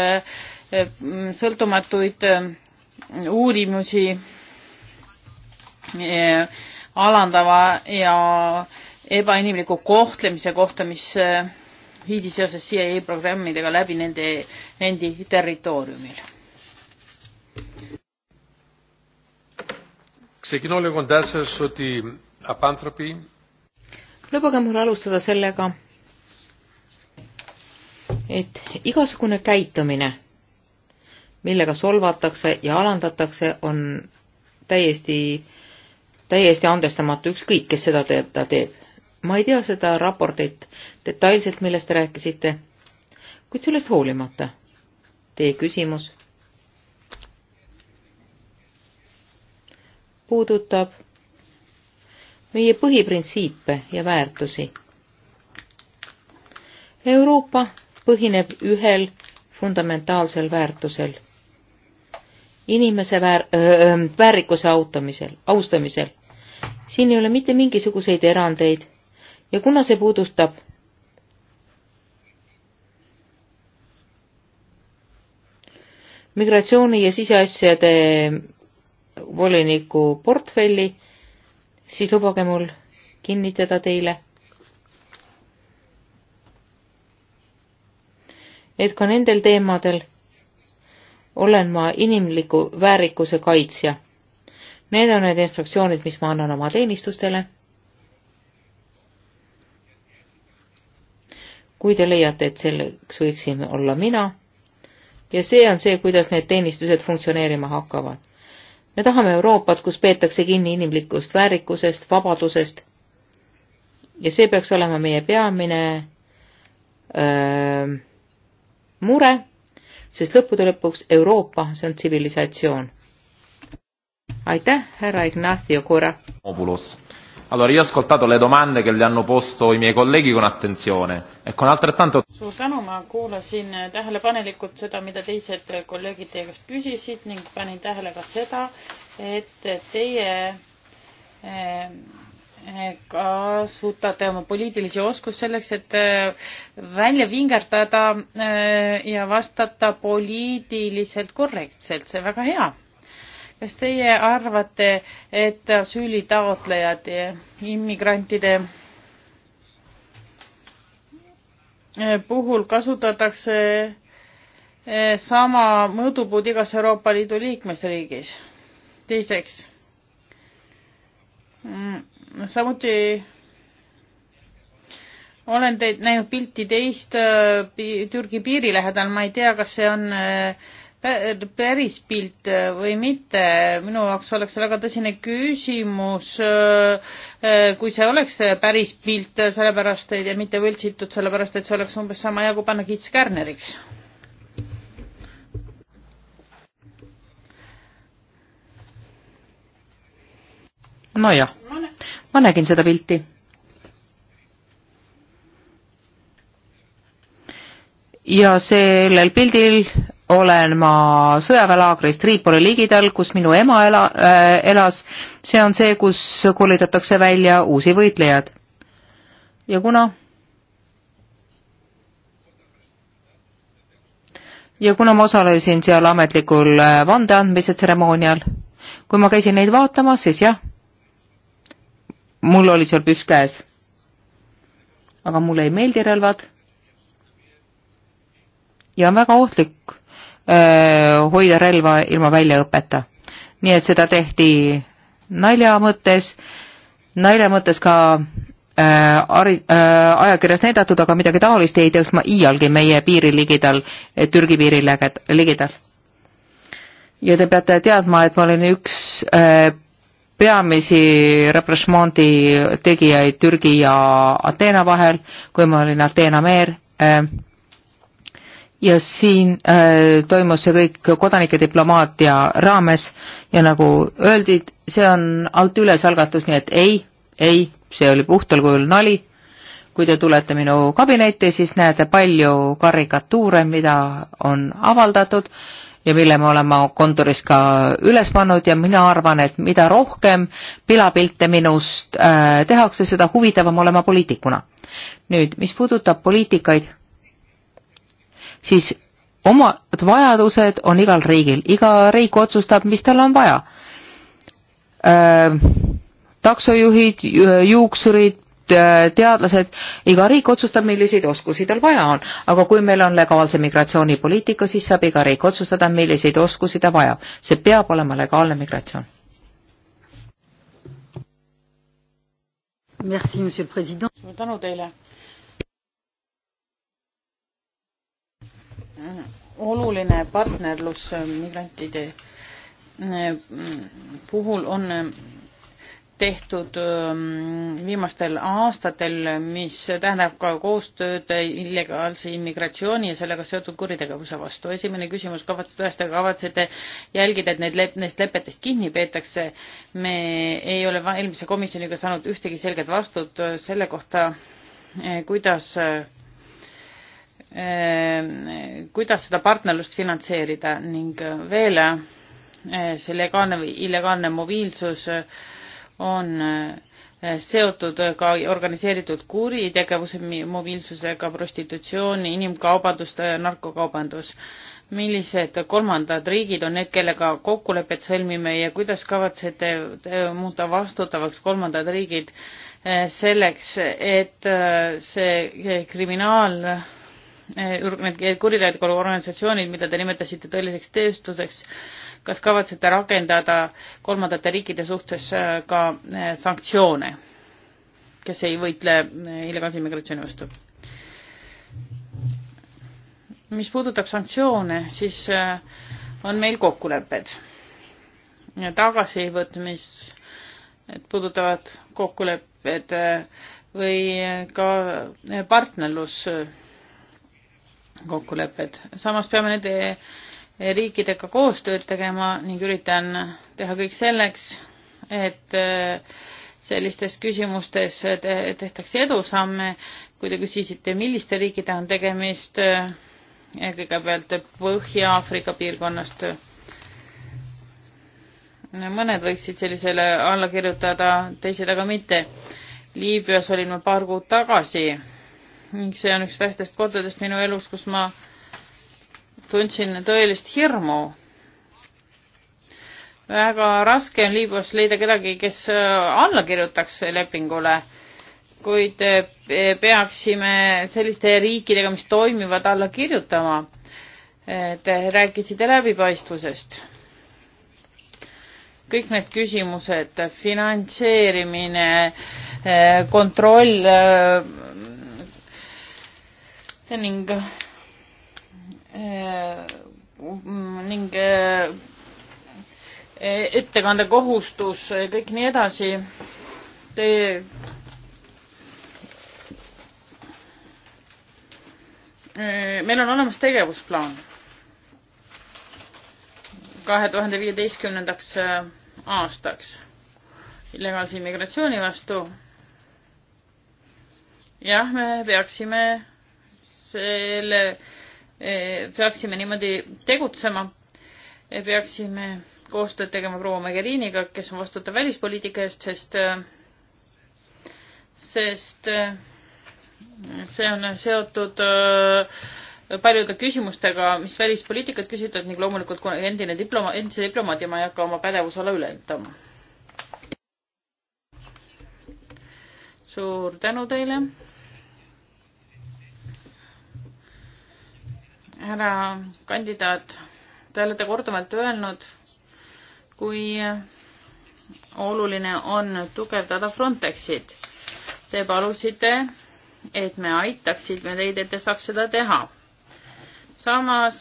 sõltumatuid uurimusi eh, alandava ja ebainimliku kohtlemise kohta, mis viidi eh, seoses CIA programmidega läbi nende endi territooriumil. lubage mul alustada sellega, et igasugune käitumine millega solvatakse ja alandatakse, on täiesti, täiesti andestamatu, ükskõik kes seda teeb, ta teeb. ma ei tea seda raportit detailselt, millest te rääkisite, kuid sellest hoolimata teie küsimus puudutab meie põhiprintsiipe ja väärtusi. Euroopa põhineb ühel fundamentaalsel väärtusel, inimese väär, öö, väärikuse autamisel, austamisel. siin ei ole mitte mingisuguseid erandeid ja kuna see puudustab migratsiooni ja siseasjade voliniku portfelli, siis lubage mul kinnitada teile, et ka nendel teemadel olen ma inimliku väärikuse kaitsja. Need on need instruktsioonid, mis ma annan oma teenistustele. kui te leiate, et selleks võiksin olla mina ja see on see, kuidas need teenistused funktsioneerima hakkavad. me tahame Euroopat, kus peetakse kinni inimlikust väärikusest, vabadusest ja see peaks olema meie peamine öö, mure sest lõppude lõpuks Euroopa, see on tsivilisatsioon. aitäh, härra Ignacio Cora. Allora, io ho ascoltato le domande che le hanno posto i miei colleghi con attenzione e con altrettanto... Suur tänu, ma kuulasin tähelepanelikult seda, mida teised kolleegid teie käest küsisid ning panin tähele ka seda, et teie eh, kasutate oma poliitilisi oskust selleks, et äh, välja vingerdada äh, ja vastata poliitiliselt korrektselt, see on väga hea. kas teie arvate, et asüülitaotlejad, immigrantide äh, puhul kasutatakse sama mõõdupuud igas Euroopa Liidu liikmesriigis? teiseks Mm, samuti olen teid näinud pilti teist äh, Türgi piiri lähedal, ma ei tea, kas see on äh, päris pilt äh, või mitte, minu jaoks oleks see väga tõsine küsimus, kui see oleks päris pilt, sellepärast, ja mitte võltsitud, sellepärast et see oleks umbes sama hea, kui panna kits Kärneriks nojah, ma nägin seda pilti. ja sellel pildil olen ma sõjaväelaagris Tripoli ligidal, kus minu ema ela äh,, elas. see on see, kus koolitatakse välja uusi võitlejad. ja kuna ja kuna ma osalesin seal ametlikul äh, vande andmise tseremoonial, kui ma käisin neid vaatamas, siis jah mul oli seal püss käes. aga mulle ei meeldi relvad. ja on väga ohtlik öö, hoida relva ilma väljaõpeta. nii et seda tehti nalja mõttes, nalja mõttes ka äh, ari, äh, ajakirjas näidatud, aga midagi taolist ei tõusma iialgi meie piiri ligidal, Türgi piiri ligidal. ja te peate teadma, et ma olin üks äh, peamisi repressmondi tegijaid Türgi ja Ateena vahel, kui ma olin Ateena meer. Äh, ja siin äh, toimus see kõik kodanike diplomaatia raames ja nagu öeldi, see on alt üles algatus, nii et ei, ei, see oli puhtal kujul nali. kui te tulete minu kabinetti, siis näete palju karikatuure, mida on avaldatud ja mille me oleme kontoris ka üles pannud ja mina arvan, et mida rohkem pilapilte minust äh, tehakse, seda huvitavam olen ma poliitikuna. nüüd, mis puudutab poliitikaid, siis omad vajadused on igal riigil, iga riik otsustab, mis tal on vaja äh, taksojuhid, juuksurid, Äh, teadlased, iga riik otsustab, milliseid oskusi tal vaja on. aga kui meil on legaalse migratsioonipoliitika, siis saab iga riik otsustada, milliseid oskusi ta vajab. see peab olema legaalne migratsioon. suur tänu teile. oluline partnerlus migrantide mm, puhul on tehtud ähm, viimastel aastatel, mis tähendab ka koostööd illegaalse immigratsiooni ja sellega seotud kuritegevuse vastu. esimene küsimus, kavatsete, kas te kavatsete jälgida, et need lep-, neist lepetest kinni peetakse? me ei ole eelmise komisjoniga saanud ühtegi selget vastut äh, selle kohta, äh, kuidas äh, kuidas seda partnerlust finantseerida ning veel see legaalne või illegaalne mobiilsus äh, on äh, seotud ka organiseeritud kuritegevuse, mobiilsusega, prostitutsiooni, inimkaubanduste, narkokaubandus. millised kolmandad riigid on need, kellega kokkulepped sõlmime ja kuidas kavatsete äh, muuta vastutavaks kolmandad riigid äh, selleks, et see kriminaal need kuritegelikul organisatsioonid, mida te nimetasite tõeliseks tööstuseks, kas kavatsete rakendada kolmandate riikide suhtes äh, ka äh, sanktsioone, kes ei võitle äh, illegaalse immigratsiooni vastu? mis puudutab sanktsioone, siis on meil kokkulepped. tagasivõtmis, et puudutavad kokkulepped või ka partnerlus kokkulepped. samas peame nende riikidega koostööd tegema ning üritan teha kõik selleks, et äh, sellistes küsimustes tehtakse edusamme. kui te küsisite, milliste riikidega on tegemist, äh, kõigepealt Põhja-Aafrika piirkonnast. mõned võiksid sellisele alla kirjutada, teised aga mitte. Liibüas olin ma paar kuud tagasi ning see on üks vähestest kordadest minu elus, kus ma tundsin tõelist hirmu. väga raske on Liibüas leida kedagi, kes äh, alla kirjutaks lepingule, kuid äh, peaksime selliste riikidega, mis toimivad, alla kirjutama. Te rääkisite läbipaistvusest. kõik need küsimused, finantseerimine, äh, kontroll ning Äh, ning äh, ettekandekohustus, äh, kõik nii edasi. Te meil on olemas tegevusplaan kahe tuhande viieteistkümnendaks aastaks illegaalse immigratsiooni vastu. jah, me peaksime selle Eh, peaksime niimoodi tegutsema, eh, peaksime koostööd tegema proua Mägeriniga, kes on vastutav välispoliitika eest, sest, eh, sest see on seotud paljude küsimustega, mis välispoliitikat küsitavad ning loomulikult endine diploma-, endise diplomaadi ma ei hakka oma pädevusala üle ütlema. suur tänu teile härra kandidaat, te olete korduvalt öelnud, kui oluline on tugevdada Frontexit. Te palusite, et me aitaksime teid, et te saaks seda teha. samas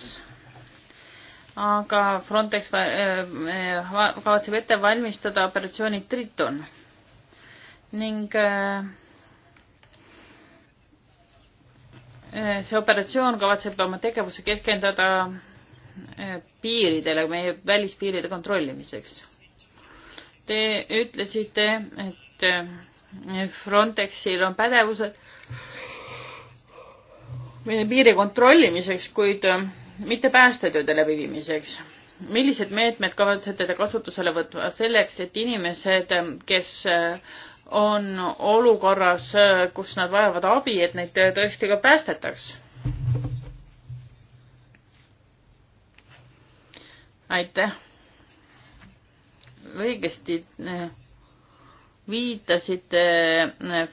aga Frontex äh, kavatseb ette valmistada operatsiooni Triton ning äh, see operatsioon kavatseb ka oma tegevuse keskenduda äh, piiridele, meie välispiiride kontrollimiseks. Te ütlesite, et äh, Frontexil on pädevused meie piiri kontrollimiseks, kuid äh, mitte päästetööde läbiviimiseks. millised meetmed kavatsete te kasutusele võtma selleks, et inimesed, kes on olukorras, kus nad vajavad abi, et neid tõesti ka päästetaks. aitäh. õigesti eh, viitasite eh,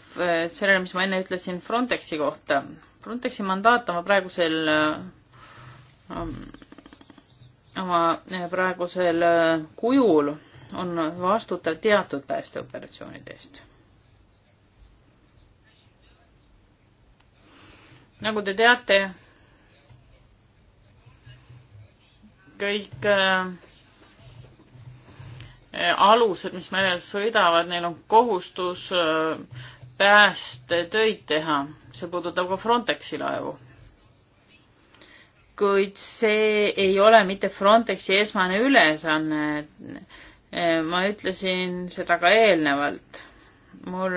sellele, mis ma enne ütlesin Frontexi kohta. Frontexi mandaat eh, oma praegusel oma praegusel kujul on vastutav teatud päästeoperatsioonide eest nagu te teate, kõik äh, äh, alused, mis merel sõidavad, neil on kohustus äh, päästetöid teha, see puudutab ka Frontexi laevu. kuid see ei ole mitte Frontexi esmane ülesanne. Äh, ma ütlesin seda ka eelnevalt. mul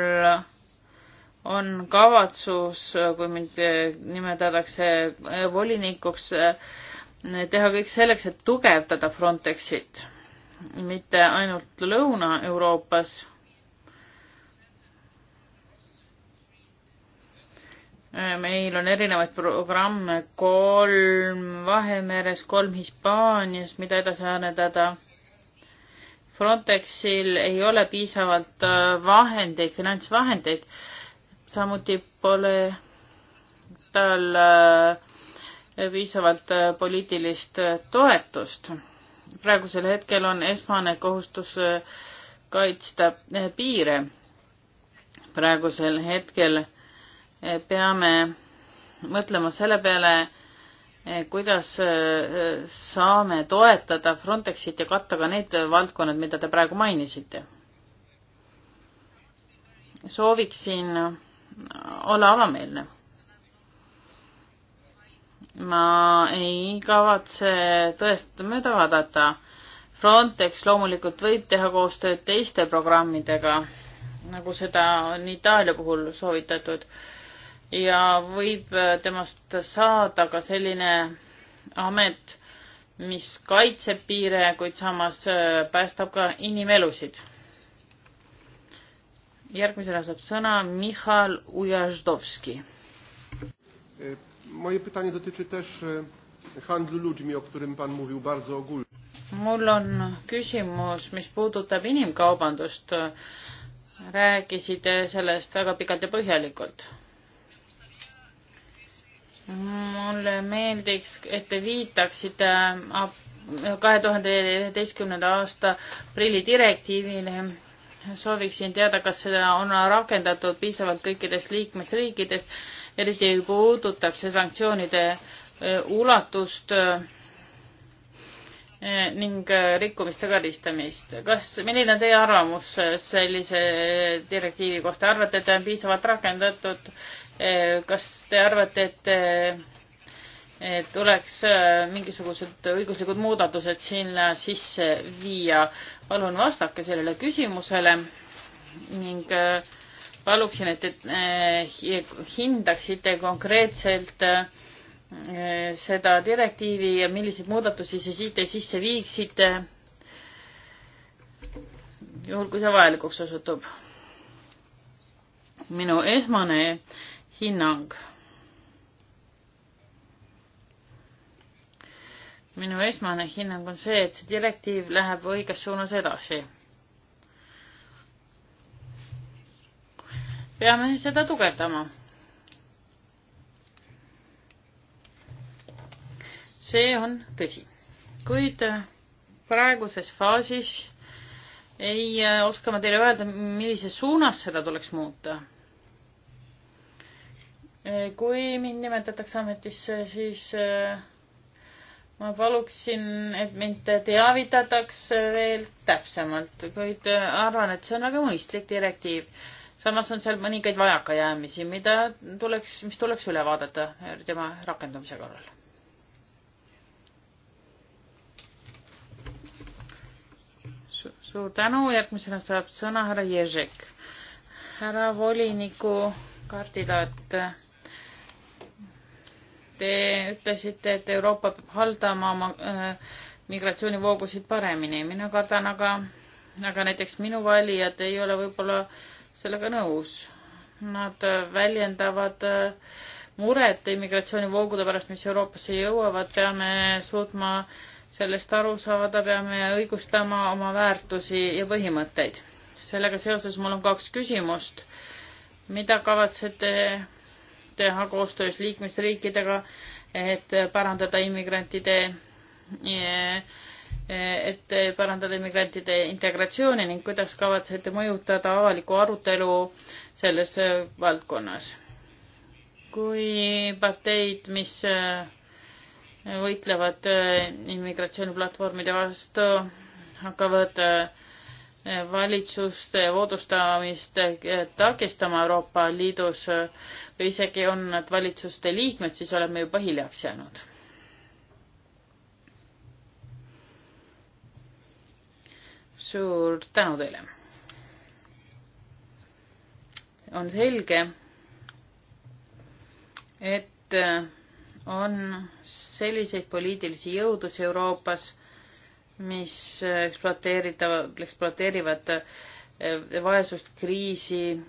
on kavatsus, kui mind nimetatakse volinikuks, teha kõik selleks, et tugevdada Frontexit, mitte ainult Lõuna-Euroopas. meil on erinevaid programme, kolm Vahemeres, kolm Hispaanias, mida edasi arendada Frontexil ei ole piisavalt vahendeid, finantsvahendeid, samuti pole tal äh, piisavalt äh, poliitilist äh, toetust. praegusel hetkel on esmane kohustus kaitsta piire. praegusel hetkel peame mõtlema selle peale, kuidas saame toetada Frontexit ja katta ka need valdkonnad, mida te praegu mainisite. sooviksin olla avameelne. ma ei kavatse tõest mööda vaadata. Frontex loomulikult võib teha koostööd teiste programmidega, nagu seda on Itaalia puhul soovitatud ja võib temast saada ka selline amet, mis kaitseb piire, kuid samas päästab ka inimelusid järgmisena saab sõna Mihhail Ujazdovski. E, moje pytanie dotyczy też e, handlu ludźmi, o którym pan mówił bardzo ogólnie. mul on küsimus, mis puudutab inimkaubandust. rääkisite sellest väga pikalt ja põhjalikult. mulle meeldiks, et te viitaksite kahe tuhande üheteistkümnenda aasta aprilli direktiivile sooviksin teada, kas seda on rakendatud piisavalt kõikides liikmesriikides, eriti puudutab see sanktsioonide e, ulatust e, ning e, rikkumiste karistamist. kas, milline on teie arvamus sellise direktiivi kohta, arvate, et ta on piisavalt rakendatud? kas te arvate, et et oleks äh, mingisugused õiguslikud muudatused sinna sisse viia. palun vastake sellele küsimusele ning äh, paluksin, et te äh, hindaksite konkreetselt seda direktiivi ja milliseid muudatusi see siit sisse viiksite, juhul kui see vajalikuks osutub. minu esmane hinnang minu esmane hinnang on see, et see direktiiv läheb õiges suunas edasi. peame seda tugevdama. see on tõsi, kuid praeguses faasis ei oska ma teile öelda, millises suunas seda tuleks muuta. kui mind nimetatakse ametisse, siis äh, ma paluksin, et mind teavitataks veel täpsemalt, kuid äh, arvan, et see on väga mõistlik direktiiv. samas on seal mõningaid vajakajäämisi, mida tuleks, mis tuleks üle vaadata tema rakendamise korral. suur tänu, järgmisena saab sõna härra Ježek. härra voliniku kandidaat Te ütlesite, et Euroopa peab haldama oma äh, migratsioonivoogusid paremini. mina kardan aga, aga näiteks minu valijad ei ole võib-olla sellega nõus. Nad äh, väljendavad äh, muret immigratsioonivoogude pärast, mis Euroopasse jõuavad, peame suutma sellest aru saada, peame õigustama oma väärtusi ja põhimõtteid. sellega seoses mul on kaks küsimust. mida kavatsete teha koostöös liikmesriikidega, et parandada immigrantide, et parandada immigrantide integratsiooni ning kuidas kavatsete mõjutada avalikku arutelu selles valdkonnas? kui parteid, mis võitlevad immigratsiooniplatvormide vastu, hakkavad äh, valitsuste eh, moodustamist eh, takistama Euroopa Liidus eh, või isegi on nad valitsuste liikmed, siis oleme juba hiljaks jäänud. suur tänu teile. on selge, et on selliseid poliitilisi jõudusi Euroopas mis ekspluateeritav, ekspluateerivad eh, vaesust, kriisi,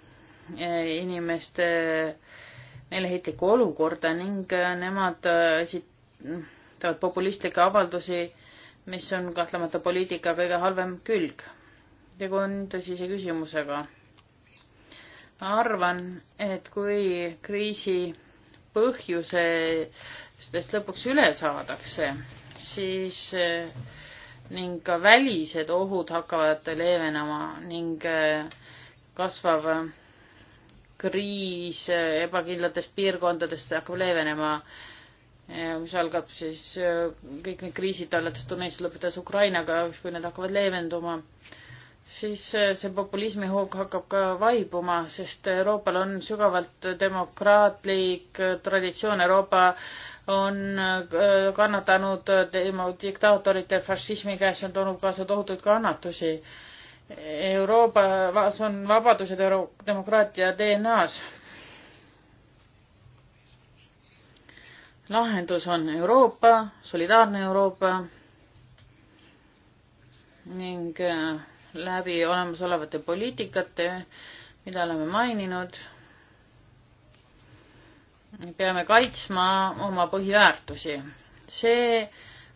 eh, inimeste eh, meeleheitlikku olukorda ning nemad esitavad populistlikke avaldusi, mis on kahtlemata poliitika kõige halvem külg. tegu on tõsise küsimusega. arvan, et kui kriisi põhjusest lõpuks üle saadakse, siis äh, ning ka välised ohud hakkavad leevenema ning äh, kasvav äh, kriis äh, ebakindlates piirkondades hakkab leevenema, mis algab siis, kõik need kriisid alates Tuneesiast lõpetades Ukrainaga, kui need hakkavad leevenduma, siis see populismi hoog hakkab ka vaibuma, sest Euroopal on sügavalt demokraatlik traditsioon, Euroopa on äh, kannatanud diktaatorite fašismi käes, see on toonud kaasa tohutuid kannatusi. Euroopas on vabadused euro-, demokraatia DNA-s. lahendus on Euroopa, solidaarne Euroopa ning äh, läbi olemasolevate poliitikate, mida oleme maininud peame kaitsma oma põhiväärtusi. see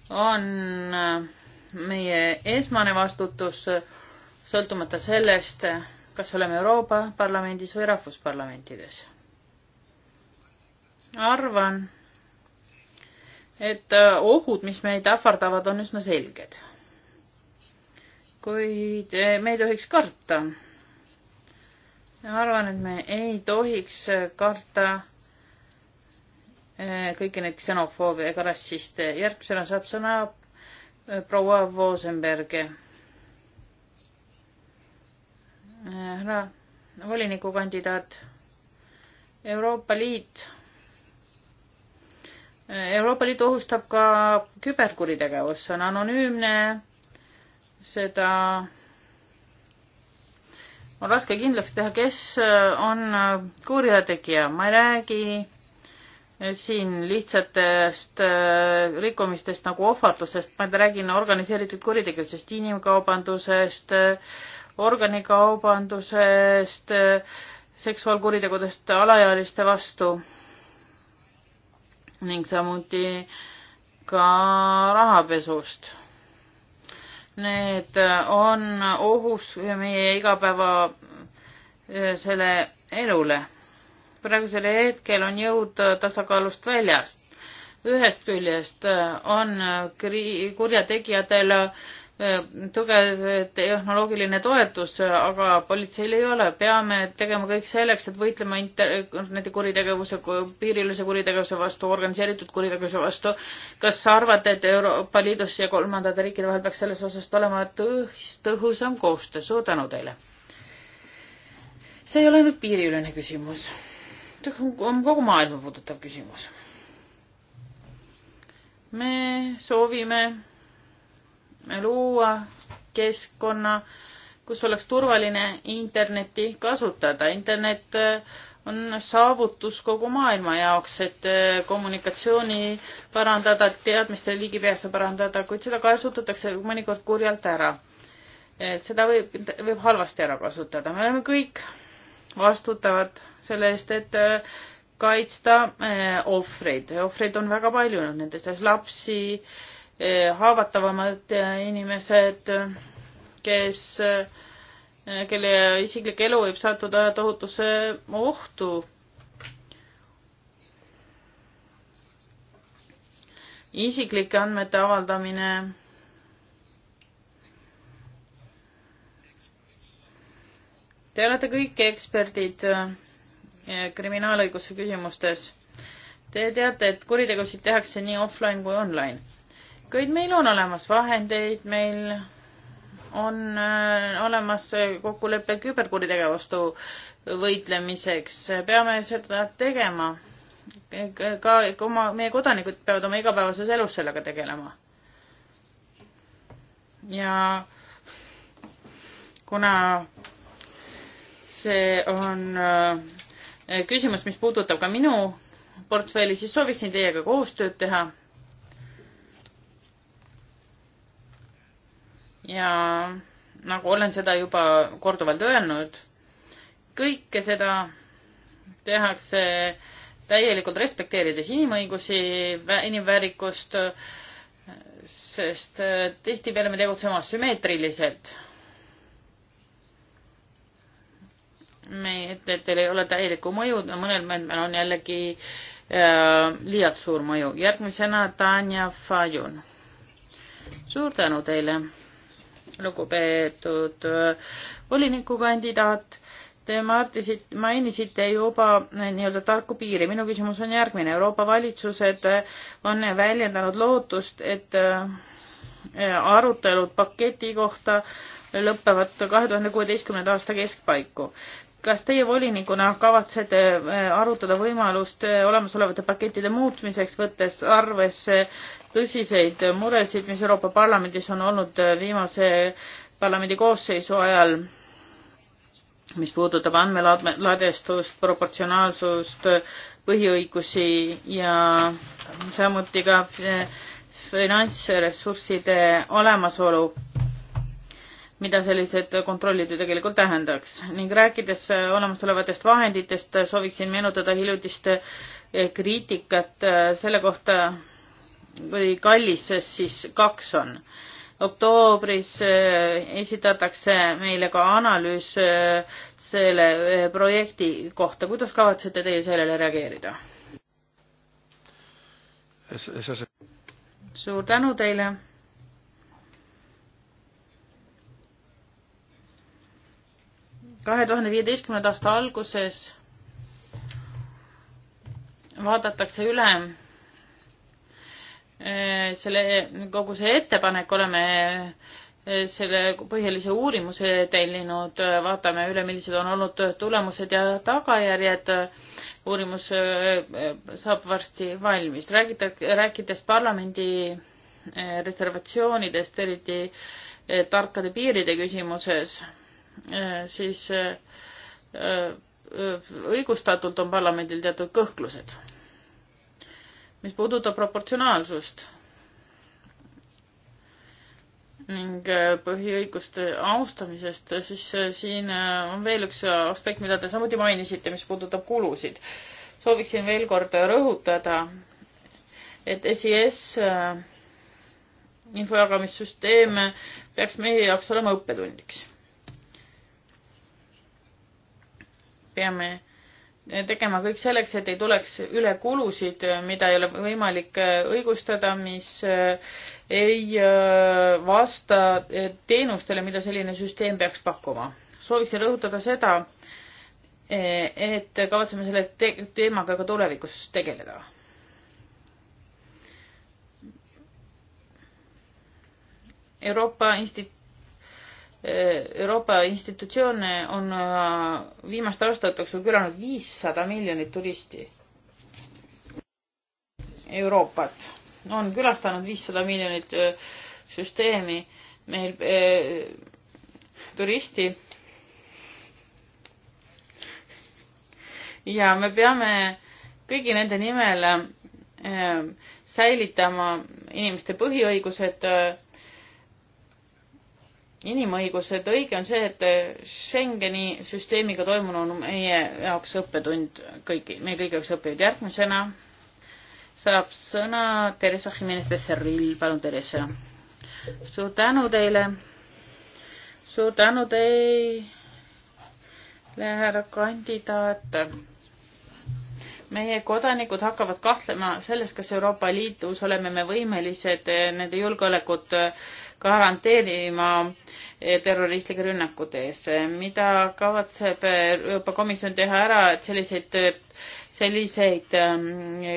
on äh, meie esmane vastutus, sõltumata sellest, kas oleme Euroopa Parlamendis või rahvusparlamentides. arvan, et äh, ohud, mis meid ähvardavad, on üsna selged. kuid äh, me ei tohiks karta. arvan, et me ei tohiks karta Eh, kõiki neid ksenofoobe ega rassiste. järgmisena saab sõna eh, proua Vosenberg. Eh, härra volinikukandidaat, Euroopa Liit, Euroopa Liit ohustab ka küberkuritegevus, see on anonüümne, seda on raske kindlaks teha, kes on kurjategija, ma ei räägi siin lihtsatest äh, rikkumistest nagu ohvardusest, ma räägin organiseeritud kuritegevusest, inimkaubandusest, äh, organikaubandusest, äh, seksuaalkuritegudest alaealiste vastu ning samuti ka rahapesust. Need on ohus meie igapäeva selle elule praegusel hetkel on jõud äh, tasakaalust väljas. ühest küljest äh, on äh, kri-, kurjategijatel tugev tehnoloogiline toetus, aga politseil ei ole. peame tegema kõik selleks, et võitlema interneti kuritegevuse, piirilise kuritegevuse vastu, organiseeritud kuritegevuse vastu. kas sa arvad, et Euroopa Liidus ja kolmandate riikide vahel peaks selles osas olema tõh-, tõhusam koostöö? suur tänu teile! see ei ole nüüd piiriülene küsimus on kogu maailma puudutav küsimus. me soovime me luua keskkonna, kus oleks turvaline Internetti kasutada. internet eh, on saavutus kogu maailma jaoks, et eh, kommunikatsiooni parandada, teadmiste ligipääsu parandada, kuid seda kasutatakse mõnikord kurjalt ära. et seda võib, võib halvasti ära kasutada. me oleme kõik vastutavad selle eest, et äh, kaitsta äh, ohvreid. ohvreid on väga palju, nende seas lapsi, äh, haavatavamad inimesed, kes, kelle isiklik elu võib sattuda tohutusse ohtu. isiklike andmete avaldamine Te olete kõik eksperdid kriminaalõiguse küsimustes. Te teate, et kuritegusid tehakse nii offline kui online. kuid meil on olemas vahendeid, meil on äh, olemas kokkulepe küberkuritegevuse vastu võitlemiseks, peame seda tegema. ka oma, meie kodanikud peavad oma igapäevases elus sellega tegelema. ja kuna see on äh, Eh, küsimus, mis puudutab ka minu portfelli, siis sooviksin teiega koostööd teha. ja nagu olen seda juba korduvalt öelnud, kõike seda tehakse täielikult respekteerides inimõigusi, inimväärikust, sest eh, tihtipeale me tegutseme asümmeetriliselt me, et, et teil ei ole täielikku mõju, mõnel meil on jällegi äh, liialt suur mõju. järgmisena Tanja Fajun. suur tänu teile, lugupeetud äh, volinikukandidaat. Te Martisid, mainisite juba äh, nii-öelda tarku piiri. minu küsimus on järgmine. Euroopa valitsused äh, on väljendanud lootust, et äh, äh, arutelud paketi kohta lõpevad kahe tuhande kuueteistkümnenda aasta keskpaiku kas teie volinikuna kavatsete äh, arutada võimalust äh, olemasolevate pakettide muutmiseks, võttes arvesse tõsiseid muresid, mis Euroopa Parlamendis on olnud äh, viimase parlamendi koosseisu ajal, mis puudutab andmeladestust, proportsionaalsust, põhiõigusi ja samuti ka finantsressursside olemasolu mida sellised kontrollid ju tegelikult tähendaks ning rääkides olemasolevatest vahenditest, sooviksin meenutada hiljutist eh, kriitikat eh, selle kohta, kui kallis siis kaks on. oktoobris eh, esitatakse meile ka analüüs selle projekti kohta, kuidas kavatsete teie sellele reageerida? suur tänu teile kahe tuhande viieteistkümnenda aasta alguses vaadatakse üle eh, selle, kogu see ettepanek, oleme eh, selle põhjalise uurimuse tellinud, eh, vaatame üle, millised on olnud tulemused ja tagajärjed. uurimus saab varsti valmis. räägite, rääkides parlamendi reservatsioonidest, eriti tarkade piiride küsimuses Äh, siis äh, äh, õigustatult on parlamendil teatud kõhklused. mis puudutab proportsionaalsust ning põhiõiguste austamisest, siis siin on veel üks aspekt, mida te samuti mainisite, mis puudutab kulusid. sooviksin veel kord rõhutada, et SIS info jagamissüsteem peaks meie jaoks olema õppetundiks peame eh, tegema kõik selleks, et ei tuleks ülekulusid, eh, mida ei ole võimalik eh, õigustada, mis ei vasta teenustele, mida selline süsteem peaks pakkuma. sooviksin rõhutada seda, et kavatseme selle te teemaga ka tulevikus tegeleda. Euroopa instit-, Euroopa institutsioone on äh, viimaste aastate jooksul külanud viissada miljonit turisti. Euroopat on külastanud viissada miljonit äh, süsteemi meil eh, turisti. ja me peame kõigi nende nimel eh, säilitama inimeste põhiõigused eh, inimõigused, õige on see, et Schengeni süsteemiga toimunu on meie jaoks õppetund kõigi, meie kõigi jaoks õppetund. järgmisena saab sõna Theresa Jimenez Becerril, palun Theresa. suur tänu teile, suur tänu teile, härra kandidaat. meie kodanikud hakkavad kahtlema selles, kas Euroopa Liidus oleme me võimelised nende julgeolekut äh, garanteerima eh, terroristlike rünnakute ees. mida kavatseb eh, Euroopa Komisjon teha ära, et selliseid, selliseid ähm,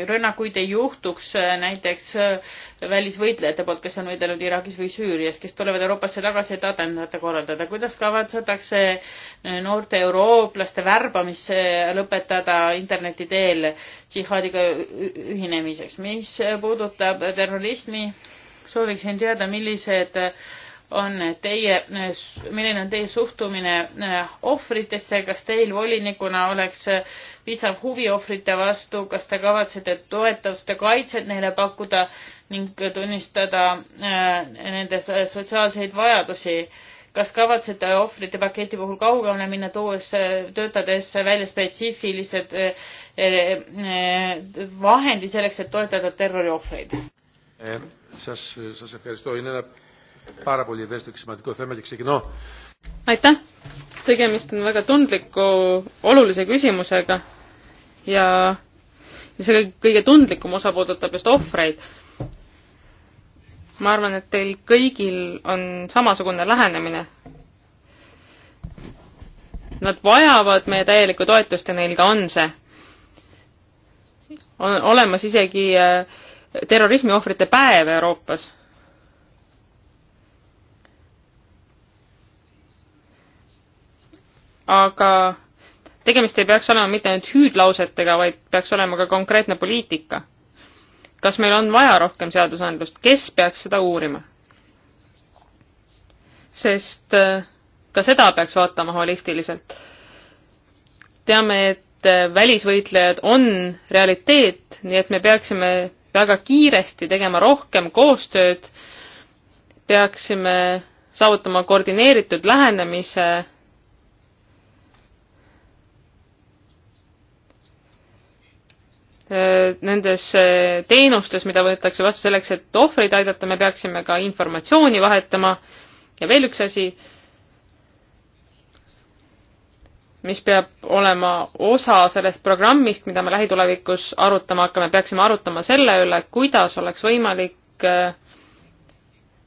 rünnakuid ei juhtuks äh, näiteks äh, välisvõitlejate poolt, kes on võidelnud Iraagis või Süürias, kes tulevad Euroopasse tagasi, et atentaate korraldada. kuidas kavatsetakse äh, noorte eurooplaste värbamisse lõpetada interneti teel džihaadiga ühinemiseks? mis puudutab terrorismi, sooviksin teada, millised on teie, milline on teie suhtumine eh, ohvritesse, kas teil volinikuna oleks eh, piisav huvi ohvrite vastu, kas te kavatsete toetust ja kaitset neile pakkuda ning tunnistada eh, nende sotsiaalseid vajadusi? kas kavatsete ohvrite paketi puhul kaugemale minna, tuues, töötades välja spetsiifilised vahendid selleks, et toetada terroriohvreid? Ε, σας, σας ευχαριστώ. Είναι ένα πάρα πολύ ευαίσθητο και σημαντικό θέμα και ξεκινώ. Aitäh! Tegemist on väga tundliku, olulise küsimusega ja, ja see kõige tundlikum osa puudutab just ohvreid. ma arvan, et teil kõigil on samasugune lähenemine. Nad vajavad meie täielikku toetust ja neil ka on see. on olemas isegi äh, terrorismiohvrite päev Euroopas. aga tegemist ei peaks olema mitte ainult hüüdlausetega, vaid peaks olema ka konkreetne poliitika. kas meil on vaja rohkem seadusandlust, kes peaks seda uurima? sest äh, ka seda peaks vaatama holistiliselt. teame, et äh, välisvõitlejad on realiteet, nii et me peaksime väga kiiresti tegema rohkem koostööd, peaksime saavutama koordineeritud lähenemise nendes teenustes, mida võetakse vastu selleks, et ohvreid aidata, me peaksime ka informatsiooni vahetama ja veel üks asi, mis peab olema osa sellest programmist, mida me lähitulevikus arutama hakkame, peaksime arutama selle üle, kuidas oleks võimalik äh,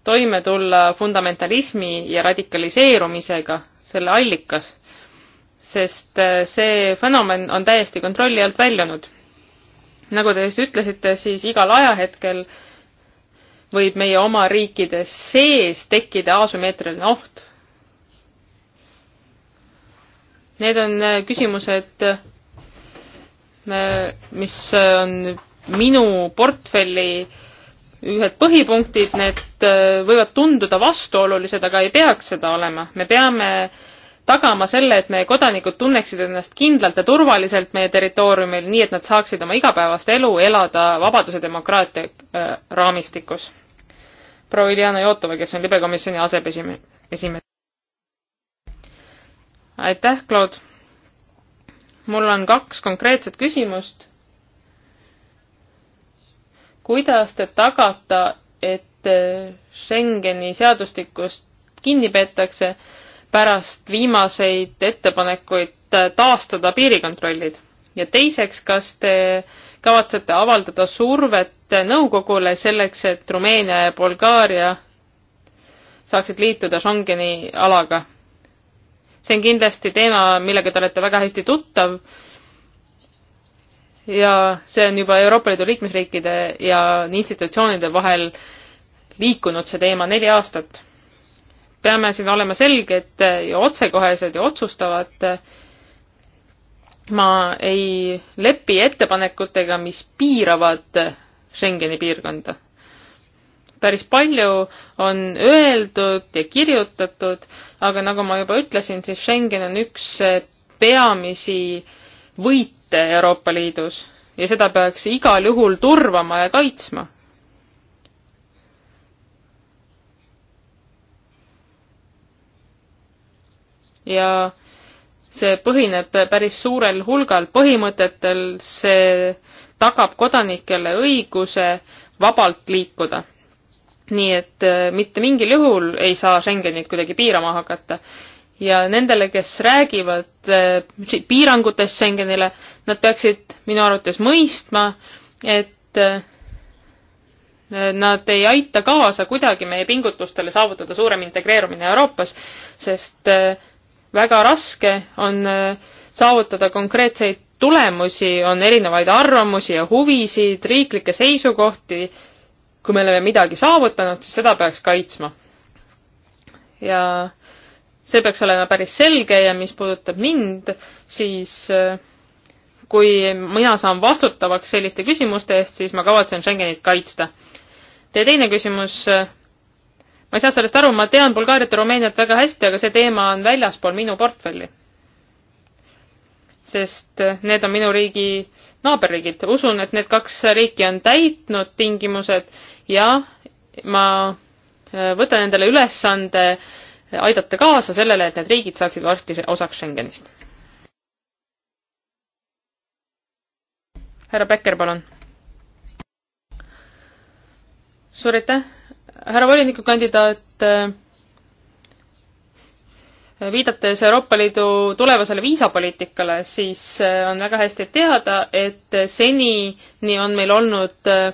toime tulla fundamentalismi ja radikaliseerumisega selle allikas, sest äh, see fenomen on täiesti kontrolli alt väljunud. nagu te just ütlesite, siis igal ajahetkel võib meie oma riikide sees tekkida asümmeetriline oht Need on äh, küsimused, äh, mis äh, on minu portfelli ühed põhipunktid, need võivad tunduda vastuolulised, aga ei peaks seda olema. me peame tagama selle, et meie kodanikud tunneksid ennast kindlalt ja turvaliselt meie territooriumil, nii et nad saaksid oma igapäevast elu elada vabaduse demokraatia äh, raamistikus. proua Iljana Jootova, kes on libekomisjoni aseesimees aitäh, Claude. mul on kaks konkreetset küsimust. kuidas te tagate, et eh, Schengeni seadustikust kinni peetakse pärast viimaseid ettepanekuid eh, taastada piirikontrollid? ja teiseks, kas te kavatsete avaldada survet nõukogule selleks, et Rumeenia ja Bulgaaria saaksid liituda Schengeni alaga? see on kindlasti teema, millega te olete väga hästi tuttav ja see on juba Euroopa Liidu liikmesriikide ja institutsioonide vahel liikunud see teema neli aastat. peame siin olema selged ja otsekohesed ja otsustavad. ma ei lepi ettepanekutega, mis piiravad Schengeni piirkonda päris palju on öeldud ja kirjutatud, aga nagu ma juba ütlesin, siis Schengen on üks peamisi võite Euroopa Liidus ja seda peaks igal juhul turvama ja kaitsma. ja see põhineb päris suurel hulgal põhimõtetel, see tagab kodanikele õiguse vabalt liikuda nii et äh, mitte mingil juhul ei saa Schengenit kuidagi piirama hakata. ja nendele, kes räägivad äh, piirangutest Schengenile, nad peaksid minu arvates mõistma, et äh, nad ei aita kaasa kuidagi meie pingutustele saavutada suurem integreerumine Euroopas, sest väga raske on saavutada konkreetseid tulemusi, on erinevaid arvamusi ja huvisid, riiklikke seisukohti kui me oleme midagi saavutanud, siis seda peaks kaitsma. ja see peaks olema päris selge ja mis puudutab mind, siis äh, kui mina saan vastutavaks selliste küsimuste eest, siis ma kavatsen Schengenit kaitsta. Teie teine küsimus, äh, ma ei saa sellest aru, ma tean Bulgaariat ja Rumeeniat väga hästi, aga see teema on väljaspool minu portfelli. sest äh, need on minu riigi naaberriigid. usun, et need kaks riiki on täitnud tingimused ja ma äh, võtan endale ülesande äh, aidata kaasa sellele, et need riigid saaksid varsti osaks Schengenist. härra Becker, palun. suur aitäh, härra volinikukandidaat. Äh, viidates Euroopa Liidu tulevasele viisapoliitikale, siis on väga hästi teada, et senini on meil olnud äh,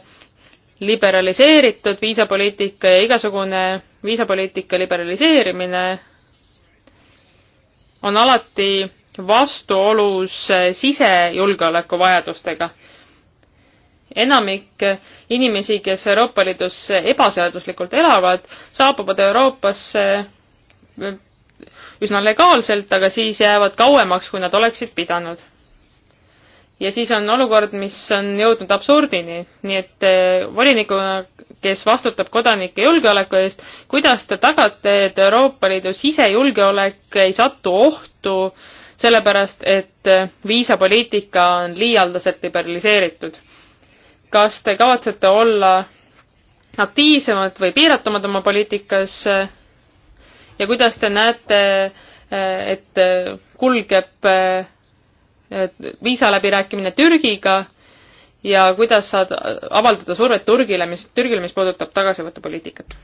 liberaliseeritud viisapoliitika ja igasugune viisapoliitika liberaliseerimine on alati vastuolus sisejulgeoleku vajadustega. enamik inimesi, kes Euroopa Liidus ebaseaduslikult elavad, saabuvad Euroopasse üsna legaalselt, aga siis jäävad kauemaks, kui nad oleksid pidanud ja siis on olukord, mis on jõudnud absurdini, nii et eh, volinikuna, kes vastutab kodanike julgeoleku eest, kuidas te tagate, et Euroopa Liidu sisejulgeolek ei satu ohtu sellepärast, et eh, viisapoliitika on liialdaselt liberaliseeritud? kas te kavatsete olla aktiivsemad või piiratumad oma poliitikas ja kuidas te näete, eh, et kulgeb viisaläbirääkimine Türgiga ja kuidas saad avaldada survet Türgile, mis, Türgile, mis puudutab tagasivõtupoliitikat?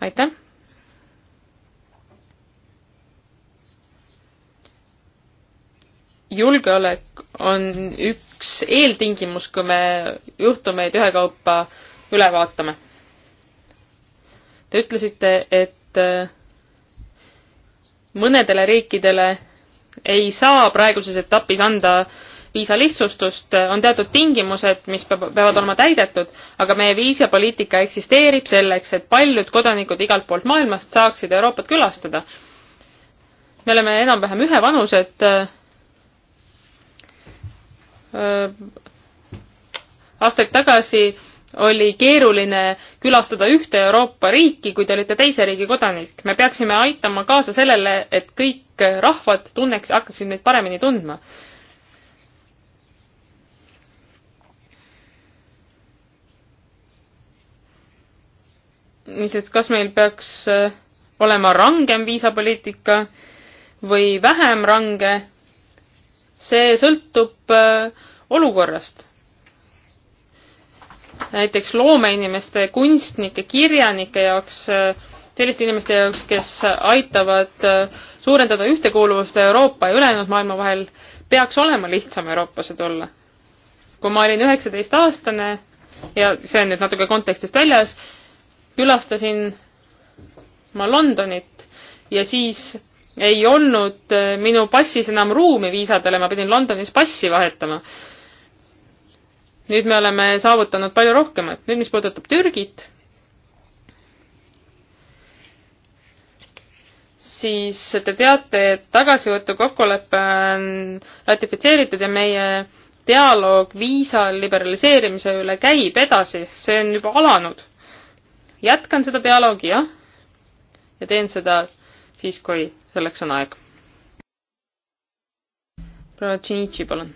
aitäh! julgeolek on üks eeltingimus, kui me juhtumeid ühekaupa üle vaatame. Te ütlesite, et mõnedele riikidele ei saa praeguses etapis anda viisalihtsustust, on teatud tingimused, mis peavad olema täidetud, aga meie viisapoliitika eksisteerib selleks, et paljud kodanikud igalt poolt maailmast saaksid Euroopat külastada. me oleme enam-vähem ühevanused äh, äh, aastaid tagasi oli keeruline külastada ühte Euroopa riiki, kui te olite teise riigi kodanik. me peaksime aitama kaasa sellele, et kõik rahvad tunneks, hakkaksid neid paremini tundma. niisiis, kas meil peaks äh, olema rangem viisapoliitika või vähem range, see sõltub äh, olukorrast näiteks loomeinimeste, kunstnike, kirjanike jaoks, selliste inimeste jaoks, kes aitavad äh, suurendada ühtekuuluvust Euroopa ja ülejäänud maailma vahel, peaks olema lihtsam eurooplased olla. kui ma olin üheksateistaastane ja see on nüüd natuke kontekstist väljas, külastasin ma Londonit ja siis ei olnud äh, minu passis enam ruumi viisadele, ma pidin Londonis passi vahetama nüüd me oleme saavutanud palju rohkemat. nüüd, mis puudutab Türgit, siis te teate, et tagasivõtu kokkulepe on ratifitseeritud ja meie dialoog viisa liberaliseerimise üle käib edasi, see on juba alanud. jätkan seda dialoogi, jah, ja teen seda siis, kui selleks on aeg. proua Tšinitši, palun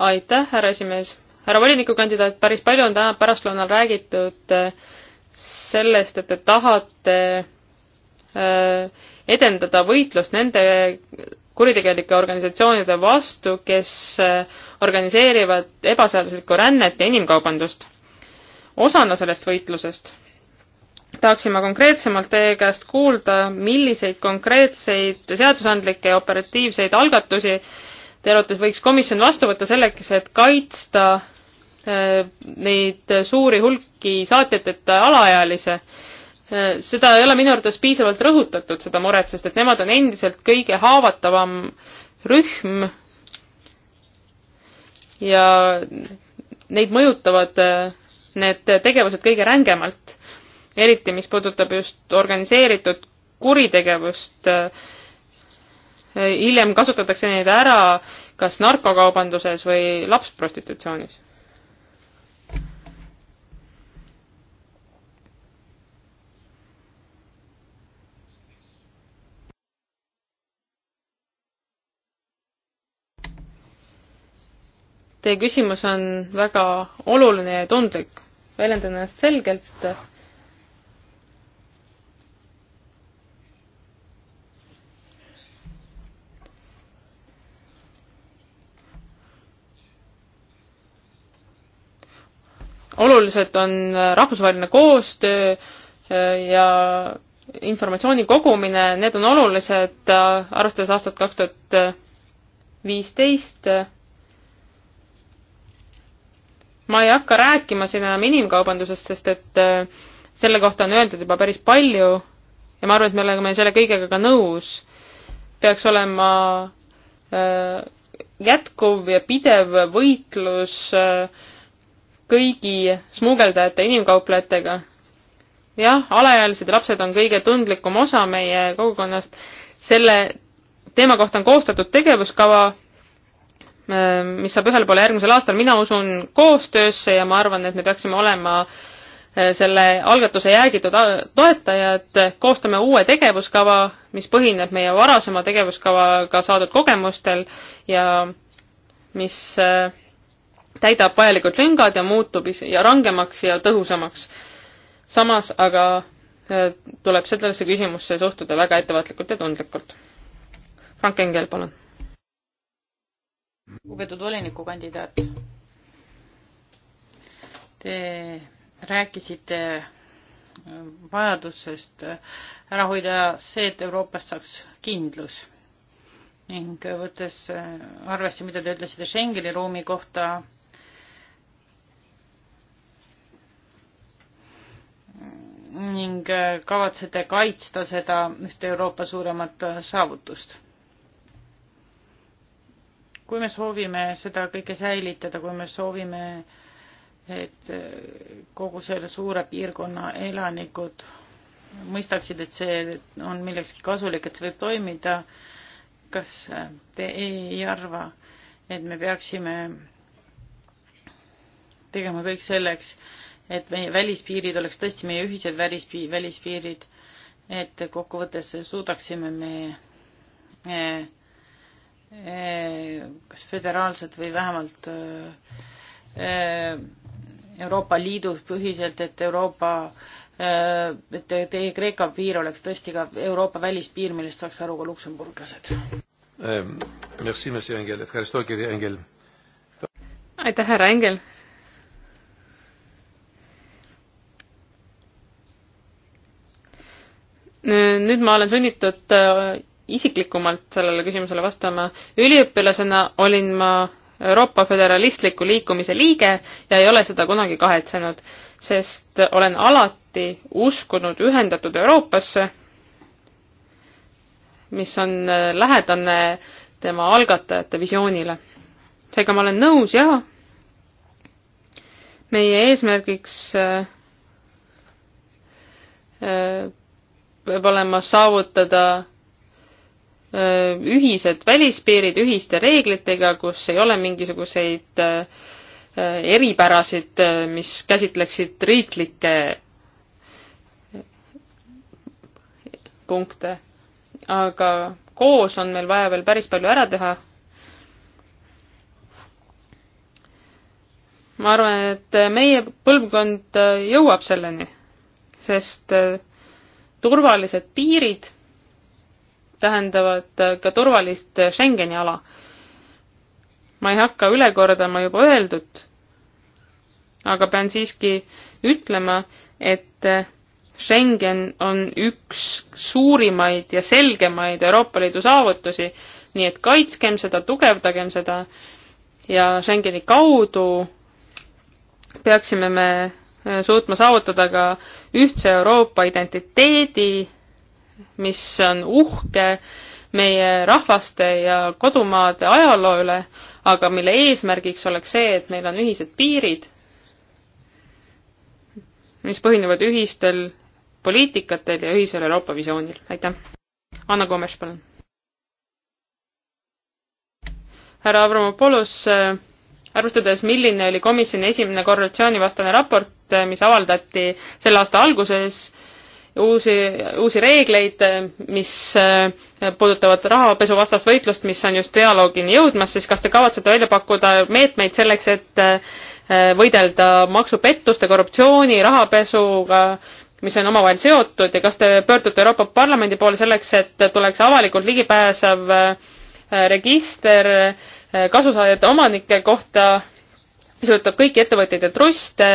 aitäh, härra esimees. härra volinikukandidaat, päris palju on täna pärastlõunal räägitud äh, sellest, et te tahate äh, edendada võitlust nende kuritegelike organisatsioonide vastu, kes äh, organiseerivad ebaseaduslikku rännet ja inimkaubandust. osana sellest võitlusest tahaksin ma konkreetsemalt teie käest kuulda, milliseid konkreetseid seadusandlikke ja operatiivseid algatusi teie arvates võiks komisjon vastu võtta selleks, et kaitsta äh, neid suuri hulki saatjateta alaealise. Äh, seda ei ole minu arvates piisavalt rõhutatud, seda muret, sest et nemad on endiselt kõige haavatavam rühm ja neid mõjutavad äh, need tegevused kõige rängemalt, eriti mis puudutab just organiseeritud kuritegevust äh, hiljem kasutatakse neid ära kas narkokaubanduses või lapsprostitutsioonis. Teie küsimus on väga oluline ja tundlik. väljendan ennast selgelt olulised on äh, rahvusvaheline koostöö äh, ja informatsiooni kogumine, need on olulised, äh, arvestades aastat kaks tuhat viisteist. ma ei hakka rääkima siin enam inimkaubandusest, sest et selle kohta on öeldud juba päris palju ja ma arvan, et me oleme selle kõigega ka nõus. peaks olema jätkuv ja pidev võitlus äh, kõigi smugeldajate, inimkauplejatega. jah, alaealised ja lapsed on kõige tundlikum osa meie kogukonnast. selle teema kohta on koostatud tegevuskava, äh, mis saab ühele poole järgmisel aastal. mina usun koostöösse ja ma arvan, et me peaksime olema äh, selle algatuse jäägitud äh, toetajad, koostame uue tegevuskava, mis põhineb meie varasema tegevuskavaga saadud kogemustel ja mis äh, täidab vajalikud lüngad ja muutub ja rangemaks ja tõhusamaks. samas aga äh, tuleb sellesse küsimusse suhtuda väga ettevaatlikult ja tundlikult. Frank Engel, palun. lugupeetud volinikukandidaat. Te rääkisite äh, vajadusest äh, ära hoida see, et Euroopast saaks kindlus ning võttes arvesse, mida te ütlesite Schengeni ruumi kohta, ning äh, kavatsete kaitsta seda ühte Euroopa suuremat äh, saavutust? kui me soovime seda kõike säilitada, kui me soovime, et äh, kogu selle suure piirkonna elanikud mõistaksid, et see on millekski kasulik, et see võib toimida, kas te ei arva, et me peaksime tegema kõik selleks, et meie välispiirid oleks tõesti meie ühised välispii-, välispiirid, et kokkuvõttes suudaksime me eh, eh, kas föderaalselt või vähemalt eh, Euroopa Liidu põhiselt, et Euroopa, e, et teie Kreeka piir oleks tõesti ka Euroopa välispiir, millest saaks aru ka luksemburglased. Ähm, aitäh, härra Engel! nüüd ma olen sunnitud äh, isiklikumalt sellele küsimusele vastama. üliõpilasena olin ma Euroopa Föderalistliku Liikumise liige ja ei ole seda kunagi kahetsenud, sest olen alati uskunud ühendatud Euroopasse, mis on äh, lähedane tema algatajate visioonile. seega ma olen nõus, jaa, meie eesmärgiks äh, äh, peab olema saavutada ühised välispiirid ühiste reeglitega, kus ei ole mingisuguseid eripärasid, mis käsitleksid riiklikke punkte. aga koos on meil vaja veel päris palju ära teha. ma arvan, et meie põlvkond jõuab selleni, sest turvalised piirid tähendavad äh, ka turvalist äh, Schengeni ala. ma ei hakka üle kordama juba öeldut, aga pean siiski ütlema, et äh, Schengen on üks suurimaid ja selgemaid Euroopa Liidu saavutusi, nii et kaitskem seda, tugevdagem seda ja Schengeni kaudu peaksime me suutma saavutada ka ühtse Euroopa identiteedi, mis on uhke meie rahvaste ja kodumaade ajaloo üle, aga mille eesmärgiks oleks see, et meil on ühised piirid, mis põhinevad ühistel poliitikatel ja ühisel Euroopa visioonil. aitäh! Anna Komes, palun! härra Avramopoulos, äh, arvestades, milline oli komisjoni esimene korruptsioonivastane raport, Eh, mis avaldati selle aasta alguses, uusi, uusi reegleid, eh, mis eh, puudutavad rahapesuvastast võitlust, mis on just dialoogini jõudmas, siis kas te kavatsete välja pakkuda meetmeid selleks, et võidelda maksupettuste, korruptsiooni, rahapesuga, mis on omavahel seotud ja kas te pöördute Euroopa Parlamendi poole selleks, et tuleks avalikult ligipääsev register kasusaajate omanike kohta, mis puudutab kõiki ettevõtteid ja truste,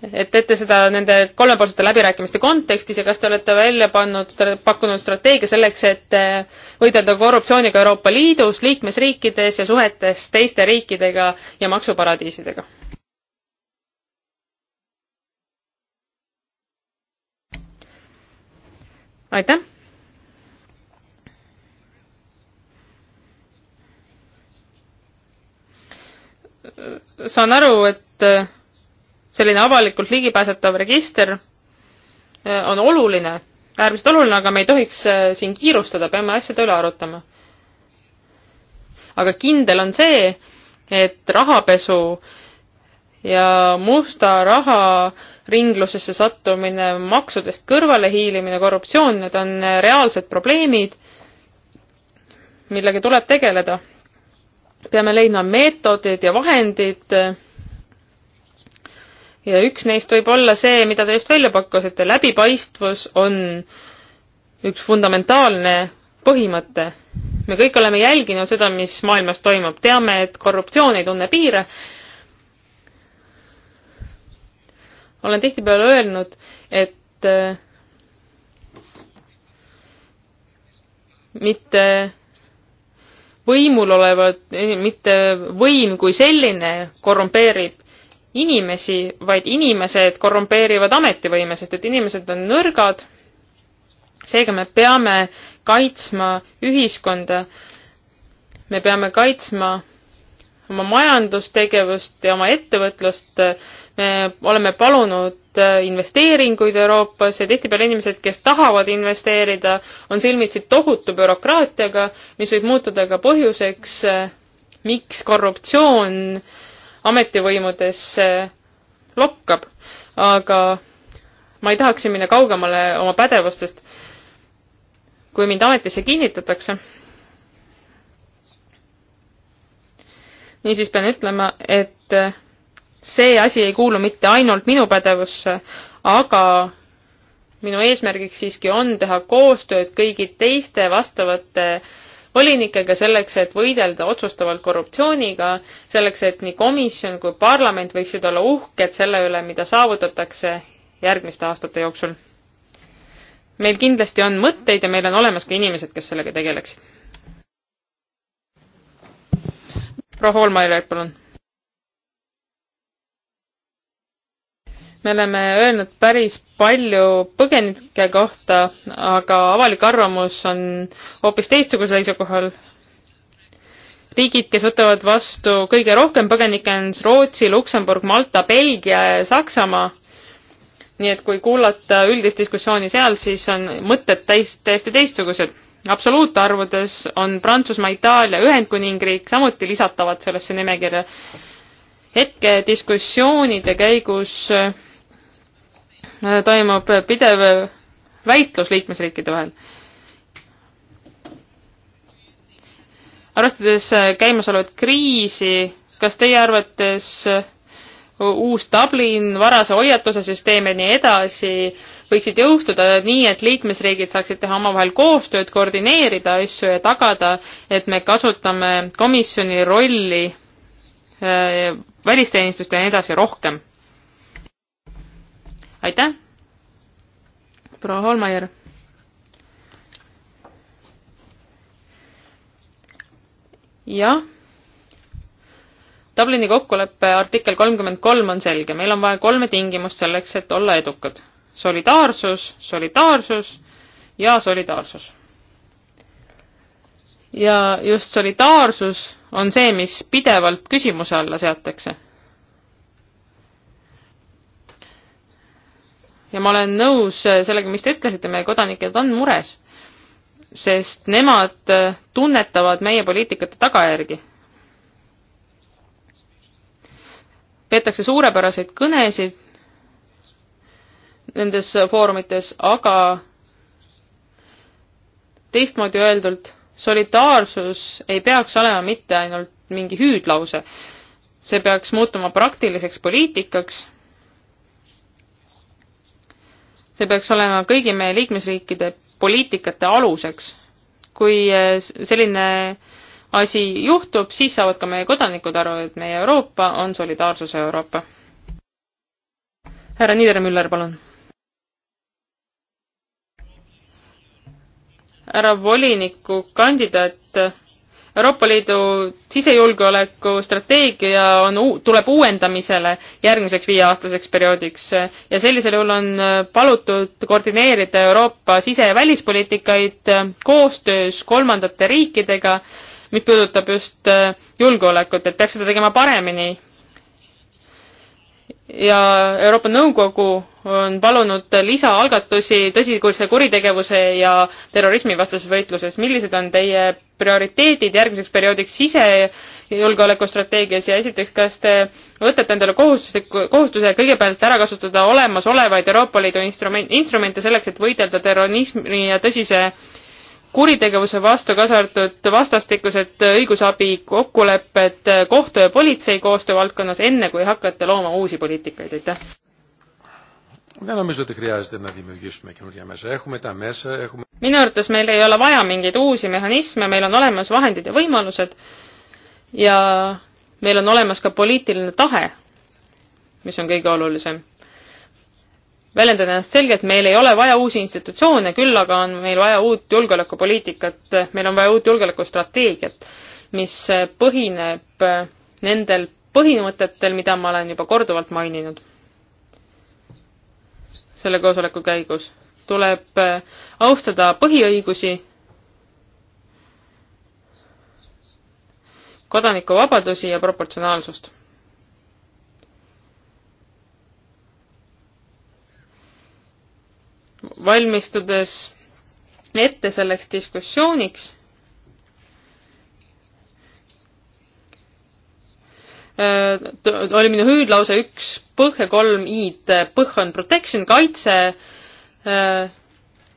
et teete seda nende kolmepoolsete läbirääkimiste kontekstis ja kas te olete välja pannud, pakkunud strateegia selleks, et eh, võidelda korruptsiooniga Euroopa Liidus, liikmesriikides ja suhetes teiste riikidega ja maksuparadiisidega? aitäh! saan aru, et eh, selline avalikult ligipääsetav register äh, on oluline, äärmiselt oluline, aga me ei tohiks äh, siin kiirustada, peame asjade üle arutama. aga kindel on see, et rahapesu ja musta raha ringlusesse sattumine, maksudest kõrvalehiilimine, korruptsioon, need on äh, reaalsed probleemid, millega tuleb tegeleda. peame leidma meetodid ja vahendid ja üks neist võib olla see, mida te just välja pakkusite, läbipaistvus on üks fundamentaalne põhimõte. me kõik oleme jälginud seda, mis maailmas toimub, teame, et korruptsioon ei tunne piire. olen tihtipeale öelnud, et äh, mitte võimul olevad, mitte võim kui selline korrumpeerib, inimesi, vaid inimesed korrumpeerivad ametivõime, sest et inimesed on nõrgad. seega me peame kaitsma ühiskonda. me peame kaitsma oma majandustegevust ja oma ettevõtlust. me oleme palunud investeeringuid Euroopas ja tihtipeale inimesed, kes tahavad investeerida, on silmitsi tohutu bürokraatiaga, mis võib muutuda ka põhjuseks, miks korruptsioon ametivõimudes lokkab, aga ma ei tahaks siin minna kaugemale oma pädevustest. kui mind ametisse kinnitatakse, niisiis pean ütlema, et see asi ei kuulu mitte ainult minu pädevusse, aga minu eesmärgiks siiski on teha koostööd kõigi teiste vastavate äh, volinikega selleks, et võidelda otsustavalt korruptsiooniga, selleks, et nii komisjon kui parlament võiksid olla uhked selle üle, mida saavutatakse järgmiste aastate jooksul. meil kindlasti on mõtteid ja meil on olemas ka inimesed, kes sellega tegeleksid. proua Hoolmaier, palun me oleme öelnud päris palju põgenike kohta, aga avalik arvamus on hoopis teistsugusel seisukohal. riigid, kes võtavad vastu kõige rohkem põgenikke, on Rootsi, Luksemburg, Malta, Belgia ja Saksamaa. nii et kui kuulata üldist diskussiooni seal, siis on mõtted täis, täiesti teistsugused. absoluutarvudes on Prantsusmaa, Itaalia, Ühendkuningriik samuti lisatavad sellesse nimekirja. hetke diskussioonide käigus äh, toimub pidev väitlus liikmesriikide vahel. arvestades käimasolevat kriisi, kas teie arvates uus Dublin, varase hoiatuse süsteem ja nii edasi võiksid jõustuda nii, et liikmesriigid saaksid teha omavahel koostööd, koordineerida asju ja tagada, et me kasutame komisjoni rolli äh, välisteenistust ja nii edasi rohkem aitäh, proua Holmajärv. jah. Dublini kokkuleppe artikkel kolmkümmend kolm on selge, meil on vaja kolme tingimust selleks, et olla edukad. solidaarsus, solidaarsus ja solidaarsus. ja just solidaarsus on see, mis pidevalt küsimuse alla seatakse ja ma olen nõus äh, sellega, mis te ütlesite, meie kodanikud on mures, sest nemad äh, tunnetavad meie poliitikate tagajärgi. peetakse suurepäraseid kõnesid nendes foorumites, aga teistmoodi öeldult, solidaarsus ei peaks olema mitte ainult mingi hüüdlause, see peaks muutuma praktiliseks poliitikaks see peaks olema kõigi meie liikmesriikide poliitikate aluseks. kui eh, selline asi juhtub, siis saavad ka meie kodanikud aru, et meie Euroopa on solidaarsuse Euroopa. härra Niedermüller, palun. härra volinikukandidaat Euroopa Liidu sisejulgeoleku strateegia on, tuleb uuendamisele järgmiseks viieaastaseks perioodiks ja sellisel juhul on äh, palutud koordineerida Euroopa sise- ja välispoliitikaid äh, koostöös kolmandate riikidega, mis puudutab just äh, julgeolekut, et peaks seda tegema paremini ja Euroopa Nõukogu on palunud lisaalgatusi tõsikuse kuritegevuse ja terrorismi vastases võitluses. millised on teie prioriteedid järgmiseks perioodiks sisejulgeolekustrateegias ja esiteks, kas te võtate endale kohustusliku, kohustuse kõigepealt ära kasutada olemasolevaid Euroopa Liidu instrument, instrumente selleks, et võidelda terrorismi ja tõsise kuritegevuse vastu, kaasa arvatud vastastikused õigusabi kokkulepped kohtu ja politsei koostöö valdkonnas, enne kui hakata looma uusi poliitikaid, aitäh! minu arvates meil ei ole vaja mingeid uusi mehhanisme, meil on olemas vahendid ja võimalused ja meil on olemas ka poliitiline tahe, mis on kõige olulisem väljendada ennast selgelt, meil ei ole vaja uusi institutsioone, küll aga on meil vaja uut julgeolekupoliitikat, meil on vaja uut julgeolekustrateegiat, mis põhineb nendel põhimõtetel, mida ma olen juba korduvalt maininud selle koosoleku käigus. tuleb austada põhiõigusi, kodanikuvabadusi ja proportsionaalsust valmistudes ette selleks diskussiooniks. Äh, oli minu hüüdlause üks põh ja kolm i-d. põh on protection, kaitse äh,,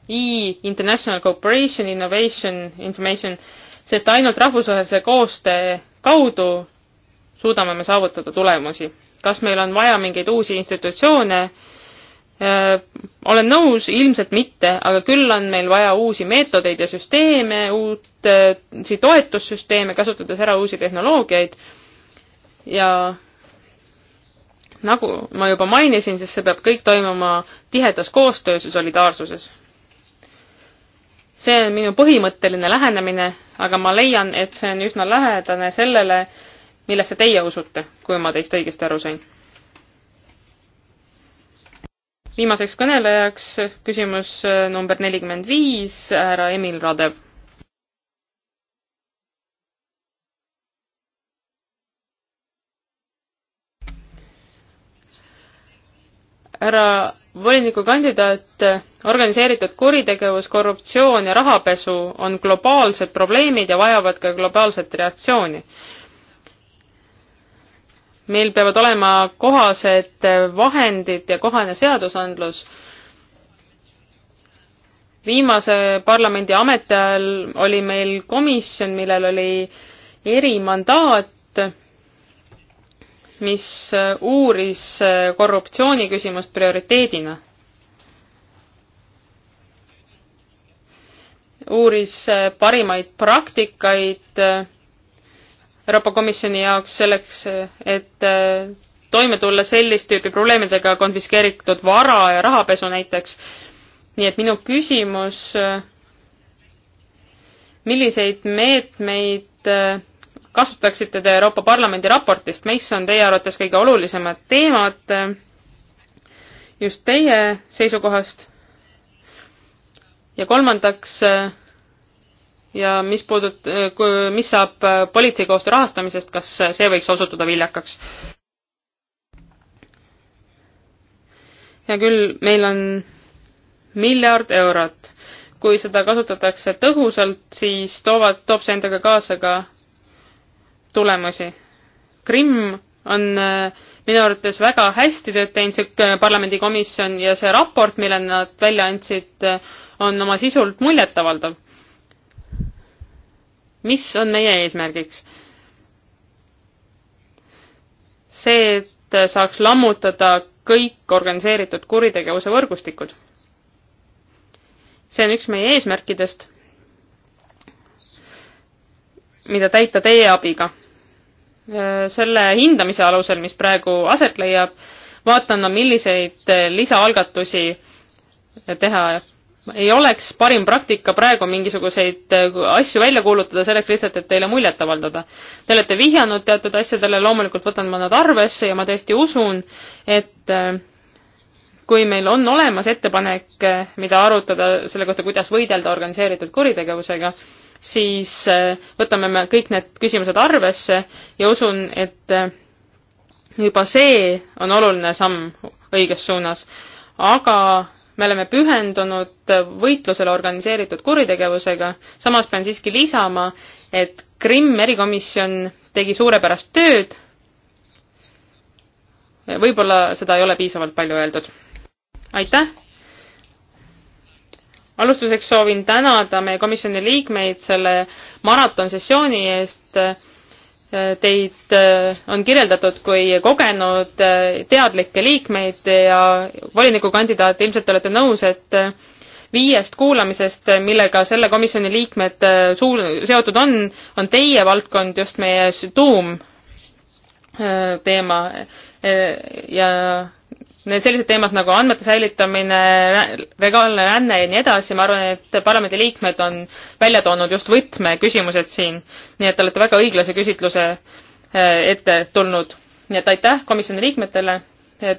i international cooperation, innovation, information, sest ainult rahvusvahelise koostöö kaudu suudame me saavutada tulemusi. kas meil on vaja mingeid uusi institutsioone äh,, Äh, olen nõus, ilmselt mitte, aga küll on meil vaja uusi meetodeid ja süsteeme, uusi äh, toetussüsteeme, kasutades ära uusi tehnoloogiaid. ja nagu ma juba mainisin, siis see peab kõik toimuma tihedas koostöös ja solidaarsuses. see on minu põhimõtteline lähenemine, aga ma leian, et see on üsna lähedane sellele, millesse teie usute, kui ma teist õigesti aru sain viimaseks kõnelejaks küsimus äh, number nelikümmend viis, härra Emil Radev. härra volinikukandidaat, organiseeritud kuritegevus, korruptsioon ja rahapesu on globaalsed probleemid ja vajavad ka globaalset reaktsiooni meil peavad olema kohased vahendid ja kohane seadusandlus. viimase parlamendi ametiajal oli meil komisjon, millel oli erimandaat, mis uuris korruptsiooniküsimust prioriteedina uuris parimaid praktikaid Euroopa Komisjoni jaoks selleks, et äh, toime tulla sellist tüüpi probleemidega, konfiskeeritud vara ja rahapesu näiteks. nii et minu küsimus, äh, milliseid meetmeid äh, kasutaksite te Euroopa Parlamendi raportist, mis on teie arvates kõige olulisemad teemad just teie seisukohast? ja kolmandaks ja mis puudut-, mis saab äh, politsei koostöö rahastamisest, kas see võiks osutuda viljakaks? hea küll, meil on miljard eurot. kui seda kasutatakse tõhusalt, siis toovad, toob see endaga kaasa ka tulemusi. Krimm on äh, minu arvates väga hästi tööd teinud, see äh, parlamendikomisjon ja see raport, mille nad välja andsid, on oma sisult muljetavaldav mis on meie eesmärgiks? see, et saaks lammutada kõik organiseeritud kuritegevuse võrgustikud. see on üks meie eesmärkidest, mida täita teie abiga. selle hindamise alusel, mis praegu aset leiab, vaatan ma, milliseid lisaalgatusi teha ei oleks parim praktika praegu mingisuguseid äh, asju välja kuulutada selleks lihtsalt, et teile muljet avaldada. Te olete vihjanud teatud asjadele, loomulikult võtan ma nad arvesse ja ma tõesti usun, et äh, kui meil on olemas ettepanek, äh, mida arutada selle kohta, kuidas võidelda organiseeritud kuritegevusega, siis võtame me kõik need küsimused arvesse ja usun, et juba see on oluline samm õiges suunas. aga me oleme pühendunud võitlusele organiseeritud kuritegevusega, samas pean siiski lisama, et Krimm erikomisjon tegi suurepärast tööd, võib-olla seda ei ole piisavalt palju öeldud. aitäh! alustuseks soovin tänada meie komisjoni liikmeid selle maratonsessiooni eest, Teid äh, on kirjeldatud kui kogenud äh, teadlikke liikmeid ja volinikukandidaat, ilmselt olete nõus, et äh, viiest kuulamisest, millega selle komisjoni liikmed suur, seotud on, on teie valdkond just meie tuum teema ja need sellised teemad nagu andmete säilitamine, legaalne ränne ja nii edasi, ma arvan, et parlamendi liikmed on välja toonud just võtmeküsimused siin. nii et te olete väga õiglase küsitluse eh, ette tulnud. nii et aitäh komisjoni liikmetele.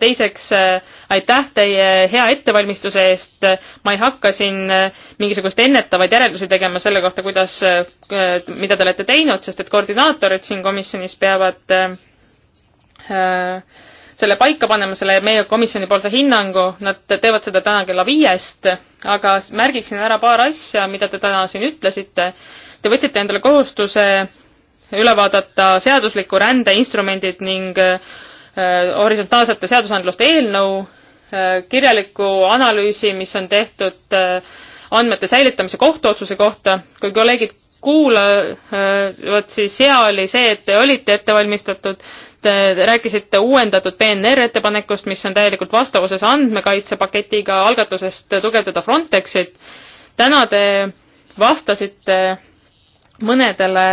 teiseks eh, aitäh teie hea ettevalmistuse eest. ma ei hakka siin eh, mingisuguseid ennetavaid järeldusi tegema selle kohta, kuidas, mida te olete teinud, sest et koordinaatorid siin komisjonis peavad äh, selle paika panema, selle meie komisjonipoolse hinnangu, nad teevad seda täna kella viiest, aga märgiksin ära paar asja, mida te täna siin ütlesite. Te võtsite endale kohustuse üle vaadata seadusliku rände instrumendid ning äh, horisontaalsete seadusandluste eelnõu äh,, kirjalikku analüüsi, mis on tehtud äh, andmete säilitamise kohtuotsuse kohta, kui kolleegid kuulavad, äh, siis hea oli see, et te olite ettevalmistatud, Äh, rääkisite uuendatud PNR ettepanekust, mis on täielikult vastavuses andmekaitsepaketiga, algatusest tugevdada Frontexit. täna te vastasite mõnedele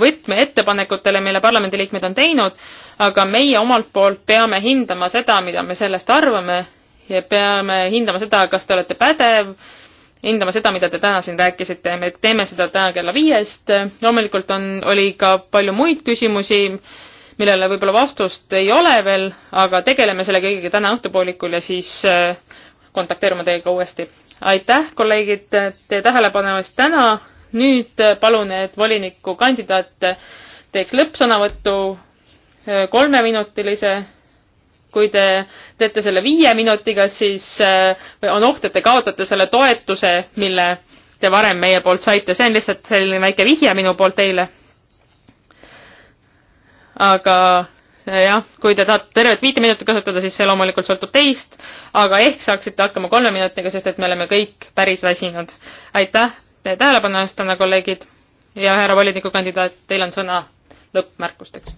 võtmeettepanekutele, mille parlamendiliikmed on teinud, aga meie omalt poolt peame hindama seda, mida me sellest arvame ja peame hindama seda, kas te olete pädev, hindama seda, mida te täna siin rääkisite, me teeme seda täna kella viiest, loomulikult on, oli ka palju muid küsimusi, millele võib-olla vastust ei ole veel, aga tegeleme selle kõigega täna õhtupoolikul ja siis äh, kontakteerume teiega uuesti. aitäh, kolleegid, teie tähelepanu eest täna. nüüd äh, palun, et volinikukandidaat äh, teeks lõppsõnavõtu kolmeminutilise. kui te teete selle viie minutiga, siis on oht, et te kaotate selle toetuse, mille te varem meie poolt saite, see on lihtsalt selline väike vihje minu poolt teile aga jah, kui te tahate tervet viite minutit kasutada, siis see loomulikult sõltub teist, aga ehk saaksite hakkama kolme minutiga, sest et me oleme kõik päris väsinud. aitäh teie tähelepanu eest, täna kolleegid ja härra volinikukandidaat, teil on sõna lõppmärkusteks.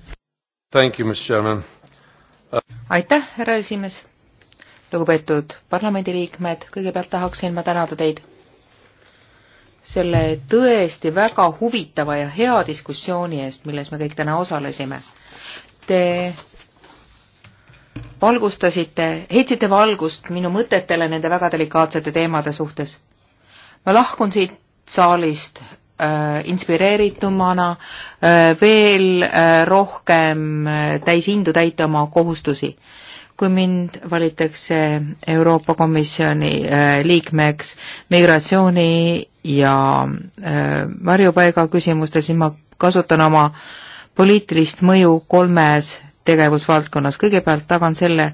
Uh, aitäh, härra esimees. lugupeetud parlamendiliikmed, kõigepealt tahaksin ma tänada teid selle tõesti väga huvitava ja hea diskussiooni eest, milles me kõik täna osalesime. Te valgustasite, heitsite valgust minu mõtetele nende väga delikaatsete teemade suhtes. ma lahkun siit saalist äh, inspireeritumana äh, veel äh, rohkem äh, täis indu täita oma kohustusi äh, kui mind valitakse Euroopa Komisjoni äh, liikmeks migratsiooni ja äh, varjupaiga küsimustes, siis ma kasutan oma poliitilist mõju kolmes tegevusvaldkonnas. kõigepealt tagan selle,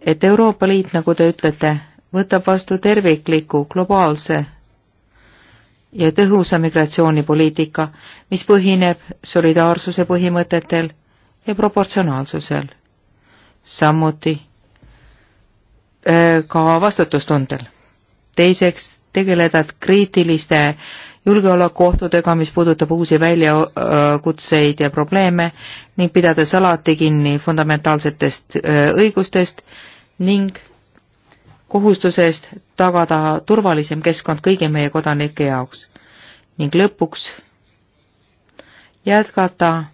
et Euroopa Liit, nagu te ütlete, võtab vastu tervikliku globaalse ja tõhusa migratsioonipoliitika, mis põhineb solidaarsuse põhimõtetel ja proportsionaalsusel samuti äh, ka vastutustundel. teiseks, tegeleda kriitiliste julgeolekuohtudega, mis puudutab uusi väljakutseid ja probleeme ning pidades alati kinni fundamentaalsetest äh, õigustest ning kohustusest tagada turvalisem keskkond kõigi meie kodanike jaoks ning lõpuks jätkata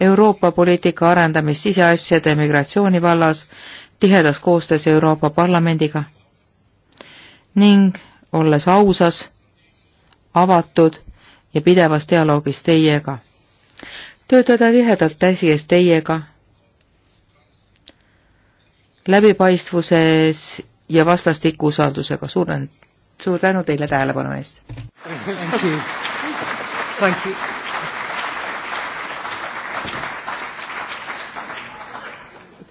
Euroopa poliitika arendamist siseasjade migratsiooni vallas tihedas koostöös Euroopa Parlamendiga ning olles ausas, avatud ja pidevas dialoogis teiega. töötada tihedalt käsi ees teiega, läbipaistvuses ja vastastiku usaldusega. suur tänu, suur tänu teile tähelepanu eest! Thank you. Thank you.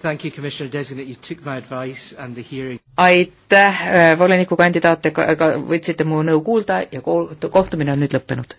Thank you, Commissioner Designate, you took my advice and the hearing. aitäh, eh, volinikukandidaat, te võtsite mu nõu kuulda ja kohtumine on nüüd lõppenud.